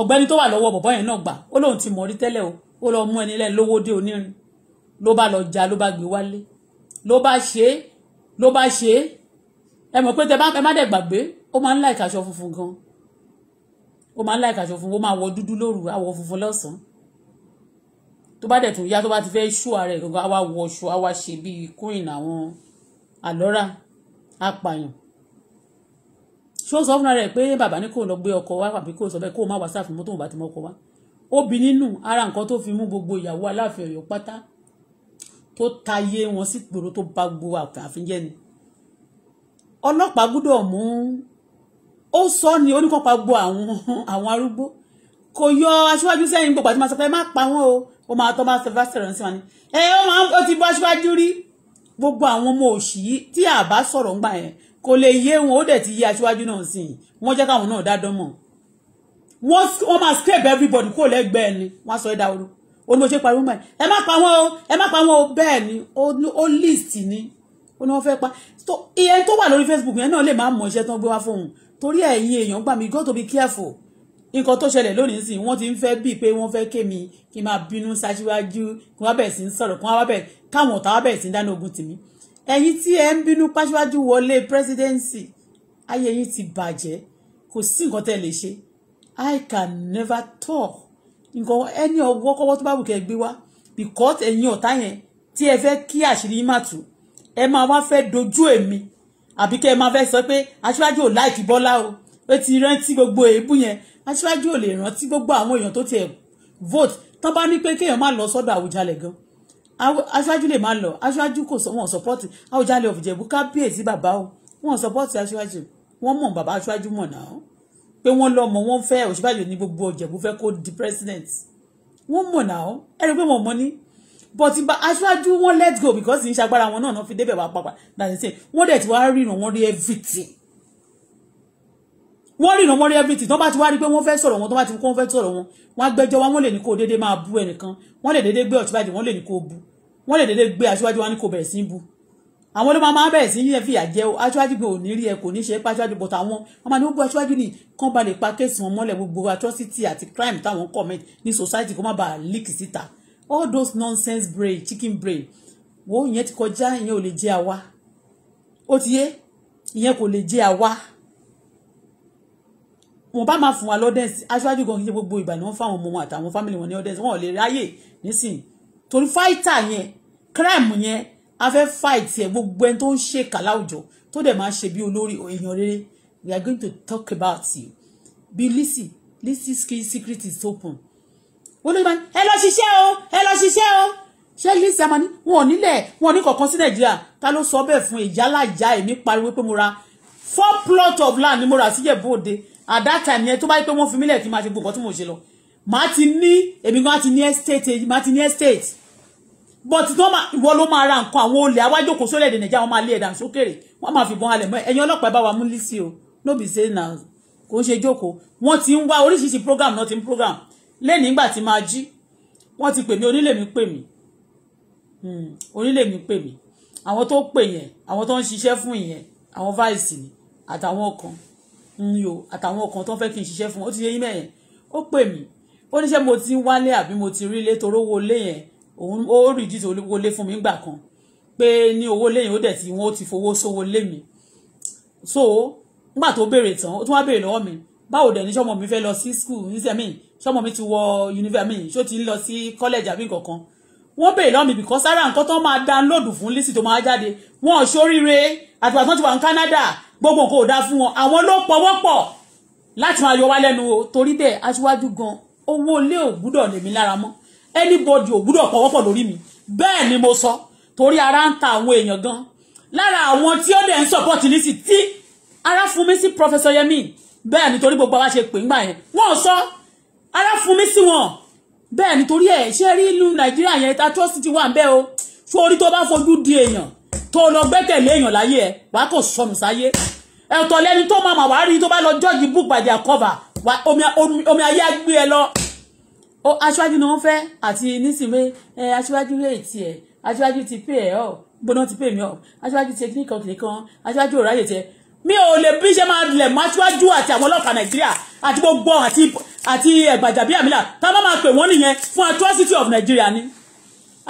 ọ̀gbẹ́ni tó wà lọ́wọ́ bọ̀bọ́ yẹn náà gbà ó lóun ti mọ̀ rí tẹ́lẹ̀ o ó lọ mú ẹni lẹ́ẹ̀ lówó dé onírin ló bá lọ ja ló bá gbé wálé ló bá ṣe é ló bá ṣe é ẹ mọ̀ pé ẹ má dẹ̀ gbàgbé ó máa ń láìka aṣọ funfun gan ó máa ń láìka aṣọ funfun ó máa wọ dúdú lóru àwọ̀ funfun lọ́sàn-án tó bá dẹ̀ tún yá tó bá ti fẹ́ ṣú ara ẹ̀ gangan á wá wọ ọṣọ á ṣe bíi queen àwọn àlọ́ra apààyàn ṣé ó sọ fúnra rẹ̀ pé bàbá ní kò lọ gbé ọkọ wá àbí kò sọ bẹ́ẹ̀ kó má wá sáfìmọ́ tóun bá ti mọ́ ọkọ wá ó bí nínú ara nǹkan tó fi mú gbogbo ìyàwó aláàfin Ọ̀yọ́ pátá tó tayé wọn sí gbòòrò tó bá gbogbo àfin jẹ́ ni ọlọ́pàá gbúdọ̀ mú ó sọ ni oníkọ́pàá gbọ́ àwọn àwọn arúgbó kò yọ aṣíwájú sẹ́yìn gbogbo àti máa sọ pé má pa wọ́n o ó máa tọ́ máa sọ fásitì rẹ̀ sí wọn ni ẹ ó máa ó ti bọ́ aṣíwájú rí gbogbo àwọn ọmọ òṣì tí àbá sọ̀rọ̀ ńgbà yẹn kò lè yé wọn ó dẹ̀ ti yé aṣíwájú náà sí i wọ́n jẹ́ káwọn náà dá dánmọ̀ wọ́n máa scrape everybody kó lẹ́gbẹ̀ẹ́ ni wọ́n á sọ ẹ́ dáhùrú ó ní mo ṣe pariwo mọ́ ẹ̀ ẹ má pa wọn o ẹ má pa wọn o bẹ́ẹ̀ ni ó list ni ó ní wọ́n fẹ́ pa tó iye tó wà lórí Facebook yẹn náà lè má mọ iṣẹ́ tó ń gbé wá fóun torí ẹ̀yin èèyàn gbà mí you to be careful nǹkan tó ṣẹlẹ̀ lónìí sì wọ́n ti ń fẹ́ bíi pé wọ́n fẹ́ kémi kí n máa bínú ṣáṣíwájú kí wọ́n bẹ̀rẹ̀ sí ń sọ̀rọ̀ kí wọ́n bẹ̀rẹ̀ káwọn ọ̀tá wọ́n bẹ̀rẹ̀ sí ń dáná ogun tì mí ẹ̀yin tí ẹ ń bínú pàṣíwájú wọlé presidency ayé yín ti bàjẹ́ kò sí nǹkan tẹ́ lè ṣe I can never talk nǹkan ẹni ọwọ́ kọ́wọ́ tó bá wù kẹ́ gbé wá because ẹ̀yin ọ̀tá yẹn tí ẹ fẹ́ kí àṣírí má tú ẹ máa wá fẹ́ dojú èmi àbí kẹ́ ẹ máa fẹ́ sọ pé aṣíwájú ò láìkí Bọ́lá o ó ti rántí gbogbo èébú yẹn aṣíwájú ò lè rántí gbogbo àwọn èèyàn tó tiẹ̀ vote tán bá ní pé kéèyàn má lọ sọ́dọ̀ Àwùjalẹ̀ gan aṣíwájú lè má lọ aṣíwájú kò sọ wọn support Àwùjalẹ̀ of Ìjẹ̀bú kábíyèsí bàbá o wọn support aṣíwájú wọn mọ̀ bàbá aṣíwájú mọ̀ náà pé wọ́n lọ́mọ wọ́n fẹ́ Ọ̀ṣínbàjò ní gbogbo Ìjẹ̀bú fẹ́ kó di president wọ́n mọ̀ náà ẹni pé wọ́n mọ̀ ní but ìgbà aṣáájú wọ́n let go because ní ṣagbára wọn náà fi débẹ̀ wá pàpà láti sè wọ́n dẹ̀ ti wá ríran wọ́n rí everything wọ́n ríran wọ́n rí everything tó bá ti wá rí pé wọ́n fẹ́ sọ̀rọ̀ wọn tó bá ti wọ́n fẹ́ sọ̀rọ̀ wọn wọ́n agbẹjọ́ wa wọ́n lè ní kó dédé máa bú ẹnìkan wọ́n lè dédé gbé Ọ̀ṣínbàjò wọ́n lè ní kó bú wọ́n lè dédé gbé aṣáájú wa ní kó bẹ̀rẹ̀ sí bú àwọn ló máa máa bẹ̀rẹ̀ sí yíyẹ fìyà jẹ o aṣáájú gbé òní rí ẹ kò ní ṣe é pa aṣáájú bọ̀tà àwọn wọn máa ní gbogbo aṣáájú ni kán ba lè pa kéèsì wọn mọ́lẹ̀ gbogbo atrocity àti crime táwọn commit ní society kó má bàa leak síta all those nonsense brain chicken brain wo ìyẹn ti kọjá ìyẹn ò lè jẹ́ àwa ó ti yé ìyẹn kò lè jẹ́ àwa wọn bá máa fún wa lọ́dẹ̀sì aṣáájú gan kì í ṣe gbogbo ìgbà ni wọ́n fáwọn ọmọ wọn àtàwọn fámìlì wọn ní ọdẹ̀sì wọn ò lè ráyè nísìnyí torí fáìtà yẹn crime yẹn a fẹ́ fight ẹ̀ gbogbo ẹni tó ń ṣèkà láwùjọ tó dẹ̀ máa ń ṣe bí olórí èèyàn rere we are going to talk about you bí Lizzy Lizzy secret is open wọ́n ló máa ẹ lọ ṣiṣẹ́ o ẹ lọ ṣiṣẹ́ o ṣé Lizzy amani wọn ò nílẹ̀ wọn ò ní kọ̀ọ̀kan sí Nàìjíríà ta ló sọ bẹ́ẹ̀ fún ìjálàjà èmi pariwo pé mo ra four plot of land ni mo rà sí Ìjẹ̀bú Òde at that time yẹn tó bá yẹ pé wọ́n fi mílẹ̀ kí n máa ti gbogbo ọtí mo ṣe lọ màá ti ní èmi gan ti ní estate màá ti ní estate but ìwọ ló máa ra nǹkan àwọn olè awájò kò sólẹ̀ èdè nàìjíríà wọ́n máa lé ẹ̀dà sókèrè wọ́n máa fìbọn halẹ̀ mọ́ ẹ̀yin ọlọ́pàá bá wa mú lísì o no be say na kò ń ṣe jókòó wọ́n ti ń wá oríṣiríṣi program náà ti ń program lẹ́ni ìgbà tí máa jí wọ́n ti pè mí onílé mi pè mí hmm, onílé mi pè mí àwọn tó pè yẹn àwọn tó ń ṣiṣẹ́ fún yẹn vice ni àtàwọn kan ń hmm, yo kan tó ń fẹ́ kí n ṣiṣẹ́ ti yé yín mẹ́yẹn ó pè mí mo ti ń wálé àbí mo ti rí ilé torówó ilé yẹn òun ó reduce owó lé fún mi gbà kan pé ní owó lẹ́yìn ó dẹ̀ tí wọ́n ti fowó sówó lé mi so nígbà tó béèrè tán ó tún wá béèrè lọ́wọ́ mi báwo dẹ̀ ní sọ́mọ mi fẹ́ lọ sí school ní sẹ́mi sọ́mọ mi ti wọ yunifásitì ṣó ti ń lọ sí college àbí kankan wọ́n béèrè lọ́wọ́ mi because sára nǹkan tó máa download fún lísì tó máa jáde wọn ò ṣoríire àtìgbà tó ti wà ní Canada gbogbo nǹkan ò dáa fún wọn àwọn ló pọwọ́pọ̀ láti máa yọ wá lẹ́nu o torí bẹ́ẹ̀ aṣíwájú gan owó ilé ò gbúdọ̀ lèmi lára mọ́ anybody ò gbúdọ̀ pọ̀wọ́pọ̀ lórí mi bẹ́ẹ̀ ni mo sọ torí ara ń ta àwọn èèyàn gan lára àwọn tí ó dẹ̀ ń support ní sí tí ara fún mi sí Professor Yemi bẹ́ẹ̀ nítorí gbogbo àwa ṣe pè ńgbà yẹn wọ́n sọ ara fún mi sí wọn bẹ́ẹ̀ nítorí ẹ̀ ṣe rí ìlú Nàìjíríà yẹn atrocity wà ń bẹ o sórí tó bá fojú di èèyàn tó lọ gbẹ́kẹ̀lé èèyàn láyé ẹ̀ wàá kò sọnù sáyé ẹ̀tọ́ lẹ́ni tó máa mà wá rí tó bá lọ jọ́ọ̀jì book by their cover omi ayé á gbé ẹ lọ ó aṣáájú ni wọ́n fẹ́ àti nísìnyí ẹ aṣáájú rẹ̀ tiẹ̀ aṣáájú ti pè ẹ́ ọ̀ gbóná ti pè mí ọ̀ aṣáájú ti kíní kan kìnìún kan aṣáájú ò ráyè tẹ mi ò lè bí iṣẹ́ máa lẹ̀ mọ́ aṣáájú àti àwọn ọlọ́pàá nàìjíríà àti gbogbo àti àti ẹ̀gbàjà bíi àmìlà tá a bá máa pè wọ́n nìyẹn fún atrocity of Nigeria ni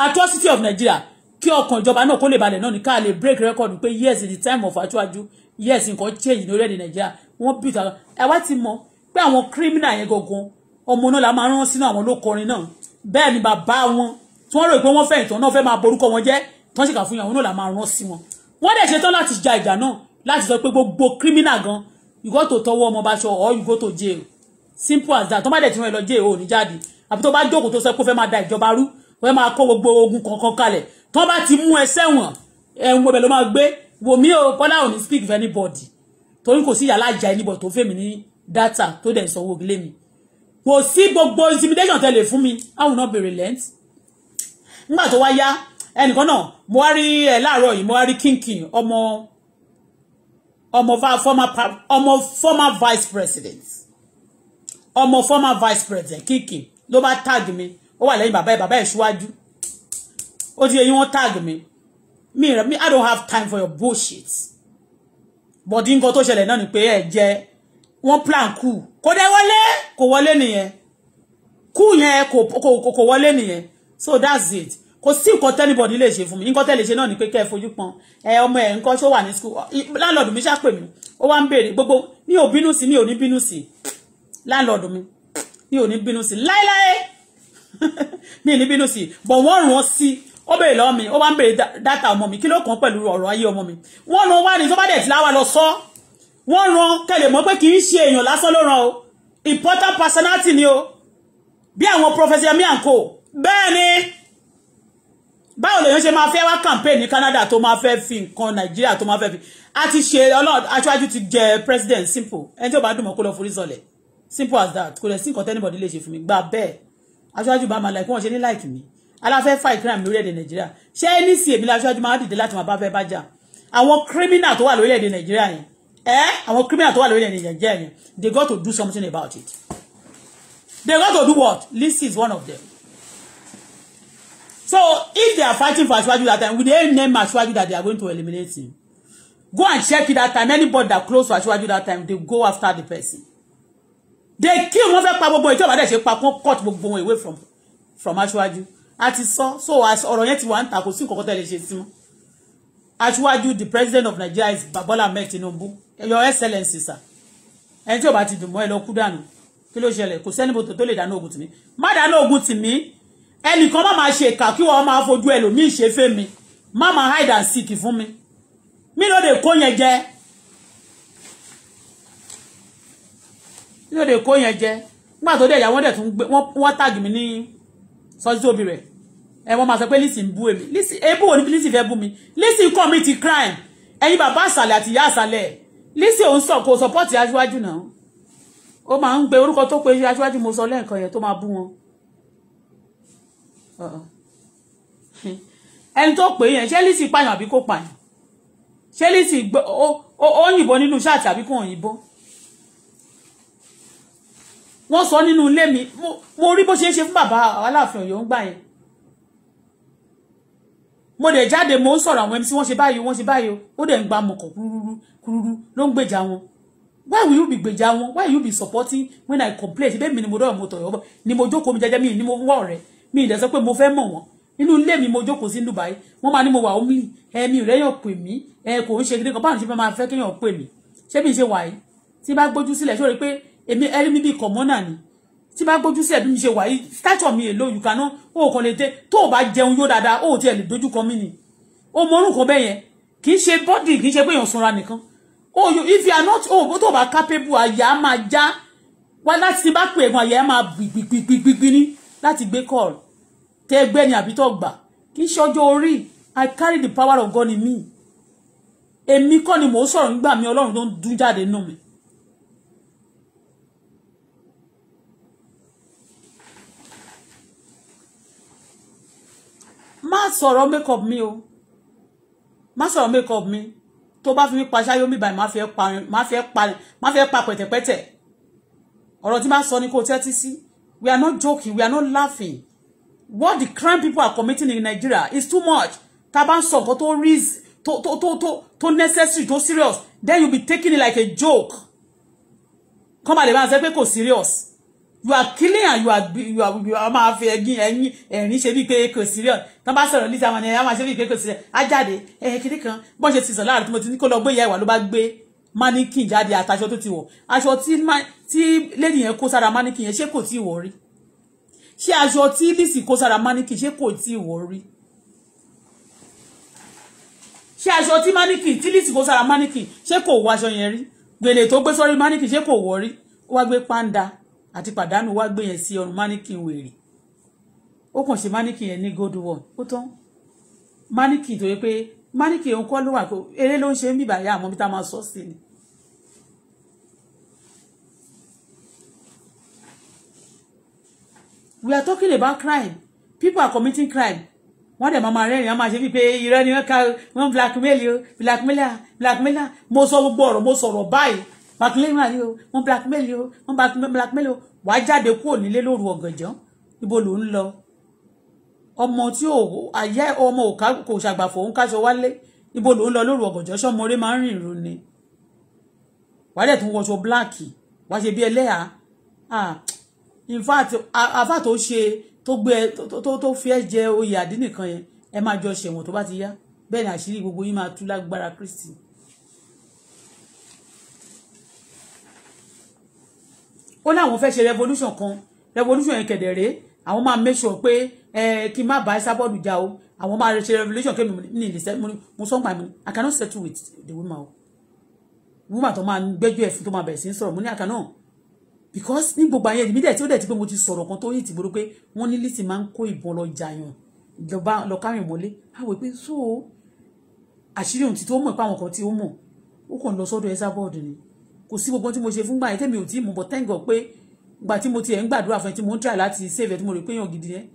atrocity of Nigeria kí ọkàn ìjọba náà kó lè balẹ̀ náà ní ká lè break record pé yes in the time of aṣáájú yes nǹkan change ní orílẹ̀-èdè nàìjíríà wọ́n bìtà ẹ̀ wá ti mọ̀ pé àwọn criminal yẹn gangan ọmọ náà la máa rán sínú àwọn olókọrin náà bẹ́ẹ̀ ni bàbá wọn tí wọ́n rò pé wọ́n fẹ̀yìntàn náà fẹ́ máa borúkọ wọn jẹ́ tán ṣèkà fún ìyàwó náà la máa rán sí wọn wọ́n dẹ̀ ṣetán láti ja ìjà náà láti sọ pé gbogbo kírímínà gan you go to tọwọ́ ọmọ bá ṣọ or you go to jail simple as that tó bá dẹ̀ ti rán ẹ lọ jail ò ní jáde àbí tó bá jókòó tó sọ pé ó fẹ́ máa da ìjọba rú wọ́n máa kó gbogbo ogun kankan kalẹ̀ tó bá ti mú ẹ sẹ́wọ̀n ẹ̀wọ̀n ọbẹ̀ ló máa gbé wòmí o kọ́lá ò ní speak with anybody torí kò sí ìyá alájà anybody tó fèmí ní data tó dẹ̀ sanwó ilé mi kò sí gbogbo intimidation tẹ̀lé fún mi I will not be relent nígbà tó wá yá ẹnìkan náà mo wá rí ẹ láàárọ̀ yìí mo wá rí kínkìn ọmọ ọmọ former omo former vice president Omo former vice president kínkìn ló bá tag mi ó wà lẹ́yìn bàbá ẹ̀ bàbá ẹ̀ ṣíwájú ó ti yẹ yín wọ́n tag mi mi I don't have time for your bullshit bọ̀dí nǹkan tó ṣẹlẹ̀ na ni pé ẹ jẹ́ wọ́n plan kú kò dé wọlé kò wọlé nìyẹn kú yẹn kò kò kò wọlé nìyẹn so that's it kò sí nǹkan tẹ́nibọ̀dì lè ṣe fún mi nǹkan tẹ́lẹ̀ ṣe náà ni pé kẹ́ ẹ fojú pọn ẹ ọmọ ẹ nǹkan tó wà ní skul láńlọ́ọ̀dù mi ṣàpè mí ó wá ń béèrè gbogbo ní ò bínú sí ní ò ní bínú sí láńlọ́ọ̀dù mi ní ò ní bínú sí láéláé ní ní bínú sí bọ̀ wọ́n rùn ọ́ sí ó béèrè lọ́wọ́ mi ó wá ń béèrè dátà ọmọ mi kí ló kàn pẹ̀lú ọ̀rọ̀ ayé ọmọ mi wọ́n rùn wá ní tó bá dẹ̀ ti láwa lọ sọ́ọ́ wọ́n ran kẹlẹ̀ mọ́ pé kì í ṣe èèyàn lásán ló ran o important personality ni o bí àwọn professor mi àǹkó bẹ́ẹ̀ ni báwo lèèyàn ṣe máa fẹ́ wá campaign ní Canada tó máa fẹ́ fi nǹkan Nàìjíríà tó máa fẹ́ fi a ti ṣe ọlọ́run aṣáájú ti jẹ president simple ẹni tí ò bá dùn mọ́ kó lọ forí sọlẹ̀ simple as that kò lè sí nǹkan anybody lè ṣe fún mi gbà bẹ́ẹ̀ aṣáájú bá máa like wọ́n ṣe ní like mi aláfẹ́ fight crime lórílẹ̀‐èdè nàìjíríà ṣé ní sí èmi láṣáájú máa dìde láti máa bá fẹ́ bá jà àwọn criminal tó wà lórílẹ̀‐èdè nàìjíríà yẹn ẹ eh? àwọn criminal tó wà lórí ẹ̀yìn jẹ́ ẹ̀yìn they got to do something about it they got to do what Lizzy is one of them so if they are fighting for Asiwaju that time we dey name Asiwaju that they are going to eliminate him go and check it that time anybody that close to Asiwaju that time they go after the person they kill wọn fẹ́ pa gbogbo ìjọba dẹ̀ ṣe pa kún cut gbogbo wọn away from from Asiwaju àti sọ so ọ̀rọ̀ yẹn ti wà ń ta kò sí nǹkan kan tẹ́lẹ̀ ṣe sí wọn Asiwaju the president of Nigeria is Babola Ahmed Tinubu. No your excellence sà ẹni tí ò bá ti dùn mọ́ ẹ lọ kú dànù kí ló ṣẹlẹ̀ kò sẹ́ni bòtò tó lè dáná ogun tì mí má dáná ogun tì mí ẹnìkan má máa ṣe ìkà kí wọ́n máa fojú ẹlòmíì ṣe fẹ́ mi má máa hide and seek fún mi mi ló dé kó yẹn jẹ mi ló dé kó yẹn jẹ nígbà tó dé ìyá wọn dẹ̀ tún gbé wọ́n tag mi ní sọ́jú òbí rẹ̀ ẹ wọ́n máa sọ pé Lizzy ń bú èmi Lizzy ebú wo ni Lizzy fẹ́ bú mi Lizzy commit crime ẹ̀yin bàbá àṣàlẹ̀ àti ìyá àṣàlẹ̀ ẹ̀ Lizzy òun sọ kò support aṣíwájú náà ó máa ń gbé orúkọ tó pe aṣíwájú mo sọ lẹ́ẹ̀kan yẹn tó máa bú wọn uh-uh. ẹni tó pè yẹn ṣé Lizzy pààyàn àbí kò pààyàn ṣé Lizzy ó yìnbọn nínú ṣáàtì àbí kò yìnbọn wọ́n sọ nínú ilé mi mo rí bó ṣe ń ṣe fún bàbá aláàfin Ọ̀yọ́ ń gbà yẹn mo dẹ̀ jáde mo ń sọ̀rọ̀ àwọn ẹni tí wọ́n ṣe báyìí wọ́n ṣe báyìí ó dẹ̀ ń gba mọ̀kàn rúrúrú kúrúrú ló ń gbèjà wọn why will you be gbèjà wọn why you be supporting when i complain ṣebí mi ni mo dọ̀rọ̀ mo tọ̀yọ̀ ni mo jókòó mi jẹ́jẹ́ mi ni mo wọ̀ ọ̀rẹ́ mi ìdẹ́sọ pé mo fẹ́ mọ̀ wọ́n inú ilé mi mo jókòó sí Dubai wọ́n máa ní mo wà ó mílì ẹ̀mí rẹ̀ yàn pè mí ẹ̀ kò ń ṣe kíní kan báwọn ṣe fẹ́ máa fẹ́ kéèyàn pè mí ṣé mi ṣe wà yìí tí bá gbójú sílẹ̀ ṣó rí pé èmi ẹ̀rí mi bíi kọ̀mọ́nà ni tí bá gbójú sílẹ̀ bí mi ṣe wà yìí stature mi èlò yìí kaná ó kàn lè dé tó o bá jẹun yó dáadáa ó tiẹ̀ lè dojúkọ mí ni o mọ orúkọ bẹ́ẹ̀ yẹn kì í ṣe bọ́dì kì í ṣe pé èèyàn sanra nìkan oh you if you are not oh tó bá capable àyà á máa já wá láti ti bá pè é gan àyà á máa gbìgbìgbìgbìgbì ní láti gbé call tẹ ẹgbẹ́ ni àbí tó gbà kì í ṣọjọ́ I carry the power of God in me èmi kọ́ ni mò ń sọ̀rọ̀ nígbà mi Ọlọ́run tó ń dún jáde nù mí. má sọ̀rọ̀ make up mi o má sọ̀rọ̀ make up mi tó bá fi mí pa ṣáyómi báyìí má fẹ́ pa má fẹ́ pa pa pẹ̀tẹ̀pẹ̀tẹ̀ ọ̀rọ̀ tí máa sọ ni kò tẹ́tí sí we are not joking we are not laughing what the crime people are committing in Nigeria is too much tá a bá ń sọ nǹkan tó rí tó tó tó tó necessary tó serious then you be taking it like a joke kọ́mọ̀lẹ́ bá ń sẹ́ pé kò serious you are killing and you are you are you are máa fi ẹ̀gín ẹ̀yìn ẹ̀rín ṣe bíi pé kò serious tán bá sọ̀rọ̀ lítà wọn ni ẹ̀yà máa ṣe bíi pé kò serious á jáde ẹ̀yìn kiri kan bọ́n ṣe ti sọ̀ láàrin tí mo ti ní kó lọ gbé ìyá ìwà ló bá gbé mannequin jáde àtàṣọ tó ti wọ̀ aṣọ tí lady yẹn kó sára mannequin yẹn ṣé kò tí ì wọ̀ rí ṣé aṣọ tí Lizzy kó sára mannequin ṣé kò tí ì rí ṣé aṣọ tí mannequin tí Lizzy kó sára mannequin ṣé kò wọ̀ aṣọ yẹn rí gbèlè tó gbé sórí mannequin ṣé kò wọ̀ rí ó gbé panda àti pàdánù wá gbé yẹn sí ọrùn máníkì wèrè ó kàn ṣe máníkì yẹn ní gold one ó tán máníkì tó yẹ pé máníkì òun kọ́ ló wà kó eré ló ń ṣe ń bìbà yá àmọ́ bí tá a máa sọ sí ni. we are talking about crime people are committing crime wọ́n dẹ̀ máa ma rẹ́rìn-ín máa ṣe bíi pé irọ́ ni wọ́n ká wọ́n blackmail blackmailer blackmailer mo sọ gbogbo ọ̀rọ̀ mo sọ̀rọ̀ báyìí blackmail mà ní o wọ́n blackmail o wọ́n blackmail o wàá jáde kúrò nílé lóru ọ̀gànjọ́ ibo ló ń lọ ọmọ tí ò ayé ọmọ ò kò ṣàgbàfọ òun káṣọ wálé ibo ló ń lọ lóru ọ̀gànjọ́ sọmọ orí máa ń rìn ìrù ni wàá dẹ̀ tún wọṣọ bíláàkì wàá ṣe bí ẹlẹ́yà in fact afa tó ṣe tó gbé tó tó fi ẹ jẹ oyè àdínìkan yẹn ẹ máa jọ ṣẹ̀wọ̀n tó bá ti yá bẹ́ẹ̀ ni àṣírí gbogbo yín máa tú lágbára Kristi. ó láwọn fẹ́ ṣe revolution kan revolution yẹn kẹ̀dẹ̀ rèé àwọn máa make sure pé ẹ kí n má bá Esabod jà o àwọn máa ṣe revolution kí ni ìlẹ̀ sẹ́ mo sọ gbà mí I cannot settle with the woman o woman tó máa gbẹ́jọ́ ẹ̀fún tó máa bẹ̀rẹ̀ sí ń sọ̀rọ̀ mo ní I cannot because ní gbogbo ayé mi dẹ̀ tí ó dẹ̀ ti pé mo ti sọ̀rọ̀ kan tó yìí ti gbọ́dọ̀ pé wọ́n ní lítì máa ń kó ìbọn lọ jàyàn lọ́ba lọ kárìn mọ́lé àwọ̀ pé so àṣírí ohun tí tó mọ̀ pé àwọn kan tí ó mọ̀ ó kàn lọ sọ́dọ̀ Esabod ni kò sí gbogbo tí mo ṣe fúngbà yẹn tẹ́mi ò tí mọ̀ bọ̀ thank God pé gbà tí mo tiẹ̀ ń gbàdúrà fún ẹ tí mo ń try láti save ẹ tí mo rò pé èèyàn gidi yẹn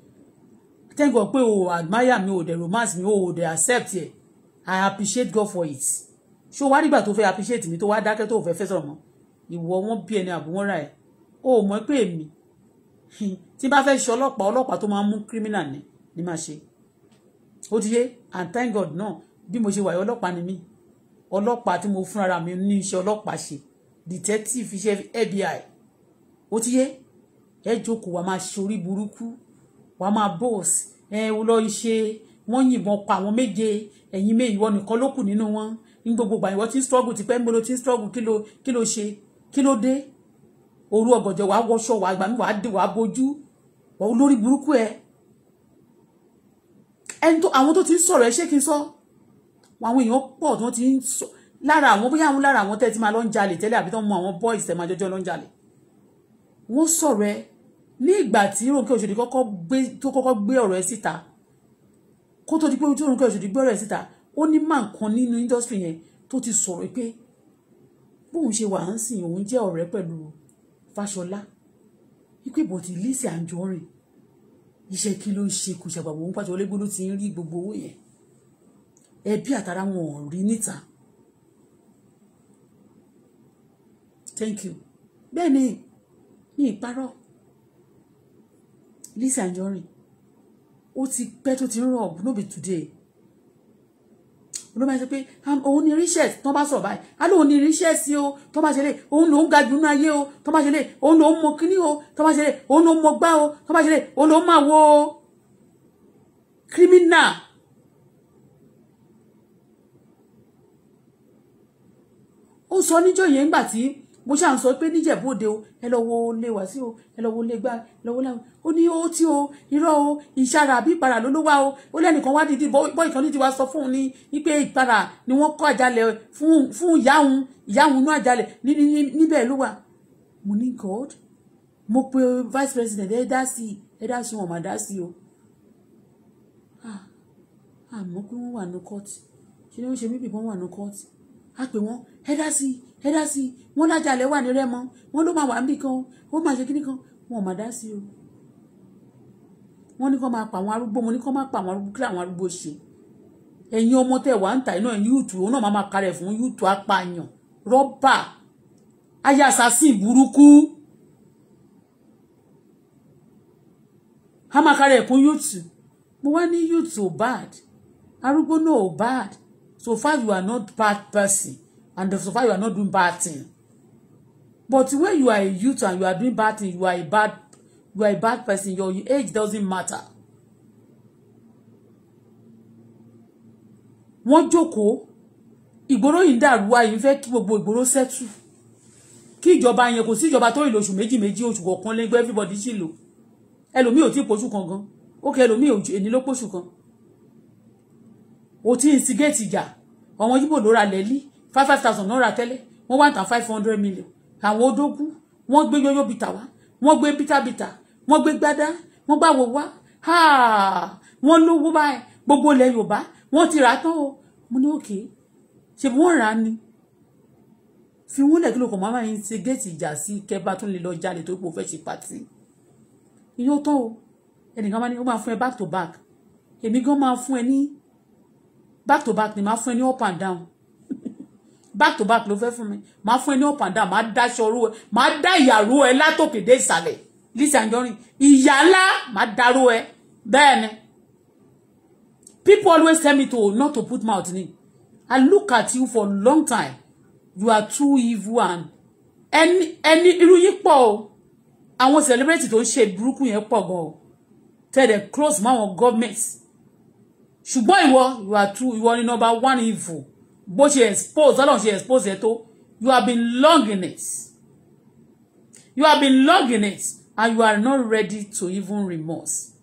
thank God pé o admire mi o dẹ̀ romance mi o dẹ̀ accept ẹ I appreciate God for it ṣó wá nígbà tó fẹ́ appreciate mi tó wá dákẹ́ tó fẹ́ fẹ́ sọ̀rọ̀ mọ́ ìwọ wọn bí ẹni àbúrò rà ẹ o mọ̀ pé èmi tí bá fẹ́ ṣe ọlọ́pàá ọlọ́pàá tó máa mú criminal ni ni máa ṣe ó ti yé and thank God náà bí mo ṣe wà ọlọ́pàá ni mí ọlọ́pàá tí mo fúnra mi ní iṣẹ́ ọlọ́pàá ṣe detective iṣẹ́ FBI ó ti yé ẹ jókòó wàá máa ṣe orí burúkú wàá máa bọ́ọ̀s ẹ ò lọ ṣe wọ́n yìnbọn pa àwọn méje ẹ̀yìn méjì wọ́n nìkan ló kù nínú wọn ní gbogbo ìgbà ìwọ́n ti ń struggle tipẹ́ ń bolo ti ń struggle kí ló kí ló ṣe kí ló dé òru ọ̀gànjọ́ wàá wọṣọ wàá gbà mí wàá dé wàá bojú wàá olórí burúkú ẹ ẹni tó àwọn tó ti ń sọ̀rọ̀ ẹ ṣé kí n sọ àwọn èèyàn pọ̀ tó ti ń sọ̀rọ̀ lára àwọn bóyá àwọn lára àwọn tẹ́ ti máa lọ ń jalè tẹ́lẹ̀ àbí tó ń mú àwọn boys tẹ́ máa jọjọ́ lọ ń jalè wọ́n sọ̀rọ̀ ẹ ní ìgbà tí Rónkẹ́ Òṣòdì tó kọ́kọ́ gbé ọ̀rọ̀ ẹ síta kó tó di pé Rónkẹ́ Òṣòdì gbé ọ̀rọ̀ ẹ síta ó ní máa ń kan nínú industry yẹn tó ti sọ̀rọ̀ pé bóun ṣe wà ń sìn òun jẹ́ ọ̀rẹ́ pẹ̀lú Fáṣọlá wípé bọ̀tì Lizzy Anjorin iṣẹ́ kí ló ń ṣe kò ṣàgbàgbọ́ òun pàṣẹ olébóló ti ń rí gbogbo owó yẹn ẹbí àtàrà ò rí níta thank you bẹ́ẹ̀ ni ní ìparọ́ Lizzy Anjorin ó ti pẹ́ tó ti ń rọ̀ ọ̀bùn níbi today olóma ṣe pé òun ni richest tó bá sọ̀rọ̀ báyìí á lóun ni richest sí o tó bá ṣe lè òun lòún ga jù ní ayé o tó bá ṣe lè òun lòún mọ kíní o tó bá ṣe lè òun lòún mọ gbá o tó bá ṣe lè òun lòún máa wo criminal ó sọ níjọ́ yẹn ńgbà tí mo ṣáà ń sọ pé níjẹ̀bú o ẹ lọ wo lè wá sí o ẹ lọ wo lè gbá lọ wo láwọn ó ní ó tí o irọ́ o ìṣara àbí ìpara ló ló wá o ó lẹ́nìkan wá dídí bọ́ ìkan dídí wá sọ fún un ní wípé ìpara ni wọ́n kọ́ àjálẹ̀ fún ìyá òun ìyá òun inú àjálẹ̀ níbẹ̀ ló wà mo ní god mo pe vice president ẹ dá sí ẹ dá sí wọn mà dá sí o àmọ́ ah, pé wọ́n wà ní kóòtù ṣe ni wọ́n ṣe mí bí wọ́n wà ní kóòtù á pè wọ́n ẹ dá sí i ẹ dá sí i wọ́n lájàlẹ̀ wà ní rẹ́mọ wọ́n ló máa wà níbì kan ó máa ṣe kíní kan wọn ò máa dá sí o wọ́n ní kó máa pa àwọn arúgbó mo ní kó máa pa àwọn arúgbó kí làwọn arúgbó ṣe ẹ̀yin ọmọ tẹ̀ wá ń tà iná yúùtù òun náà máa máa karẹ̀ fún yúùtù apààyàn rọ́bà ayásásìn burúkú a máa karẹ̀ fún yúùtù mo wá ní youth so bad arúgbó náà ò bad so far you are not bad person and so far you are not doing bad thing but when you are a youth and you are doing bad thing you are a bad you are a bad person your age doesn't matter wọ́n jókòó ìgboro yìí ń dàrú wa yìí ń fẹ́ kí gbogbo ìgboro sẹ́tù kí ìjọba yẹn kò sí ìjọba tó lè lóṣù méjì méjì oṣù kọ̀ọ̀kan lẹ́gbẹ́ everybody sì lò ẹlòmíì ò tí ì poṣù kan gan ó kẹ ẹlòmíì ò èní ló poṣù kan ò tí ì instigate ìjà ọmọ yìí bò lóra lẹ́lí five five thousand náírà tẹ́lẹ̀ wọ́n wá ń ta five hundred million àwọn odókú wọ́n gbé yóyó bìtà wá wọ́n gbé bìtàbìtà wọ́n gbé gbádá wọ́n gbàwò wá wọ́n lówó báyìí gbogbo ilẹ̀ Yorùbá wọ́n ti rà á tán o mo ní òkè ṣe wọ́n rà á ni fi wọ́n lẹ̀ kí ló kàn máa máa ń ṣe géètì ìjà sí kẹba tó lè lọ jalè tó kò fẹ́ ṣe pàtì iyó tán o ẹnìkan máa ní ó máa fún ẹ back to back èmi gan máa fún ẹ ní back to back ni máa fún ẹ ní up and down back to back ló fẹ́ fún mi máa fún ẹ ní up and down máa dáṣọ orú ẹ máa dá ìyàrú ẹ látòkè dé ìsàlẹ̀ Lizzy Anjorin ìyá ńlá máa dárú ẹ bẹ́ẹ̀ ni people always tell me to not to put mouth in I look at you for long time you are too evil and ẹni ẹni irú yín pọ̀ o àwọn celebrity tó ń ṣe burúkú yẹn pọ̀ gan o tẹ̀lé close mọ́ àwọn government ṣùgbọ́n ìwọ you are too ìwọ ni number one evil bó ṣe expose ọlọ́run ṣe expose ẹ tó you have been long in it you have been long in it and you are not ready to even remorse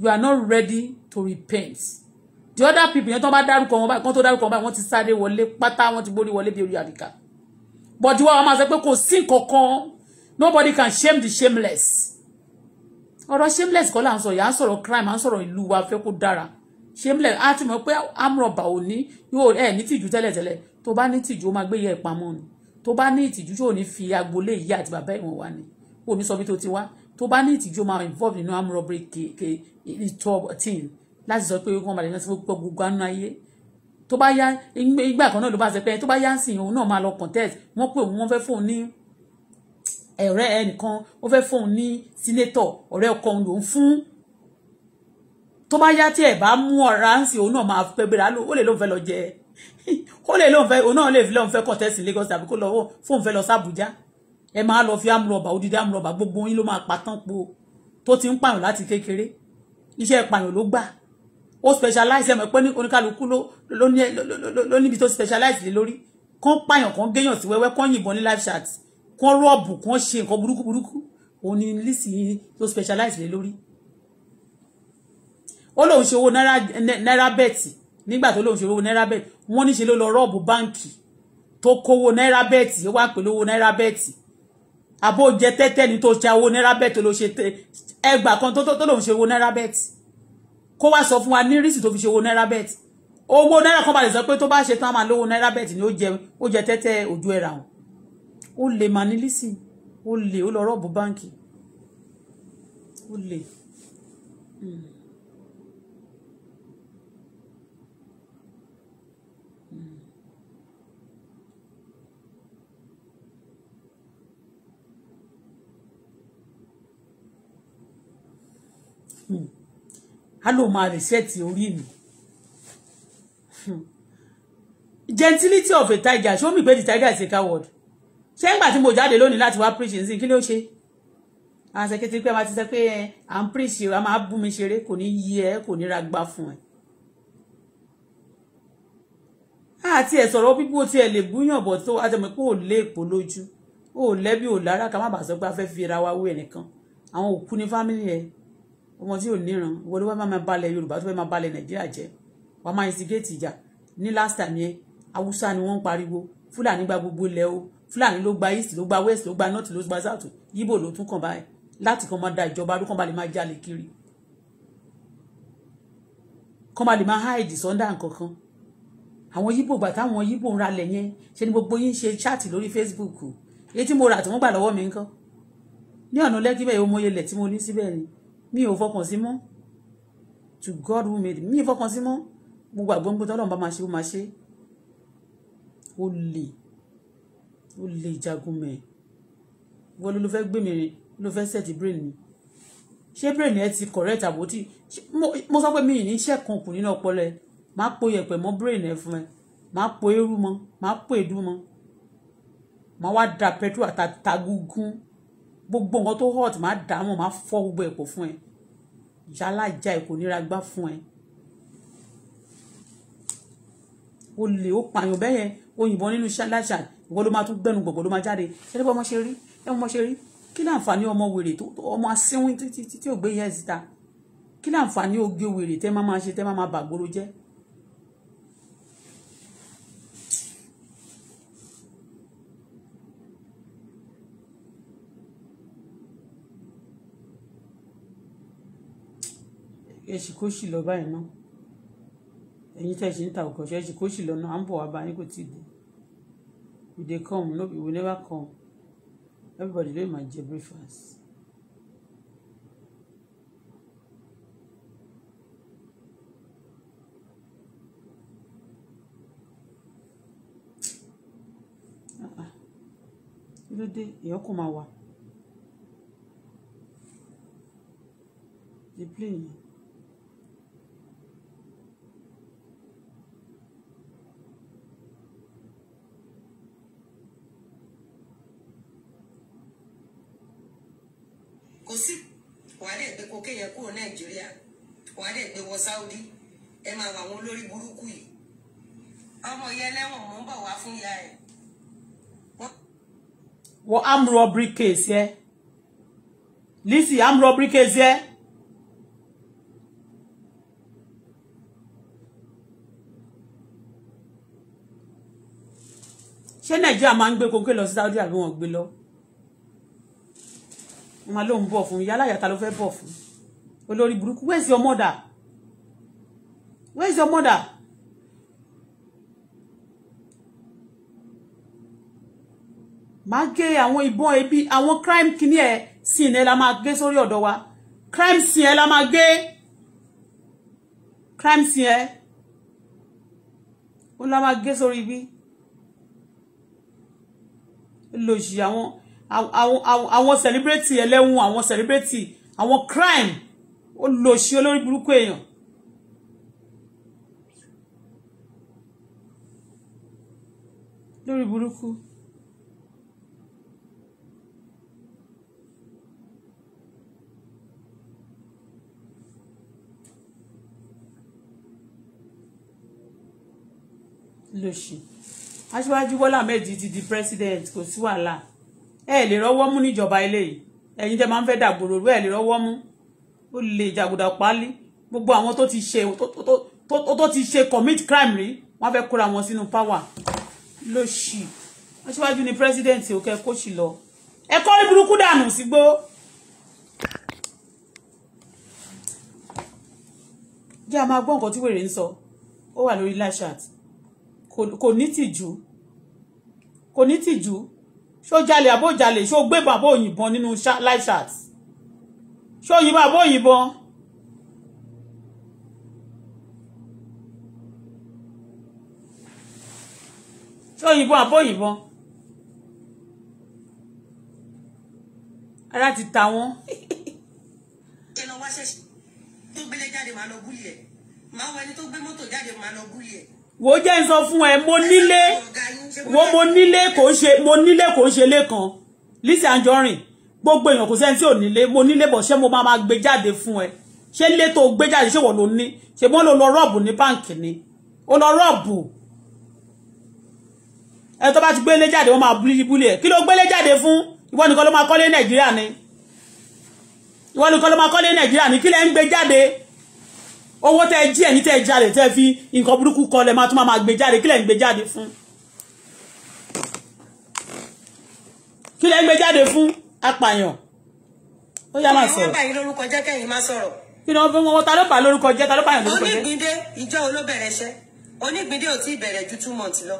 you are not ready to repent the other people yẹn tó bá dárúkọ wọn báyìí kán tó dárúkọ wọn báyìí wọ́n ti sáré wọlé pátá wọ́n ti borí wọlé bí orí àdìkà but ìwọ àwọn máa sọ pé kò sí nǹkan nobody can shame the shameless ọ̀rọ̀ shameless kọ́ là ń sọ yà á sọ̀rọ̀ crime à ń sọ̀rọ̀ ìlú wa fẹ́ kó dára ṣé ń lẹ̀ á ti mọ̀ pé amrọ̀bà ò ní yóò ẹ̀ ní tìjú tẹ́lẹ̀tẹ́lẹ̀ tó bá ní tìjú ó máa gbé yẹ ìpamọ́ ni tó bá ní ìtìjú yóò ní fi agboolé ìyá àti bàbá ìwọ̀n wá ni ó ní sọ bí tó ti wá tó bá ní ìtìjú ó máa involve nínú amrọ̀bì kéèké ìtọ́ tíìn láti sọ pé wọ́n máa lè lọ́sí púpọ̀ gbogbo anú ayé tó bá yá ìgbà kan náà ló bá ṣe pé tó bá yá sí òun náà contest wọ́n pè wọ́n fẹ́ fóun ní ẹ̀rẹ́ ẹnìkan ó fẹ́ fóun ní sínétọ̀ ọ̀rẹ́ ọkọ òun lòún fún tó bá yá tí ẹ bá mú ọ̀rá ń sìn òun náà máa fẹ́ gbéra ó lè lóun fẹ́ lọ jẹ ó lè lóun fẹ́ òun náà lè fi lóun fẹ́ contest ní Lagos tàbí kó lọ fóun fẹ́ lọ sábùjá ẹ máa lọ fi amúrọ̀bà odidi amúrọ̀bà gbogbo yín ló máa pa tán po tó ti ń pààyàn láti kékeré iṣẹ́ ìpààyàn ló gbà ó specialize ẹ mọ̀ pé oníkálukú ló níbi tó specialize lé lórí kán pààyàn kán géèyàn sí wẹ́wẹ́ kán yìnbọn ní live chat kán rọ́ọ̀bù kán ṣe nǹkan burúkú burúkú òun ni Lizzy tó specialize lé lórí ó lóun ṣe owó náírà bẹ́ẹ̀tì nígbà tó lóun ṣe owó náírà bẹ́ẹ̀tì wọ́n níṣe ló lọ rọ́ọ̀bù báǹkì tó kówó náírà bẹ́ẹ̀tì ó wá pè lówó náírà bẹ́ẹ̀tì àbó jẹ tẹ́tẹ́ ni tó ṣe owó náírà bẹ́ẹ̀tì ló ṣe ẹgbà kan tó lóun ṣe owó náírà bẹ́ẹ̀tì kó wá sọ fún wa ní rísì tó fi ṣe owó náírà bẹ́ẹ̀tì owó náírà kan balẹ̀ sọ pé tó bá ṣe tán máa lówó náírà bẹ́ẹ̀tì ni ó jẹ ó jẹ tẹ́tẹ́ ojú ẹ̀rà wọn ó lè mà ní lísì ó lè ó lọ rọ́ọ̀bù báǹkì ó lè. Mm. á lò máa rìsẹ́ẹ̀tì orí mi gentility of a tiger show me pé the tiger is a coward ṣé ń gbà tí mo jáde lónìí láti wá preach nsìn kí ló ṣe àwọn sẹkẹtìrì pé a máa ti sẹ pé à ń preach a máa bú mi ṣeré kò ní yí ẹ kò ní ra gbá fún ẹ àti ẹ̀ sọ̀rọ̀ bíbú tí ẹ lè búyàn bọ̀ tó àtẹ̀mọ̀ pé ò lé èpò lójú ò lẹ́bí ò lára ká má bàa sọ pé a fẹ́ fi ra wa wé ẹnìkan àwọn òkú ní fámìlì ẹ̀ ọmọ tí ò níran ìwọ ló wá máa balẹ̀ yorùbá tó fẹ́ máa balẹ̀ nàìjíríà jẹ́ wàá máa instigate ìjà ní last time yẹn haúsá ni wọ́n pariwo fúlàní gba gbogbo ilẹ̀ o fúlàní ló gba east ló gba west ló gba north ló gba south yíbò ló tún kàn báyìí láti kàn máa da ìjọba ló kàn bá lè máa jalè kiri kàn bá lè máa hide sọ́ndà nkankan àwọn yíbò gbà táwọn yíbò ń ralẹ̀ yẹn ṣe ni gbogbo yín ṣe chat lórí facebook èyí tí mo rà tí wọ́n gbà lọ́wọ́ mi nǹkan ní ọ̀nà lẹ́kí omoyelẹ̀ tí mo ní síbẹ̀ ni mi ò fọkàn sí mọ́ to God who made mi ò fọkàn sí mọ́ gbogbo àgbọ̀ngbò tọ́lọ́ bá máa ṣe ó máa ṣe ó lè ó lè jagun mẹ́ẹ̀ wọ́n ló ló fẹ́ gbé mi rìn ló fẹ́ sẹ́ẹ̀tì brain mi ṣé brain ẹ ti correct àbò tí mo sọ pé mi ì ní iṣẹ́ kan kù nínú ọpọlọ ẹ máa po yẹ̀pẹ̀ mọ́ brain ẹ fún ẹ máa po eérú mọ́ máa po èédú mọ́ máa wá da petrol àtàgùngún gbogbo nǹkan tó hot máa dààmú máa fọ́ gbogbo ẹ̀pọ̀ fún ẹ yálà já ẹ̀kọ́ nira gbá fún ẹ o lè ó pààyàn bẹ́yẹn òyìnbó nínú ṣáláṣà ìwọ ló máa tún gbẹnu gbọ̀gbọ̀ ló máa jáde ṣẹlẹ́ bọ́ ọmọ ṣe rí ẹ ọmọ ṣe rí kí láǹfààní ọmọ wèrè tó ọmọ asínwín títí tí ò gbé yẹn síta kí láǹfààní oge wèrè tẹ́ máa máa ṣe tẹ́ máa máa bàgbóró jẹ́ ẹ̀sì kó sì lọ báyìí náà ẹ̀yin tẹ̀ ṣe ń ta òkànṣọ́ ẹ̀sì kó sì lọ náà à ń bọ̀ wá bá yín kò tí ì dé we dey come no we never come everybody dey my jẹ breakfast. kí ló dé èèyàn kò máa wà the plane yẹn. kò sí wàá dẹ̀ kókè yẹn kúrò nàìjíríà wàá dẹ̀ wọ sáúdí ẹ máa wà wọn lórí burúkú yìí ọmọ yẹn lẹ́wọ̀n mò bọ̀ wá fún ìyá ẹ̀. wọ arm robbery case yẹ Lizzy arm robbery case yẹ. ṣé nàìjíríà máa ń gbé kókè lọ sí sáúdí àbí wọn gbé lọ wọn máa lóun bọ̀ fún yálà yàtà ló fẹ́ bọ̀ fún olórí burúkú where's your mother where's your mother. máa gé àwọn ìbọn ẹbí àwọn crime kìíní ẹ sí ìnẹ la máa gbé sórí ọ̀dọ̀ wa crime scene ẹ la máa gbé crime scene ẹ ó la máa gbé sórí ibi lòsì àwọn àwọn celebrity ẹlẹ́wọ̀n àwọn celebrity àwọn crime ó lò sí olórí burúkú èèyàn lórí burúkú. lòṣì aṣíwájú Bọ́lá Ahmed di di president kò sí wàhálà ẹ lè rọ́wọ́ mú níjọba eléyìí ẹ̀yin tẹ́ máa ń fẹ́ dàgbòrò rú ẹ lè rọ́wọ́ mú ó lè jàgùdà pálí gbogbo àwọn tó ti ṣe tó ti ṣe commit crime rí wọ́n fẹ́ kóra wọn sínú power lóṣì aṣíwájú ni president òkè kóṣì lọ ẹ kọ́ rí burúkú dànù sígbó. jẹ́ a máa gbọ́ nǹkan tí wèrè ń sọ ó wà lórí live chat kò ní tìjú kò ní tìjú ṣó jalè àbó jalè ṣó gbé bàbá òyìnbọn nínú live chat ṣó yí bàbá òyìnbọn. ṣó yìnbọn àbó yìnbọn. ara ti ta wọn. ṣe wá ṣẹ̀ṣẹ̀ tó gbélé jáde máa lọ búlì ẹ̀ máa wọ ẹni tó gbé mọ́tò jáde máa lọ búlì ẹ̀ wo jẹ́ n sọ fún ẹ mo nílé wo mo nílé kò ń ṣe mo nílé kò ń ṣe lẹ́kan Lizzy Anjorin gbogbo èèyàn kò sẹ́ni tí ò nílé mo nílé bọ̀ ṣé mo máa ma gbé jáde fún ẹ ṣé ilé tó gbé jáde ṣé wọ́n ló ní ṣé wọ́n ló lọ rọ́ọ̀bù ní báǹkì ni ó lọ rọ́ọ̀bù ẹ tó bá ti gbélé m'a wọ́n máa búlí búlí ẹ kí ló gbélé jáde fún ìwọ nìkan ló máa kọ́lé Nàìjíríà ni ìwọ nìkan ló máa kọ́lé Nàìjíríà ni kí lẹ́ ń gbé jáde owó tẹ́ jí ẹ̀yin tẹ́ jalè tẹ́ fi nǹkan burúkú kọ lẹ máa tún máa gbé jáde kí lẹ ń gbé jáde fún kí lẹ ń gbé jáde fún apààyàn ó yá máa sọ̀rọ̀. báyìí lórúkọ jẹ́ kẹ́yìn máa sọ̀rọ̀. kí ni wọ́n ta ló pa lórúkọ jẹ́ ta ló pààyàn lórúkọ jẹ́. onígbìndé ìjọ olóbẹ̀rẹ̀ iṣẹ́ onígbìndé ò tí ì bẹ̀rẹ̀ ju two months lọ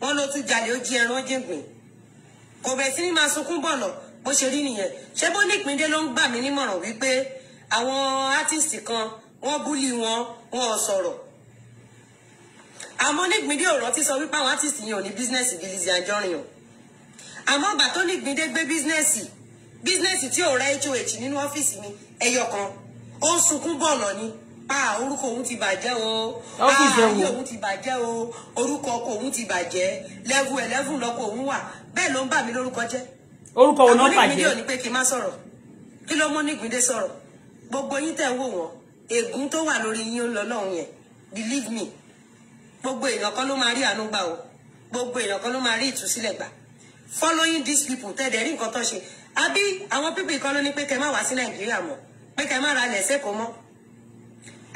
wọ́n ló tún jalè ó jí ẹran jíngbìn kò bẹ̀ sí ní máa sunkún bọ̀nà bó ṣe rí nìyẹn ṣé bó nígbìndé ló ń gbà mí nímọ̀ràn wípé àwọn artist kan wọ́n búlì wọn wọn ò sọ̀rọ̀ àmọ́ nígbìndé ọ̀rọ̀ ti sọ wípé àwọn artiste yẹn ò ní bísínẹ́sì bí Lizzy Anjorin o àmọ́ ọgbà tó nígbìndé gbé bísínẹ́sì bísínẹ́sì tí ò rẹ hoh nínú ọ́fíìsì mi ẹyọ kan ó ń sunkún bọ̀nà ni pa orúkọ òun ti bàjẹ́ o ọ́fíìsì ẹ̀wò òun ti bàjẹ́ o orúkọ ọkọ òun ti bàjẹ́ lẹ́vù ẹ̀ lẹ́vù lọ́kọ òun wà bẹ́ẹ̀ ló ń bà mí lórúkọ jẹ́ orúkọ òun ò ní pé kí n má sọ̀rọ̀ kí ló mọ́ nígbìndé sọ̀rọ̀ gbogbo yín tẹ̀ ń wò wọ́n ègún tó wà lórí yín lọ lọ́hùn yẹn believe me gbogbo èèyàn kan ló máa rí àánú gbà o gbogbo èèyàn kan ló máa rí ìtúsílẹ̀ gbà following these people tẹ́lẹ̀ rí nǹkan tó ṣe àbí àwọn pípì kan ló ní pé kẹ́ má wá sí nàìjíríà mọ́ pé kẹ́ má ra lẹ̀sẹ̀ kó mọ́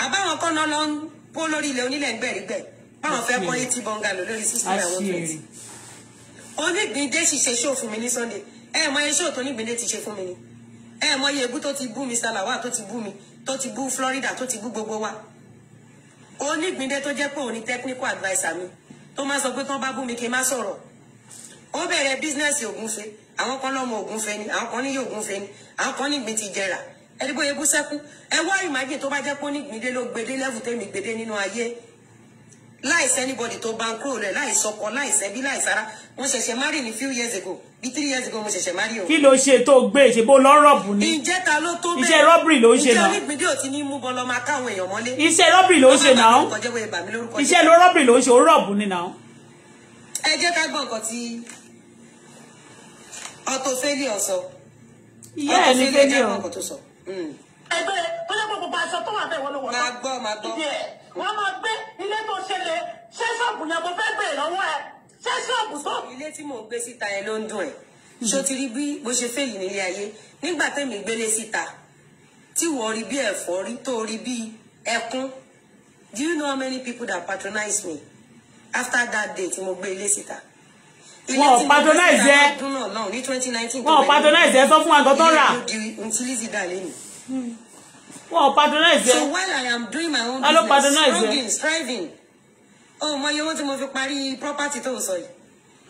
àbáwọn kan náà lọ ń kó lórí ilẹ̀ onílẹ̀ ń bẹ̀rí gbẹ̀ báwọn fẹ́ kọ́ eighty bungalow lórí sixty by one twenty onígbìndé sì ṣe ṣó fún mi ní Sunday ẹ mọ iye ṣó tó nígbìndé ti ṣe fún mi ni ẹ mọ iye ebú tó ti bú mi salawa tó ti bú mi tó ti bú Florida tó ti bú gbogbo wa onígbìndé tó jẹ́ pé òun ni technical adviser mi tó máa sọ pé tán bá bú mi kí n má sọ̀rọ̀ ó bẹ̀rẹ̀ bísínẹ́sì ògúnfe àwọn kan lọ́mọ ògúnfe ni àwọn kan níyì ògúnfe ni àwọn kan nígbìn ti jẹrà ẹdígbò yẹn bú sẹ́kú ẹ wá ìmájì tó bá jẹ́ pé onígbìndé ló gbèdé lẹ́fù tẹ́mi gbèdé nínú ayé láìsí anybody tó bá ń kúrò lẹ̀ láìsí ọkọ láìsí ẹbí láìsí ara mo ṣẹ̀ṣẹ̀ marry ní few years ago bí three years ago mo ṣẹ̀ṣẹ̀ marry o. kí ló ṣe tó gbé ṣe bó lọ rọ̀bù ni. ǹjẹ́ ta ló tó bẹ́ẹ̀ iṣẹ́ rọ́bìrì ló ń ṣe náà. ǹjẹ́ onígbìndé ò ti ní mú bọ́lọ́ máa káwọn èèyàn mọ́lé. iṣẹ́ rọ́bìrì ló ń ṣe náà. iṣẹ́ ló rọ́bìrì ló ń ṣe ó rọ̀bù ni náà. ẹ jẹ́ ká gbọ́ nǹkan tí Auto Failure sọ. ìyá ẹ̀ ní failure. ẹgbẹ́ hmm. bóyá gbogbo aṣọ tó wà bẹ́ẹ̀ wọ́n ló wọ́n wọ́n máa gbé ilé tó ṣẹlẹ̀ ṣé ṣọ́ọ̀bù yẹn kò fẹ́ gbé lọ́wọ́ ẹ ṣé ṣọ́ọ̀bù tó. ilé tí mò ń gbé síta yẹn ló ń dùn ẹ ṣó ti rí bí mo ṣe fẹ́yìn nílé ayé nígbà tẹ̀mí gbélé síta tí wọ́n rí bí ẹ̀fọ́ rí tó rí bí ẹkún do you know how many people that patronize me after that day tí mo gbé ilé síta wọn ò patronize ẹ wọn ò patronize ẹ sọ fún wa gan tó rà. ilé ìlú di ntí lizzy dà lẹ́nu wọn patronize so while i am doing my own business struggling striving Oh, my iye owó tí mo fi property tó soy. yìí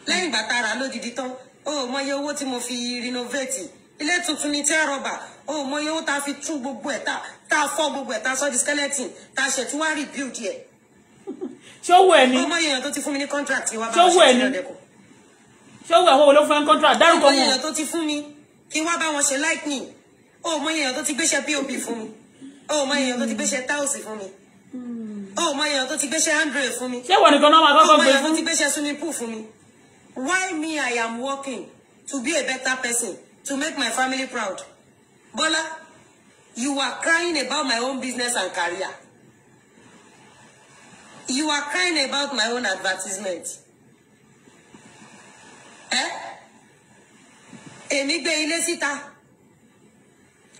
lẹ́yìn ìgbà tá a rà lódìdí tán o mọ iye owó tí mo fi renovate ilé tuntun ní tẹ́ rọ́bà o mọ iye owó to a fi tú gbogbo ẹ̀ tá a fọ́ gbogbo a sọ di skeleton tá a ṣètú wá rebuild yẹ. ṣówó when. ni ọmọ èèyàn tó ti fún mi ní contract wa bá wọn ṣe ìrọ̀lẹ́kọ̀ọ́. ṣówó ẹ̀ wo ló fẹ́ contract dárúkọ wọn. ọmọ èèyàn tó ti fún mi kí wá bá wọn ṣe lightning o mọ èèyàn tó ti gbéṣẹ́ pop fún mi. Oh, ọmọ èèyàn tó ti gbéṣẹ́ táùsì fún mi ọmọ èèyàn tó ti to be a hundred for me. nìkan náà máa go gbé fún ọmọ èèyàn tó ti gbéṣẹ́ oh, swimming pool for me. why me I am working to be a better person to make my family proud Bola you are crying about my own business and career you are crying about my own advertisement eh? Emi be ilé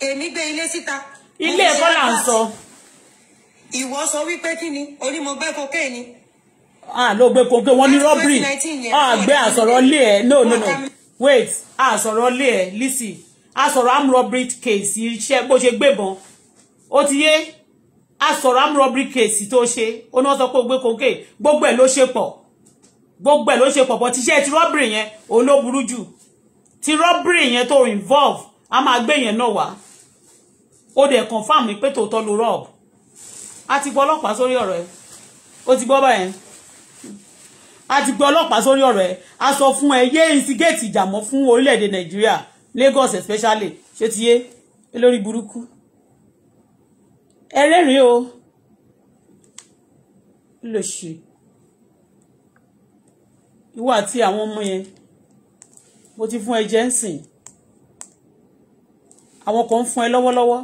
Emi be gbé ilé ẹ̀kọ́ là ń sọ. ìwọ sọ wípé kí ni orí mo gbé kokéè ni. a ló gbé kokéè wọn ní rọbìrì a gbé àsọ̀rọ̀ lé ẹ no no no wait àsọ̀rọ̀ lé ẹ lisi àsọ̀rọ̀ am robbery case iṣẹ́ bó ṣe gbébọn ó ti yé àsọ̀rọ̀ am robbery case tó ṣe ó ní wọ́n sọ pé ó gbé kokéè gbogbo ẹ̀ ló ṣe pọ̀ gbogbo ẹ̀ ló ṣe pọ̀ pọ̀ tíṣẹ́ ti rọ́bìrì yẹn òun ló burú jù ti rọ́bìrì yẹn tó involve a máa gbé yẹn náà wá ó dẹ̀ confam pé tòótọ́ ló rob a ti gbọ́ ọlọ́pàá sórí ọ̀rọ̀ ẹ̀ ó ti gbọ́ báyẹn a ti gbọ́ ọlọ́pàá sórí ọ̀rọ̀ ẹ̀ a sọ fún ẹ yé instigate ìjàmọ́ fún orílẹ̀-èdè nàìjíríà Lagos especially ṣé ti yé lórí burúkú ẹlẹ́rìí o lè ṣe ìwọ àti àwọn ọmọ yẹn mo ti fún ẹ jẹ́ ń sìn àwọn kan ń fún ẹ lọ́wọ́lọ́wọ́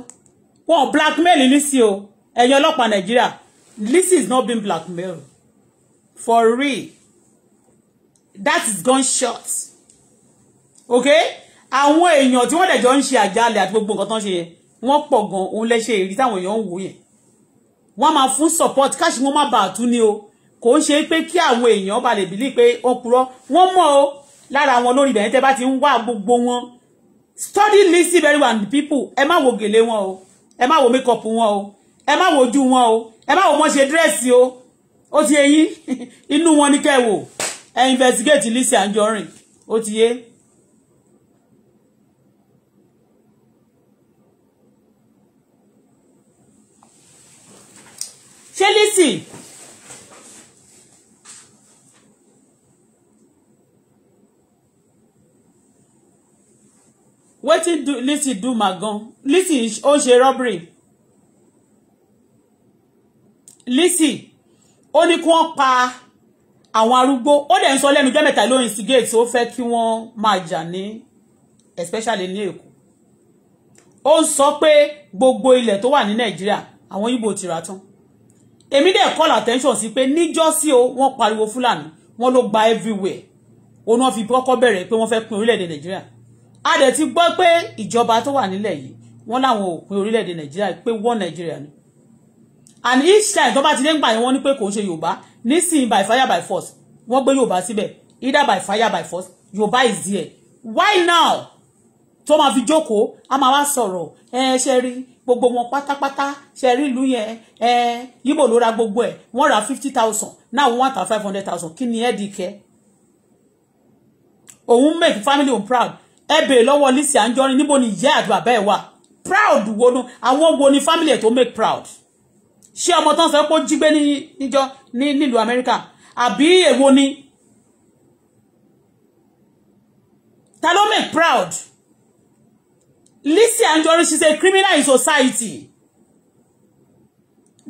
wọn blackmail Lizzy o ẹ̀yin ọlọ́pàá Nigeria. Lizzy is not being blackmailed for real that is gunshot okay àwọn èèyàn tí wọ́n dẹ̀ jọ ń ṣe àjálẹ̀ àti gbogbo nǹkan tó ń ṣe yẹn wọ́n pọ̀ gan òun lẹ́ṣẹ̀ èrí táwọn èèyàn ń wò yẹn wọ́n máa fún support káṣí wọn má bàa tú ni o kò ń ṣe pé kí àwọn èèyàn bá lè bìlí pé ó purọ́ wọ́n mọ̀ o lára àwọn olórí ibẹ̀ yẹn tẹ́ bá ti ń gbogbo wọn study Lizzy very well The people ẹ má wo gèlè wọn o ẹ má wo makeup wọn o ẹ má wo ojú wọn o ẹ má wo wọn ṣe dírẹ́sì o ó ti yé yín inú ni kẹ́ ẹ wò investigate Lizzy Anjorin ó ti yé. ṣé Lizzy wetin do Lizzy do magan Lizzy ó ṣe robbery Lizzy ó ní kí wọ́n pa àwọn arúgbó ó dẹ̀ ń sọ lẹ́nu jẹ́ mẹ́ta ló instigate ó fẹ́ kí wọ́n máa jà ní especially ní Èkó ó ń sọ pé gbogbo ilẹ̀ tó wà ní Nàìjíríà àwọn Ìgbò ti tán èmi dẹ̀ call attention sí pé níjọ́sí o wọ́n pariwo Fúlàní wọ́n ló gba everywhere òun náà fi kọ́kọ́ bẹ̀rẹ̀ pé wọ́n fẹ́ pín orílẹ̀-èdè Nàìjíríà a dẹ̀ ti gbọ́ pé ìjọba tó wà nílẹ̀ yìí wọ́n láwọn ò pé orílẹ̀-èdè nàìjíríà pé wọ́n nàìjíríà ni and each time tó bá ti dé ń gbà yẹn wọ́n ní pé kò ń ṣe yorùbá nísìnyí by fire by force wọ́n gbé yorùbá síbẹ̀ either by fire by force yorùbá is there why now tó máa fi jókòó a máa wá sọ̀rọ̀ ẹ ṣe rí gbogbo wọn pátápátá ṣe rí ìlú yẹn ẹ yíbò ló ra gbogbo ẹ wọ́n ra fifty thousand now wọ́n ta five hundred thousand kí ni ẹ di kẹ òun make family proud ẹ bèrè lọ́wọ́ Lizzy Anjorin níbo ni ìyá àti bàbá ẹ̀ wà proud wo nu àwọn wo ni family to make proud ṣé ọmọ tán sọ pé ó jí gbé níjọ ní nílùú Amẹ́ríkà àbí èwo ni ta ló make proud Lizzy Anjorin she's a criminal in society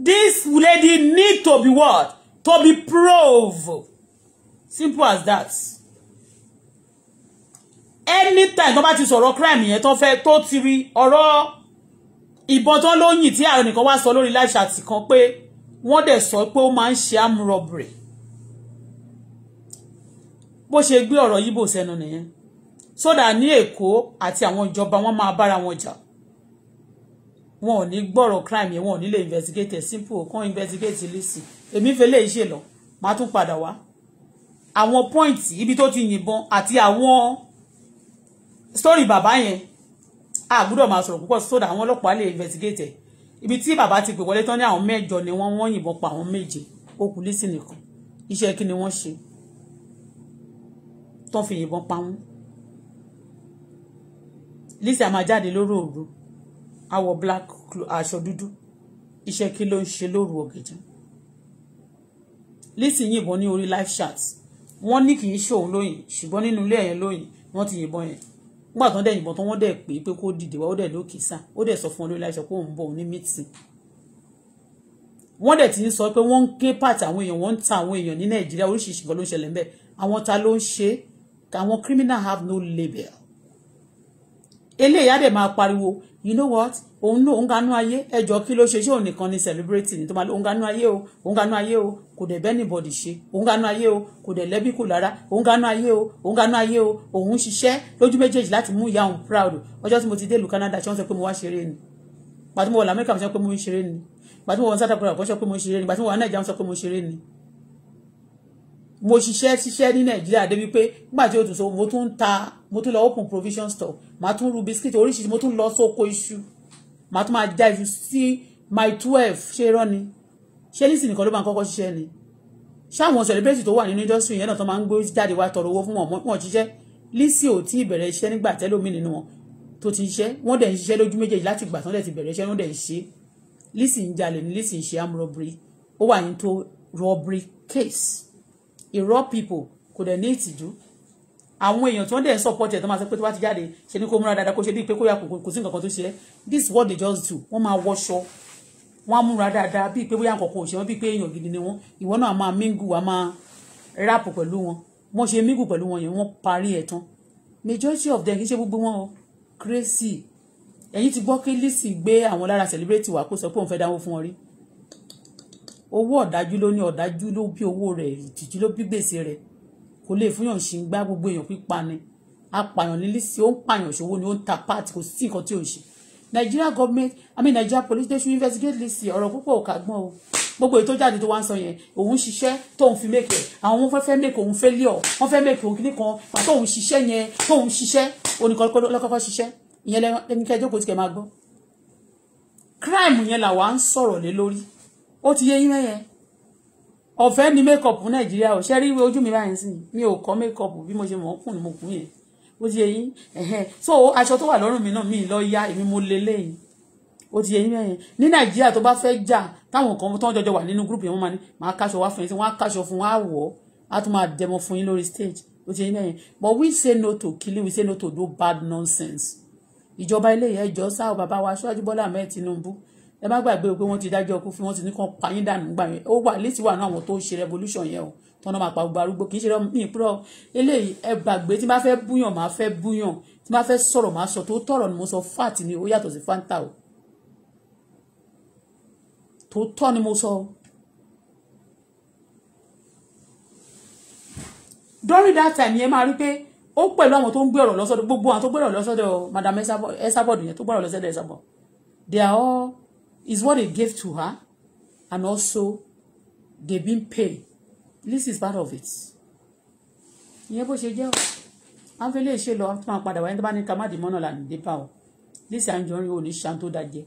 this lady need to be what to be proved simple as that anytime tó bá ti sọ̀rọ̀ crime yẹn tó fẹ́ tó ti rí ọ̀rọ̀ ìbọn tó lóyìn tí àwọn nìkan wá sọ lórí live chat kan pé wọ́n dẹ̀ sọ pé ó máa ń ṣe arm robbery bó ṣe gbé ọ̀rọ̀ yíbò sẹ́nu nìyẹn sódà ní èkó àti àwọn ìjọba wọn máa bára wọn jà wọn ò ní gbọ́rọ̀ crime yẹn wọn ò ní lè investigate ẹ̀ simple kan investigate lisi èmi fẹ́ lè ṣe lọ màá tún padà wá àwọn pọ́ìntì ibi tó ti yìnbọn àti àwọn story bàbá yẹn a gbúdọ̀ máa sọ̀rọ̀ púpọ̀ sódà àwọn ọlọ́pàá lè investigate ẹ̀ ibi tí bàbá ti pè wọlé tán ní àwọn mẹ́jọ ni wọ́n wọ́n yìnbọn pa àwọn méje ó kù lísì nìkan iṣẹ́ kí ni ṣe tán fi yìnbọn pa wọ́n lísì a máa jáde lóru òru a wọ black aṣọ dúdú iṣẹ́ kí ló ń ṣe lóru ọ̀gẹ̀jẹ̀ lísì yìnbọn ní orí live chat wọ́n ní kì í ṣòun lóyìn ṣùgbọ́n nínú ilé ẹ̀yẹn lóyìn wọ́n ti yìnbọn yẹn nígbà tó ń dẹ̀ yìnbọn tó wọ́n dẹ̀ pé pé kó dìde wá ó dẹ̀ lókè sá ó dẹ̀ sọ fún olórí láìsọ pé òun bọ̀ òun ní mítì wọ́n dẹ̀ ti ń sọ pé wọ́n ń ké pàtì àwọn èèyàn wọ́n ń ta àwọn èèyàn ní nàìjíríà oríṣiríṣi nǹkan ló ń ṣẹlẹ̀ ń bẹ̀ àwọn ta ló ń ṣe àwọn criminal have no label eléyà dẹ̀ máa pariwo you know what òun ló òun ganú ayé ẹjọ́ kí ló ṣe ṣé òun nìkan ni celebrity ni tó máa lọ òun ganú ayé o òun ganú ayé o kò dẹ̀ bẹ́ẹ̀ nìbọ̀dì ṣe òun ganú ayé o kò dẹ̀ lẹ́bí kù lára òun ganú ayé o òun ganú ayé o òun ṣiṣẹ́ lójú méjèèjì láti mú ìyá òun proud ọjọ́ tí mo ti dé ìlú Canada ṣé wọ́n sọ pé mo wá ṣeré ni gbàtí mo wọ̀ lamẹ́ríkà mo sọ pé mo ń ṣeré ni gbàtí mo wọ̀ South Africa mo pé mo ń ṣeré ni gbàtí mo wọ̀ Nàìjíríà mo sọ pé mo ń ṣeré ni mo ṣiṣẹ́ ṣiṣẹ́ ní nàìjíríà débi pé nígbà tí o tún so mo tún ta mo tún lọ open provision store màá tún ru biscuit oríṣiríṣi mo tún lọ sóko iṣu màá tún máa já if you see my twelve ṣé irọ́ ni ṣé nísìn nìkan ló máa kọ́kọ́ ṣiṣẹ́ ni ṣáwọn celebrity tó wà nínú industry yẹn náà tó máa ń gbé jáde wá tọrọ owó fún wọn wọn ṣiṣẹ́ Lizzy ò tí ì bẹ̀rẹ̀ iṣẹ́ nígbà tẹ́lómi nínú wọn tó ti ṣiṣẹ́ wọ́n dẹ̀ ń ṣiṣẹ́ lójú méjèèjì láti ìgbà tán dẹ̀ ti bẹ̀rẹ̀ iṣẹ́ wọ́n dẹ̀ ń ṣe Lizzy ń jalè ní Lizzy ń ṣe arm robbery ó wà ní tó robbery case he rob people kò dẹ̀ ní ìtìjú àwọn èèyàn tí wọ́n dẹ̀ ń support ẹ̀ tó máa sọ pé tó bá ti jáde ṣe ni kó múra dáadáa kó ṣe ní pé kó yà kò sí nǹkan tó ṣe this is what they just do wọ́n máa wọṣọ wọ́n á múra dáadáa bíi pé bóyá nǹkan kan ò ṣe wọ́n bíi pé èèyàn gidi ni wọ́n ìwọ náà máa mingu wàá máa rap pẹ̀lú wọn wọ́n ṣe mingu pẹ̀lú wọn yẹn wọ́n parí ẹ̀ tán majority of them kì í ṣe gbogbo wọn o crazy ẹ̀yin ti gbọ́ kí Lizzy gbé àwọn lára celebrate wà kó sọ pé òun fẹ́ dáwó fún wọn rí owó ọ̀dájú ló ní ọ̀dájú ló bí owó rẹ̀ ìtìjú ló bí gbèsè rẹ̀ kò lè fún yàn ṣì ń gbá gbogbo èèyàn pípa ni apààyàn ní lísì ó ń pààyàn ṣòwò ni ó ń ta páàtì kò sí nǹkan tí ò ń ṣe Nigeria government I mean Nigeria police they should investigate Lizzy ọ̀rọ̀ púpọ̀ ò kàgbọ́n o gbogbo ètò jáde tó wá ń sọ yẹn òun ṣiṣẹ́ tóun fi mẹ́kẹ̀ àwọn fẹ́ fẹ́ mẹ́kẹ̀ òun fẹ́ lé ọ̀ wọ́n fẹ́ mẹ́kẹ̀ òun kìíní kan pàtó òun ṣiṣẹ́ yẹn tóun ṣiṣẹ́ oníkan lọ́kọ́kọ́ ṣiṣẹ́ ìyẹn lẹ́ni kẹjọ́ kò tiẹ̀ máa gbọ́ crime yẹn làwa ń sọ̀rọ̀ lé lórí ó ti yé yín mẹ́yẹn ọ̀fẹ́ ni makeup nàìjíríà ò ṣe rí ojú mi báyìí sí mi ò kọ́ makeup bí mo ṣe mọ̀ ọ́kùn ni mo kùn yẹn ó ti yé yín so aṣọ tó wà lọ́rùn mi náà mi lọ ya èmi mo lé lẹ́yìn ó ti yé yín mẹ́yìn ní nàìjíríà tó bá fẹ́ jà táwọn kan tó ń jọjọ wà nínú group yẹn wọ́n máa ní máa káṣọ wá fún yín sí wọ́n á káṣọ fún wọ́n á wọ̀ ọ́ á tún máa dẹmọ fún yín lórí stage ó ti yé yín mẹ́yìn but we say no to killing we say no to do bad nonsense ìjọba ilé yẹn jọ sáà bàbá wa aṣáájú Bọ́lá Ahmed Tinubu ẹ má gbàgbé pé wọ́n ti dájọ́ ikú fún wọn ti ní kàn pa yín dànù gbà yẹn ó wà létí wà náà àwọn tó ṣe revolution yẹn o tọ́nà máa pa gbogbo arúgbó kì í ṣe ní ìpínlẹ̀ eléyìí ẹ gbàgbé tí bá fẹ́ búyàn máa fẹ́ búyàn tí bá fẹ́ sọ̀rọ̀ máa sọ tó tọ̀rọ̀ ni mo sọ fat ni ó yàtọ̀ sí fanta o tó tọ́ ni mo sọ. during that time yẹn máa rí pé ó pẹ̀lú àwọn tó ń gbé ọ̀rọ̀ lọ́sọ́dọ̀ gbogbo àwọn tó gbé ọ̀rọ̀ lọ́sọ́dọ̀ madam ẹ̀sàbọ̀dù yẹn tó gbé ọ̀rọ̀ lọ́sọ́dọ̀ ẹ̀sàbọ̀dù they are all is what they gave to her and also they been paid this is part of it ìyẹn bó ṣe jẹ́ o àǹfẹ̀lẹ́ ṣe lọ tó máa padà wáyé tó bá ní ká má dì mọ́nà là ní dépà o Lizzy Anjorin ò ní ṣan tó dájẹ́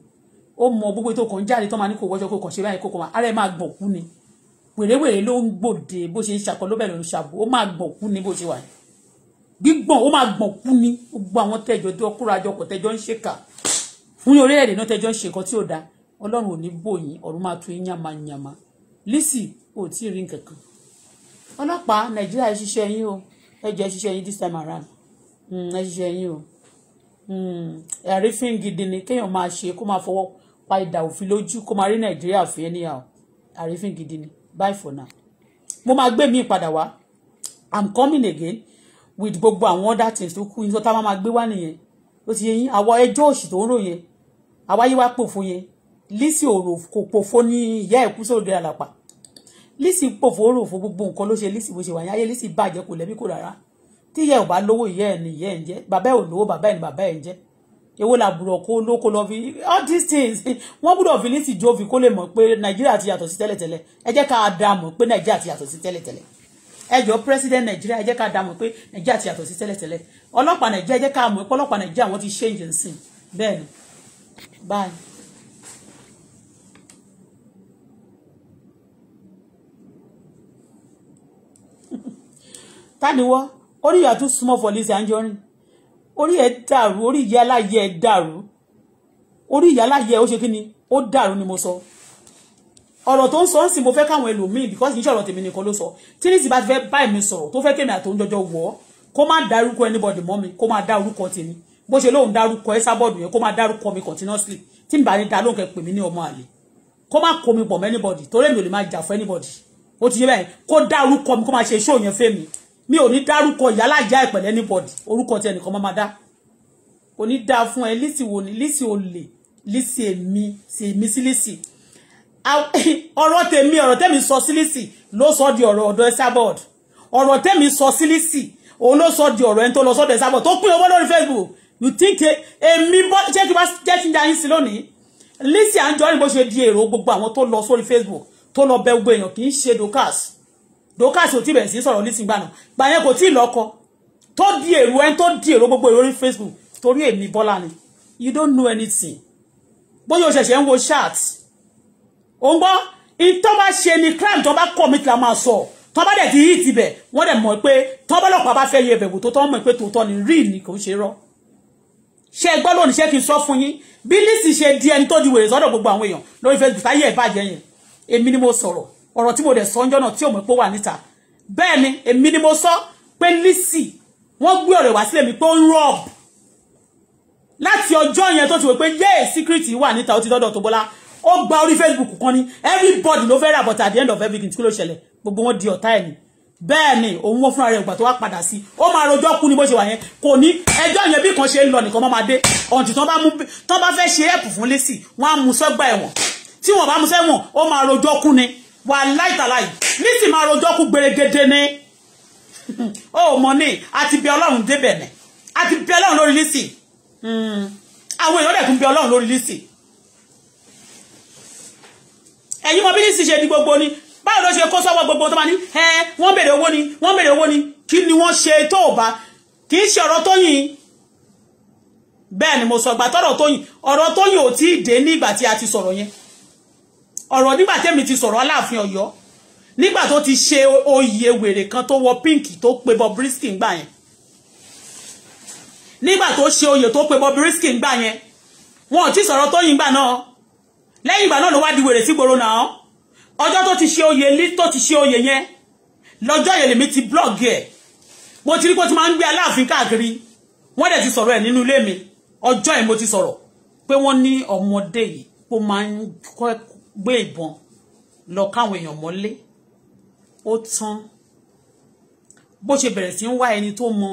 ó mọ gbogbo tó kàn jáde tó máa ní kó wọ́jọ́ kó kàn ṣe báyìí kó kàn máa ara ẹ̀ máa gbọ̀n kú ni wèrèwèrè ló ń gbòde bó ṣe ń ṣàkọ ló bẹ̀rẹ̀ ṣàbò ó máa gbọ̀n kú ni bó ṣe wà gbígbọ̀n ó máa gbọ̀n kú ni gbogbo àwọn tẹ́jọ tó kúrajọ kò tẹ́jọ ń ṣèkà fún orí ẹ̀rẹ̀ náà tẹ́jọ ń ṣe nǹkan tí ò dáa ọlọ́run ò ní bò yín ọ̀run máa tún yín yamayama Lizzy ò tí ì rí nkankan ọlọ́pàá nàìjíríà ẹ ṣiṣẹ́ yín o ẹ jẹ́ ṣiṣẹ́ yín this time around hmm, ẹ ṣiṣẹ́ yín o àrífín hmm, gidi ni kéèyàn máa ṣe kó máa fọwọ́ pa ìdà òfin lójú kó máa rí nàìjíríà fún ẹni àwọn àrífín gidi ni bye for now mo máa gbé mi padà wá i'm coming again with gbogbo àwọn other things tó kú ní sọ tá a máa gbé wá nìyẹn ó ti yẹ yín àwọn ẹjọ́ òṣì tó ń rò yẹn àwáyé wá pò fún yẹn Lizzy òrò kò pòfo ní ìyá ẹ̀kú e sóde àlàpà Lizzy pòfo òròfo gbogbo nǹkan ló ṣe Lizzy bó ṣe wà ní ayé Lizzy bàjẹ́ kò lẹ́bí kò rárá tí ìyá ò bá lówó ìyá ẹ̀ ni ìyá ẹ̀ ń jẹ́ bàbá ẹ̀ ò lówó bàbá ẹ̀ ni bàbá ẹ̀ ń jẹ́ èwo la bùrọ̀ kó lóko lọ fi all these things wọ́n gbọ́dọ̀ fi Lizzy jó fi kó lè mọ̀ pé Nàìjíríà ti yàtọ̀ sí tẹ́lẹ̀tẹ́lẹ̀ ẹ jẹ́ ká dá mọ̀ pé Nàìjíríà ti yàtọ̀ sí tẹ́lẹ̀tẹ́lẹ̀ ẹ jọ president Nàìjíríà ẹ jẹ́ ká dá mọ̀ pé Nàìjíríà ti yàtọ̀ sí tẹ́lẹ̀tẹ́lẹ̀ ọlọ́pàá Nàìjíríà ẹ jẹ́ ká mọ̀ pé ọlọ́pàá Nàìjíríà wọ́n ti change nsìn bẹ́ẹ̀ ni báyìí. taniwọ́ orí you are too small for Lizzy Anjorin orí ẹ̀ dàrú orí ìyá aláyẹ ẹ̀ dàrú orí ìyá aláyẹ ó ṣe kí ni ó dàrú ni mo sọ ọ̀rọ̀ tó ń sọ ń sìn mo fẹ́ káwọn ẹlòmíì because iṣẹ́ ọ̀rọ̀ tèmi nìkan ló sọ tí ní sì bá fẹ́ báyìí mi sọ̀rọ̀ tó fẹ́ kémi àtòúnjọjọ wọ̀ kó má dárúkọ anybody mọ́ mi kó má dá orúkọ tèmi bó ṣe lóun dárúkọ ẹ sábọ̀dù yẹn kó má dárúkọ mi continuously tí n bá ní da lóun kẹ pè mí ní ọmọ àlè kó má kó mi pọ̀ mọ́ anybody torí èmi ò lè má jà fún anybody ó ti yé bẹ́ẹ̀ kó dá mi kó má ṣe show yẹn fẹ́ mi ò ní dárúkọ ìyálà ìyá ìpẹ̀lẹ́ anybody orúkọ tí ẹnìkan máa dá kò ní dáa fún ẹ lísì wò ní lísì ò lè lísì èmi sì èmi sí lísì ọ̀rọ̀ tèmi ọ̀rọ̀ tèmi sọ sí lísì di oro ọ̀dọ̀ Esabod ọ̀rọ̀ tèmi so sí O òun so sọ di ọ̀rọ̀ ẹni tó lọ sọ́dọ̀ Esabod tó pín owó lórí Facebook you think e, èmi jẹ́ kí n bá jẹ́ kí n darí sí lónìí lísì à ń jọ ní bó ṣe di èrò gbogbo àwọn tó lọ sórí Facebook To lọ bẹ gbogbo èèyàn kì í ṣe dokas dókàsì ò tí bẹ̀rẹ̀ sí sọ̀rọ̀ nísìnyí gbà náà gbà yẹn kò tí ì lọ́kọ tó di èrò ẹni tó di èrò gbogbo èrò orí Facebook torí èmi Bọ́lá ni you don't know anything bóyá o ṣẹ̀ṣẹ̀ ń wo chat ò ń gbọ́ ìtọ́ bá ṣe ni crime tó bá commit la máa sọ tó bá dẹ̀ ti yí tibẹ̀ wọ́n dẹ̀ mọ̀ pé tó bá lọ́pàá bá fẹ́ yẹ ẹ̀bẹ̀ wò tó tọ́ mọ̀ pé tòótọ́ ni rí ni kò ṣe rọ́ ṣe gbọ́ lónìí ṣé kí n sọ fún yín bí lísì ṣe di ẹni tó di wèrè sọ́dọ̀ gbogbo àwọn èèyàn lórí Facebook ayé ẹ̀ bàjẹ́ yẹn èmi ni mo sọ̀rọ̀ ọ̀rọ̀ tí mo dẹ̀ sọ ńjọ́ náà tí òmò pé wà níta bẹ́ẹ̀ ni èmi ni mo sọ pé Lizzy wọ́n gbé ọ̀rẹ́ wá sílẹ̀ mi pé ó ń rob láti ọjọ́ yẹn tó ti wò pé yé secret wà níta ó ti dọ́dọ̀ tó bọ́lá ó gba orí Facebook kan ní everybody ló fẹ́ rà but at the end of everything tí kí ló ṣẹlẹ̀ gbogbo wọn di ọ̀tá ẹ̀ ni bẹ́ẹ̀ ni òun wọ́n fúnra rẹ̀ ìgbà tó wá padà sí ó máa rojọ́ kú ni bó ṣe wà yẹn kò ní ẹjọ́ yẹn bí kan ṣe ń lọ nìkan mọ́ máa dé ọ̀n tí tán bá fẹ́ ṣe ẹ̀pù fún Lizzy wọ́n á mú sọ́gbà ẹ̀wọ̀n tí wọ́n bá mú sẹ́wọ̀n ó máa rojọ́ kú ni wà láìtàláì nísì máa rojọ́ kú gbèrègede ni ó mọ̀ ní àti bí ọlọ́run débẹ̀ ní àti bí ọlọ́run lórí lísì hmm. àwọn èèyàn dẹ̀ tún bí ọlọ́run lórí lísì ẹ̀yin mọ bí lísì ṣe di gbogbo ni báwo ló ṣe kó sọ́wọ́ gbogbo tó máa ní ẹ wọ́n béèrè owó ni wọ́n béèrè owó ni kí ni wọ́n ṣe tó ò bá kì í ṣe ọ̀rọ̀ Tóyìn bẹ́ẹ̀ ni mo sọ gbà tọ́rọ̀ Tóyìn ọ̀rọ̀ Tóyìn ò tí ì dé ní ìgbà tí a ti sọ̀rọ̀ yẹn ọ̀rọ̀ nígbà tẹ́mi ti sọ̀rọ̀ aláàfin ọ̀yọ́ nígbà tó ti ṣe oyè wèrè kan tó wọ pink tó pe Bobrisky gbà yẹn nígbà tó ṣe oyè tó pe Bobrisky gbà yẹn wọn ò tí sọ̀rọ̀ tó yìngbà náà lẹ́yìn ìgbà náà ló wá di wèrè sí gbòòrò náà ọjọ́ tó ti ṣe oyè lí tó ti ṣe oyè yẹn lọ́jọ́ yẹn lèmi ti blọ́ọ̀gì ẹ̀ mo ti rí pé ó ti máa ń gbé aláàfin káàkiri wọ́n dẹ̀ ti sọ̀rọ̀ ẹ̀ nínú ilé mi ọjọ́ yẹn mo ti sọ̀rọ̀ pé wọ́n ní ọmọdé yìí ó máa ń kọ́ ẹ̀kọ́ gbé ìbọn lọ káwọn èèyàn mọ́lé ó tán bó ṣe bẹ̀rẹ̀ sí ń wá ẹni tó mọ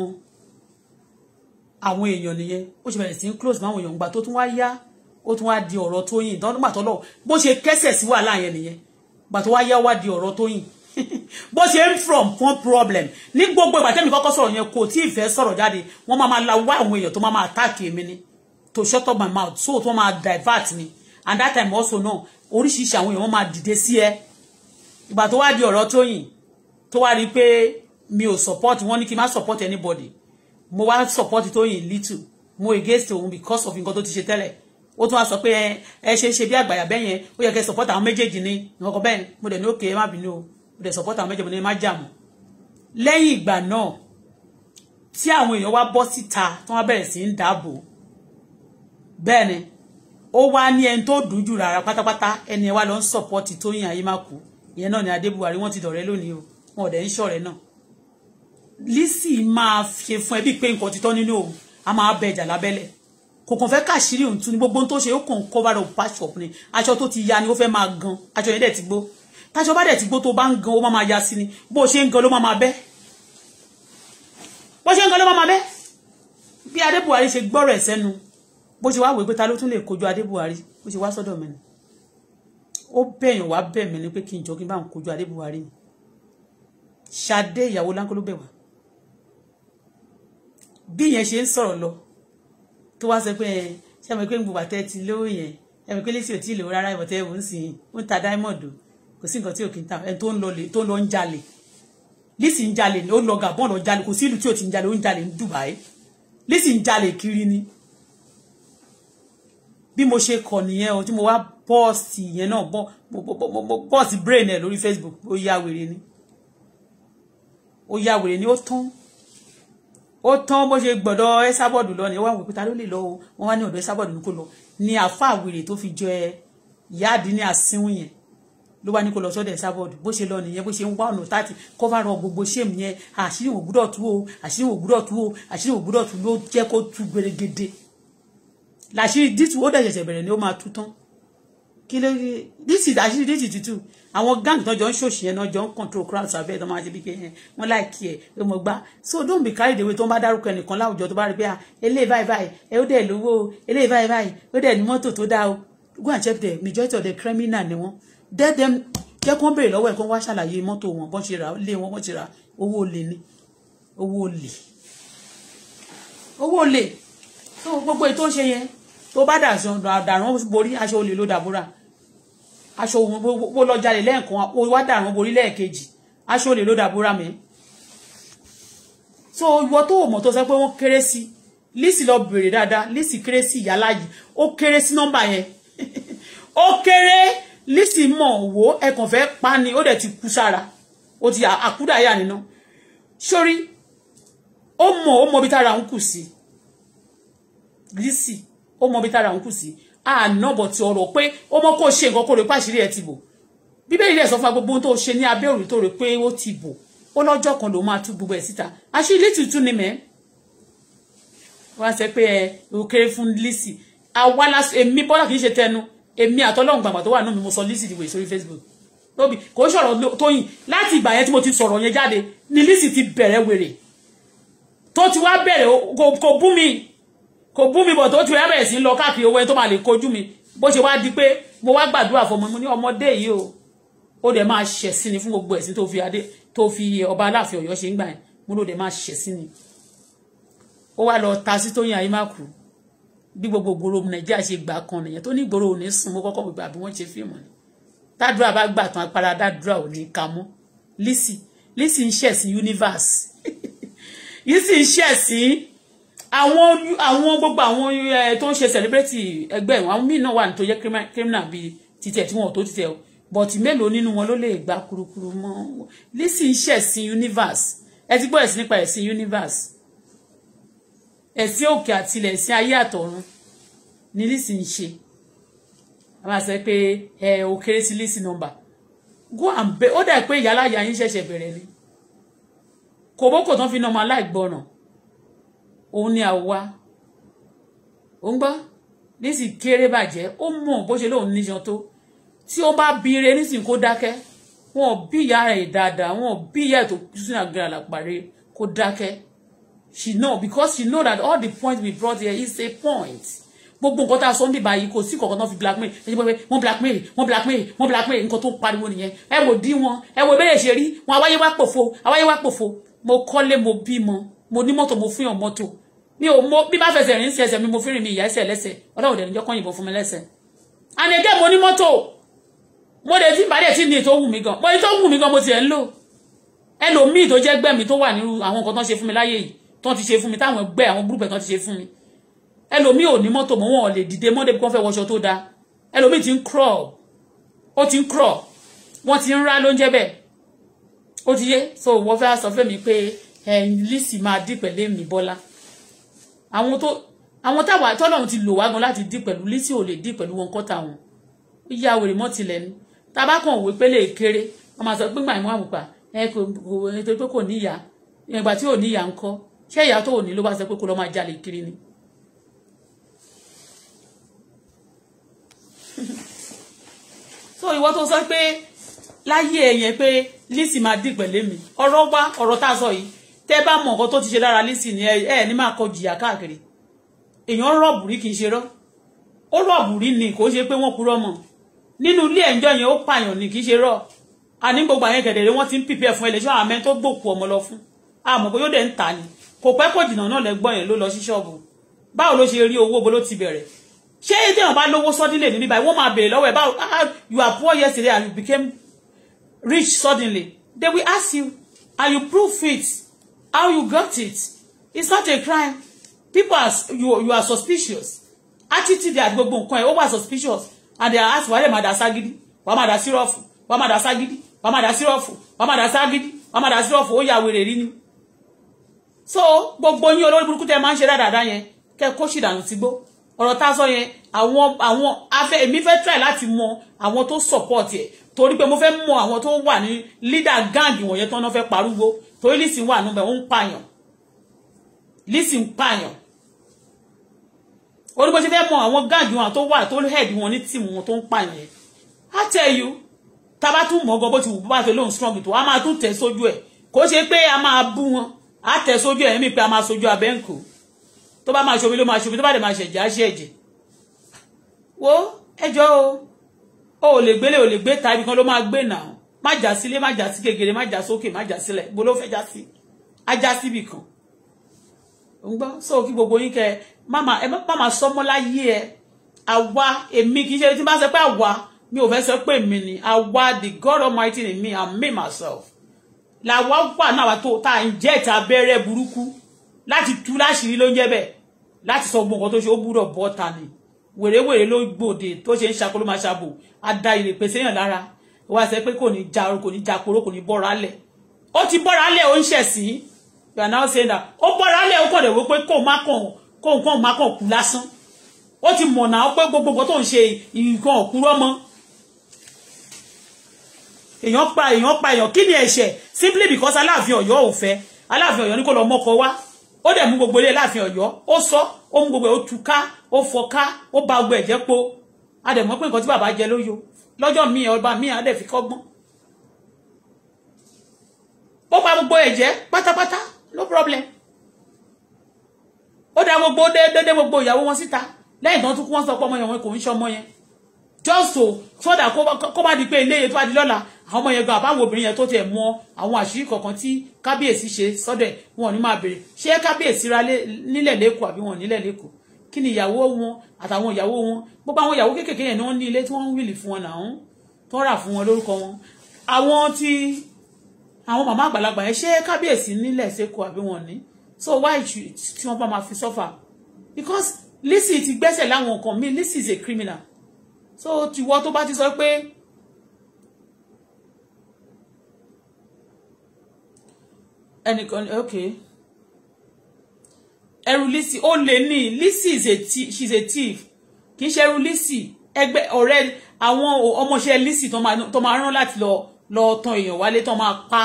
àwọn èèyàn nìyẹn bó ṣe bẹ̀rẹ̀ sí ń close máwọn èèyàn gbà tó tún wá yá ó tún wá di ọ̀rọ̀ Tóyìn ìdánwò àtọ́lọ́ bó ṣe kẹ́sẹ̀ sí wàhálà yẹn nìyẹn gbà tó wá yá wá di ọ̀rọ̀ Tóyìn bó ṣe ń from one problem ní gbogbo ìgbà tẹ́mi kọ́kọ́ sọ̀rọ̀ yẹn kò tí ì fẹ́ sọ̀rọ̀ jáde wọ́n máa máa la wá àwọn èèyàn tó máa máa attack èmi ni to shut up my mouth so tó máa divert me. and that time also náà oríṣiríṣi àwọn èèyàn máa dìde sí ẹ ìgbà tó wá di ọ̀rọ̀ Tóyìn tó wá rí pé mi ò support wọn ní kí n má support anybody mo wá support Tóyìn little mo against òun because of nǹkan tó ti ṣe tẹ́lẹ̀ ó tún wá sọ pé ẹ ṣe ṣe bí àgbàyà bẹ́ẹ̀ yẹn ó yẹ kẹ́ support àwọn méjèèjì ni nǹkan kan bẹ́ẹ̀ mo dẹ̀ ní òkè má bínú o mo dẹ̀ support àwọn méjèèjì ni má jà mọ́ lẹ́yìn ìgbà náà tí àwọn èèyàn wá bọ́ síta tí wọ́n bẹ̀rẹ̀ sí ń dáàbò bẹ́ẹ̀ ni ó wá ní ẹni tó dùn jù rárá pátápátá ẹni ẹ wá lọ ń sọpọ́tì Tóyìn Ayémákù ìyẹn náà ni Adébùwárí wọ́n ti dọ̀rẹ́ lónìí o wọn ò dẹ̀ ń ṣọ̀rẹ́ náà Lizzy máa ṣe fún ẹbí pé nǹkan títọ́ nínú òun a máa bẹ ìjà lábẹ́lẹ̀ kò kàn fẹ́ káṣírí òun tún ní gbogbo tó ṣe ó kàn cover up patch up ni aṣọ tó ti ya ni ó fẹ́ máa gan aṣọ yẹn dẹ̀ ti gbó táṣọ bá dẹ̀ ti gbó tó bá ń gan ó máa ya sí ni bó ṣe ń gan ló máa máa bẹ́ bó ṣe ń gan ló máa máa bẹ́ bí Adébùwárí ṣe gbọ́rọ̀ ẹ̀ sẹ́nu bó ṣe wá wò pé ta ló tún lè kojú adé buhari bó ṣe wá sọ́dọ̀ mi ni ó bẹ̀yàn wá bẹ̀ mí ni pé kí n jọ kí n bá ń kojú adé buhari ni ṣadé ìyàwó láńkóló bẹ̀ wá bí yẹn ṣe ń sọ̀rọ̀ lọ tó wá sọ pé ẹ ṣe àmọ́ pé ń gbùgbà tẹ́ ti lówó yẹn ẹ mọ̀ pé lẹ́sìn ò tí rárá ìwọ̀tẹ́ ò ń sìn ó ń ta dáímọ̀dù kò sí nǹkan tí ò ń ta ẹni tó ń lọ ń jalè lẹ́sìn ń jalè ó ń lọ Gabon lọ jalè kò sí ìlú tí ò ń jalè ó ń jalè ní Dubai lẹ́sìn ń jalè kiri ni bí mo ṣe kọ nìyẹn o tí mo wá bọ́ọ̀sì yẹn náà bọ́ọ̀sì brain ẹ̀ lórí Facebook ó yá wèrè ni ó yá wèrè ni ó tán ó tán bó ṣe gbọ́dọ̀ ẹ́sàbọ̀dù lọ ni wọ́n wò pé ta ló lè lọ o wọ́n wá ní ọ̀dọ̀ ẹ́sàbọ̀dù ní kò lọ ni àfa àwèrè tó fi jọ ẹ yáàdì ní àsíwìn yẹn ló wá ní kò lọ sọ́dọ̀ ẹ́sàbọ̀dù bó ṣe lọ nìyẹn bó ṣe ń wá ọ̀nà táti kó bá rọ gbogbo ṣéèmù yẹn àṣírí ògbúdọ̀ tú o àṣírí ògbúdọ̀ tú o àṣírí ògbúdọ̀ tú ló jẹ́ kó tú gbèrègede làṣírí dìtú ó dẹ̀ ṣẹ̀ṣẹ̀ bẹ̀rẹ̀ ni ó máa tú tán kí ló rí dìtì làṣírí dìtì tútù àwọn gang tó jọ ń ṣòṣì yẹn náà jọ ń control crowd, abẹ́ tó máa ṣe bí pé wọ́n láìkí ẹ̀ pé mo gbá so don't be carried away tó ń bá dárúkọ ẹnìkan láwùjọ tó bá rí pé à ah, eléyìí báyìí báyìí ẹ ó dẹ̀ lówó o eléyìí báyìí báyìí ó dẹ̀ ní mọ́tò tó dá o go and check the majority of the criminal ni wọ́n dead them jẹ́ kó ń béèrè lọ́wọ́ ẹ̀ kó ń wá ṣàlàyé mọ́tò wọn bọ́n ṣe ra lé wọn bọ́n ṣe ra owó olè ni owó olè owó olè tó gbogbo ètò ṣe tó bá dàrán borí aṣọ olè ló dàbúrà aṣọ òun bó lọ jalè lẹ́ẹ̀kan ó wá dàrán borí lẹ́ẹ̀kejì aṣọ olè ló dàbúrà mẹ́ so ìwọ tó mọ̀ tó sọ pé wọ́n kéré sí lísì lọ bèrè dáadáa lísì kéré sí ìyá láàyè ó kéré sí nọ́mbà yẹn ó kéré lísì mọ̀ wò ẹ̀kàn fẹ́ pa ni ó dẹ̀ ti kú sára ó ti àkúdàáyà nínú sórí ó mọ̀ ó mọ̀ bí tára ń kù sí lísì ó mọ bí tára òun kù sí ànábọ̀ ti ọ̀rọ̀ pé ó mọ kó ṣe nǹkan kó rè pàṣírí ẹ̀ ti bò bíbélì rẹ̀ sọ fún agbègbè ohun tó ṣe ní abẹ́ òrùn tó rè pé ó ti bò ó lọ́jọ́ kan ló máa tú gbogbo ẹ̀ síta àṣírí létí tún ni mẹ́ wá sẹ pé ẹ ò kéré fún Lizzy àwa lásán èmi bọ́lá kì í ṣe tẹnu èmi àtọ́lọ́hùn gbàgbà tó wà náà mi mo sọ Lizzy ìdìbò ìsórí Facebook tóbi kò sọ̀rọ̀ tóyìn láti ìgbà yẹn tí mo ti sọ̀rọ̀ yẹn jáde ni Lizzy ti bẹ̀rẹ̀ wèrè tó ti wá bẹ̀rẹ̀ kò bú mi kò bú mi bọ̀ tó ti rẹ́bẹ̀rẹ̀ sí lọ káàkiri owó ẹni tó máa lè kojú mi bó ṣe wá di pé mo wá gbàdúrà fún ọmọ ní ọmọdé yìí o ó dẹ̀ máa ṣẹ̀ sí ni fún gbogbo ẹ̀sìn tó fi adé tó fi ọba aláàfin ọ̀yọ́ ṣe ń gbà mo ló dẹ̀ máa ṣẹ̀ sí ni ó wá lọ ta sí Tóyìn Àyímákù bí gbogbo gbòòrò Nàìjíríà ṣe gbà kan nìyẹn tó ní gbòòrò ò ní mo kọ́kọ́ gbà bí wọ́n ṣe fíìmù ni tádùrà bá gbà tán apára dádùrà ò ní ka mọ́ Lizzy Lizzy ń ṣẹ̀ sí universe Lizzy ń ṣẹ̀ sí àwọn àwọn gbogbo àwọn eh, tó ń ṣe celebrity ẹgbẹ́ wọn àwọn míì náà wà ní tó jẹ́ criminal bíi títẹ̀ tí wọn ò tó títẹ̀ o but mélòó nínú wọn ló lè gba kurukuru mọ́ lisi ń ṣẹ̀sìn universe ẹ ti gbọ́ ẹ̀sìn nípa ẹ̀sìn universe ẹ̀sìn òkè àti ilẹ̀ ẹ̀sìn ayé àtọ̀run ni lisi ń ṣe a máa sọ pé ẹ eh, ò kéré sí lisi nọmbà go and bẹ ó dà pé ìyá aláya yín ṣẹ̀ṣẹ̀ bẹ̀rẹ̀ ni kòbókò tán fi nọmọ aláìgbọràn òun ni àwa òun gbọ́ nísì kéré bàjẹ́ ó mọ̀ bó ṣe lóun níṣan tó tí ó bá bí ire nísìnyí kó dákẹ́ wọn ò bí ìyá rẹ̀ dáadáa wọn ò bí ìyá ètò christian grand àpàrẹ kó dákẹ́ she know because she know that all the points we brought here is a point gbogbo nǹkan tá a sọ ń bíbá yìí kò sí kankan náà fi blackmail ẹni pẹpẹ wọn blackmail wọn blackmail wọn blackmail nǹkan tó ń pariwo nìyẹn ẹ wò dí wọn ẹ wò ìbéèrè ṣe rí wọn àwáyé wá pòfo àwáyé wá pòfo mo kọ́lé mo bímọ mo ní mọ́tò mo fún yàn mọ́tò mi o mo bi ba fẹsẹ̀ rìn sí ẹsẹ̀ mi mo fi rìn mi ya ẹsẹ̀ lẹ́sẹ̀ ọlọ́run dẹ̀ níjọ́ kan yìnbọn fún mi lẹ́sẹ̀ and again mo ní mọ́tò mo dẹ̀ tí bàdẹ̀ tí ní ètò wù mí gan mo ní tó wù mí gan mo tiẹ̀ ń lò ẹlòmíì tó jẹ́ gbẹ̀mí tó wà nírú àwọn nǹkan tó ń ṣe fún mi láyé yìí tó ń ti ṣe fún mi táwọn gbẹ àwọn gúrùpẹ̀ tó ń ti ṣe fún mi ẹlòmíì ò ní mọ́tò mọ́ wọn ò lè dìde mọ́dé bí wọ́n fẹ́ wọṣọ tó dáa ẹlòmíì ti crawl o ti crawl wọ́n ti ra rá ló ń jẹ́ ti yé so wọ́n fẹ́ sọ fún mi pé ẹ̀yin lisi ma di pele mi bola àwọn tó àwọn táwa tọ́lọ́run ti lò wá gan láti dí pẹ̀lú lítì ò lè dí pẹ̀lú wọn kọ́ta wọn ó yá wèrè mọ́ tilẹ̀ ni tábà kàn wé pé lè kéré wọn máa sọ pé gbà ìwọ̀n àmùpà ẹ kò ètò pé kò níyà ìgbà tí ò níyà ń kọ́ ṣé ìyá tó ò ní ló bá sọ pé kó lọ́ máa jalè kiri ni. so ìwọ tó sọ pé láyé ẹ pé lísì máa dì pẹ̀lú mi ọ̀rọ̀ wá ọ̀rọ̀ tá a sọ yìí tẹ́ bá mọ̀ nǹkan tó ti ṣe lára Lizzy ni ẹ ní máa kọ jìyà káàkiri èèyàn rọ̀bù rí kì í ṣe rọ́ ó rọ̀bù rí ni kò ṣe pé wọ́n purọ́ mọ́ nínú ilé ẹ̀ńjọ́ yẹn ó pààyàn ni kì í ṣe rọ́ àní gbogbo àyẹn kẹ̀dẹ̀rẹ́ wọ́n ti ń pìpẹ́ fún ẹlẹ́ṣọ́ àmẹ́ tó gbòkú ọmọ lọ fún àmọ́ pé yóò dẹ̀ ń tà ni kò pẹ́ kò jìnnà náà lẹ́gbọ́n yẹn ló lọ sí ṣọ́ọ̀bù báwo ló ṣe rí owó bó ló ti bẹ̀rẹ̀ ṣé téèyàn bá lówó suddenly níbi báyìí wọ́n máa béèrè lọ́wọ́ ẹ̀ báwo ah you are poor yesterday and you became rich suddenly they will ask you and you prove it how you got it it's not a crime people are you, you are suspicious attitude àti gbogbo nǹkan ẹ̀ ó suspicious and they are asked wàá lè Why dà ságídí wàá máa dà sírọ́ọ̀fù wàá máa dà ságídí wàá Why dà sírọ́ọ̀fù wàá máa dà ságídí wàá máa dà sírọ́ọ̀fù ó yà wèrè rí ni. so gbogbo yín olórí burúkú tẹ máa ń ṣe dáadáa yẹn kẹ kó ṣì dànù sígbó ọ̀rọ̀ tá a sọ yẹn àwọn àwọn afẹ́ èmi fẹ́ try láti mọ àwọn tó support ẹ̀ torí pé mo fẹ́ mọ àwọn tó wà ní lídà gáàgì wọ̀nyẹn tó ń fẹ́ parúgbó torí lísìn wà níbẹ̀ ó ń pààyàn lísìn pààyàn orí bó ṣe fẹ́ mọ àwọn gáàgì wọn tó wà tó hẹ̀dì wọn ní tìmù wọn tó ń pààyàn yẹn á tẹ̀ yó tábà tún mọ̀ gan bó ti wù bá ṣe lóun strong tó a máa tún tẹ̀ sójú ẹ̀ kó ṣe pé a máa bú wọn á tẹ̀ sójú ẹ̀ mí pé a máa sojú abẹ́ ńkò tó bá máa ṣomi ló máa ṣomi tó bá dẹ̀ máa ṣẹ̀jẹ̀ á ṣẹ̀jẹ̀ wo ẹjọ́ o o ò lè gbélé o lè gbé ta ibi kan ló máa gbé nà ó má já sílé má já sí gègèrè má já sókè má já sílẹ̀ bó ló fẹ́ já sí á já síbì kan ń so kí gbogbo yín kẹ máma ẹ má máa sọmọ láyé ẹ àwa èmi kì í ṣe tí bá sọ pé àwa mi ò fẹ́ sọ pé mi ni àwa the God Almighty in me and me myself La wa náà na tó tá à ń jẹ́ ìta abẹ́rẹ́ burúkú láti tú láṣìírí ló ń jẹ́ bẹ́ẹ̀ gbogbo nǹkan tó ṣe ó gbúdọ̀ ni wèrèwèrè ló gbòde tó ṣe ń ṣakó ló máa ṣàbò ada ìrèpè séèyàn lára wá sẹ pé kò ní ja kò ní ja koro kò ní bọ́ra lẹ̀ ó ti bọ́ra lẹ̀ ó ń ṣẹ̀ sí you are now saying that ó bọ́ra lẹ̀ ó kàn dẹ̀ wò pé kò má kàn kó nǹkan má kàn kú lásán ó ti mọ̀nà ó pé gbogbo nǹkan tó ń ṣe nǹkan òkúrọ́ mọ́ èèyàn pa èèyàn pa èèyàn kí ni ẹ̀ṣẹ̀ simply because aláàfin ọ̀yọ́ ò fẹ́ aláàfin ọ̀yọ́ ní kó lọ mọ́kọ wá ó dẹ̀ mú gbogbo ilé aláàfin ọ̀yọ́ ó sọ ó mú gbogbo ẹ̀ ó tú ká ó fọ ká ó ba gbogbo ẹ̀ jẹ́ po a dẹ̀ mọ̀ pé nǹkan tí bàbá jẹ ló yọ lọ́jọ́ míì ọba míì á dẹ̀ fi kọ́gbọ́n ó pa gbogbo ẹ̀ jẹ́ pátápátá no problem ó dá gbogbo déédéé gbogbo ìyàwó wọn síta lẹ́yìn tó ń tún kú wọ́n sọ pé ọmọ yẹn wọn kò ń ṣọmọ yẹn just so so that kó bá di pé ilé yẹn tó bá di lọ́la àwọn ọmọ yẹn gan àbáwọn obìnrin to tó tiẹ̀ mọ àwọn àṣírí kọ̀ọ̀kan tí kábíyèsí ṣe sọ́dẹ̀ wọn ò ní máa béèrè ṣé kábíyèsí ra nílẹ̀ lẹ́kọ̀ọ́ àbí wọn nílẹ̀ lẹ́kọ̀ọ́ kí ni ìyàwó wọn àtàwọn ìyàwó wọn gbogbo àwọn ìyàwó kéékèèké yẹn ni wọ́n ní ilé tí wọ́n ń wílì fún wọn náà tó ń rà fún wọn lórúkọ wọn àwọn ti àwọn màmá àgbàlagbà yẹn ṣé kábíyèsí nílẹ̀ sẹ́kọ̀ọ́ àbí wọn ní so why tí wọ́n bá máa fi suffer because Lizzy ti gbẹ́sẹ̀ láwọn nǹkan mi Lizzy is a criminal so tiwọ tó bá ti sọ pé ẹnìkan ok ẹrù Lizzy ó lè ní Lizzy is a thief. she's a thief kì í ṣe ẹrù Lizzy ẹgbẹ́ ọ̀rẹ́ àwọn ọmọọṣẹ́ Lizzy tó máa rán láti lọ lọ tan èèyàn wálé tó máa pa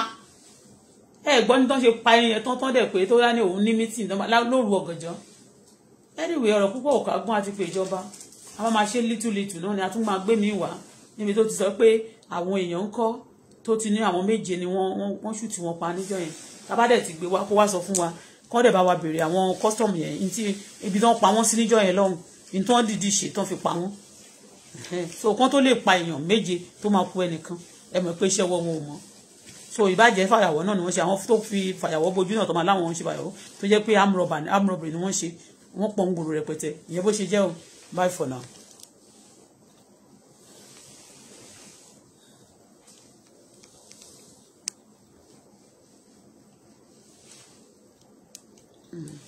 ẹ gbọ́ ní tán ṣe pa ẹyẹ tán tán dẹ̀ pé tó dá ní òun ní mítìn lóru ọ̀gànjọ́ anyway ọ̀rọ̀ púpọ̀ ọ̀kágún àti pé ìjọba a máa ṣe little little náà ni a tún máa gbé mi wá níbi tó ti sọ pé àwọn èèyàn ń kọ́ tó ti ní àwọn méje ni wọ́n wọ́n ṣù tí wọ́n pa níjọ́ yẹn tábà dẹ̀ ti gbé wá kó wá sọ fún wa kọ́ dẹ̀ bá wa béèrè àwọn custom yẹn ntí ibi tó ń pa wọ́n sí níjọ́ yẹn lọ́hùn ní tó ń dìdí ṣe tó ń fi pa wọ́n so kán tó lè pa èèyàn méje tó máa kú ẹnìkan ẹ mọ̀ pé iṣẹ́ wọ́n wọn ò mọ̀ so ìbàjẹ́ fàyàwọ́ náà ni wọ́n ṣe àwọn tó fi fàyàwọ́ bojú náà tó máa láwọn ń ṣe fàyàwọ́ tó jẹ́ pé amrọ̀bì ni wọ́n ṣe wọ́n pọ̀ ń gbòòrò rẹpẹtẹ ìyẹn bó ṣe jẹ́ o Bye for now. Mm.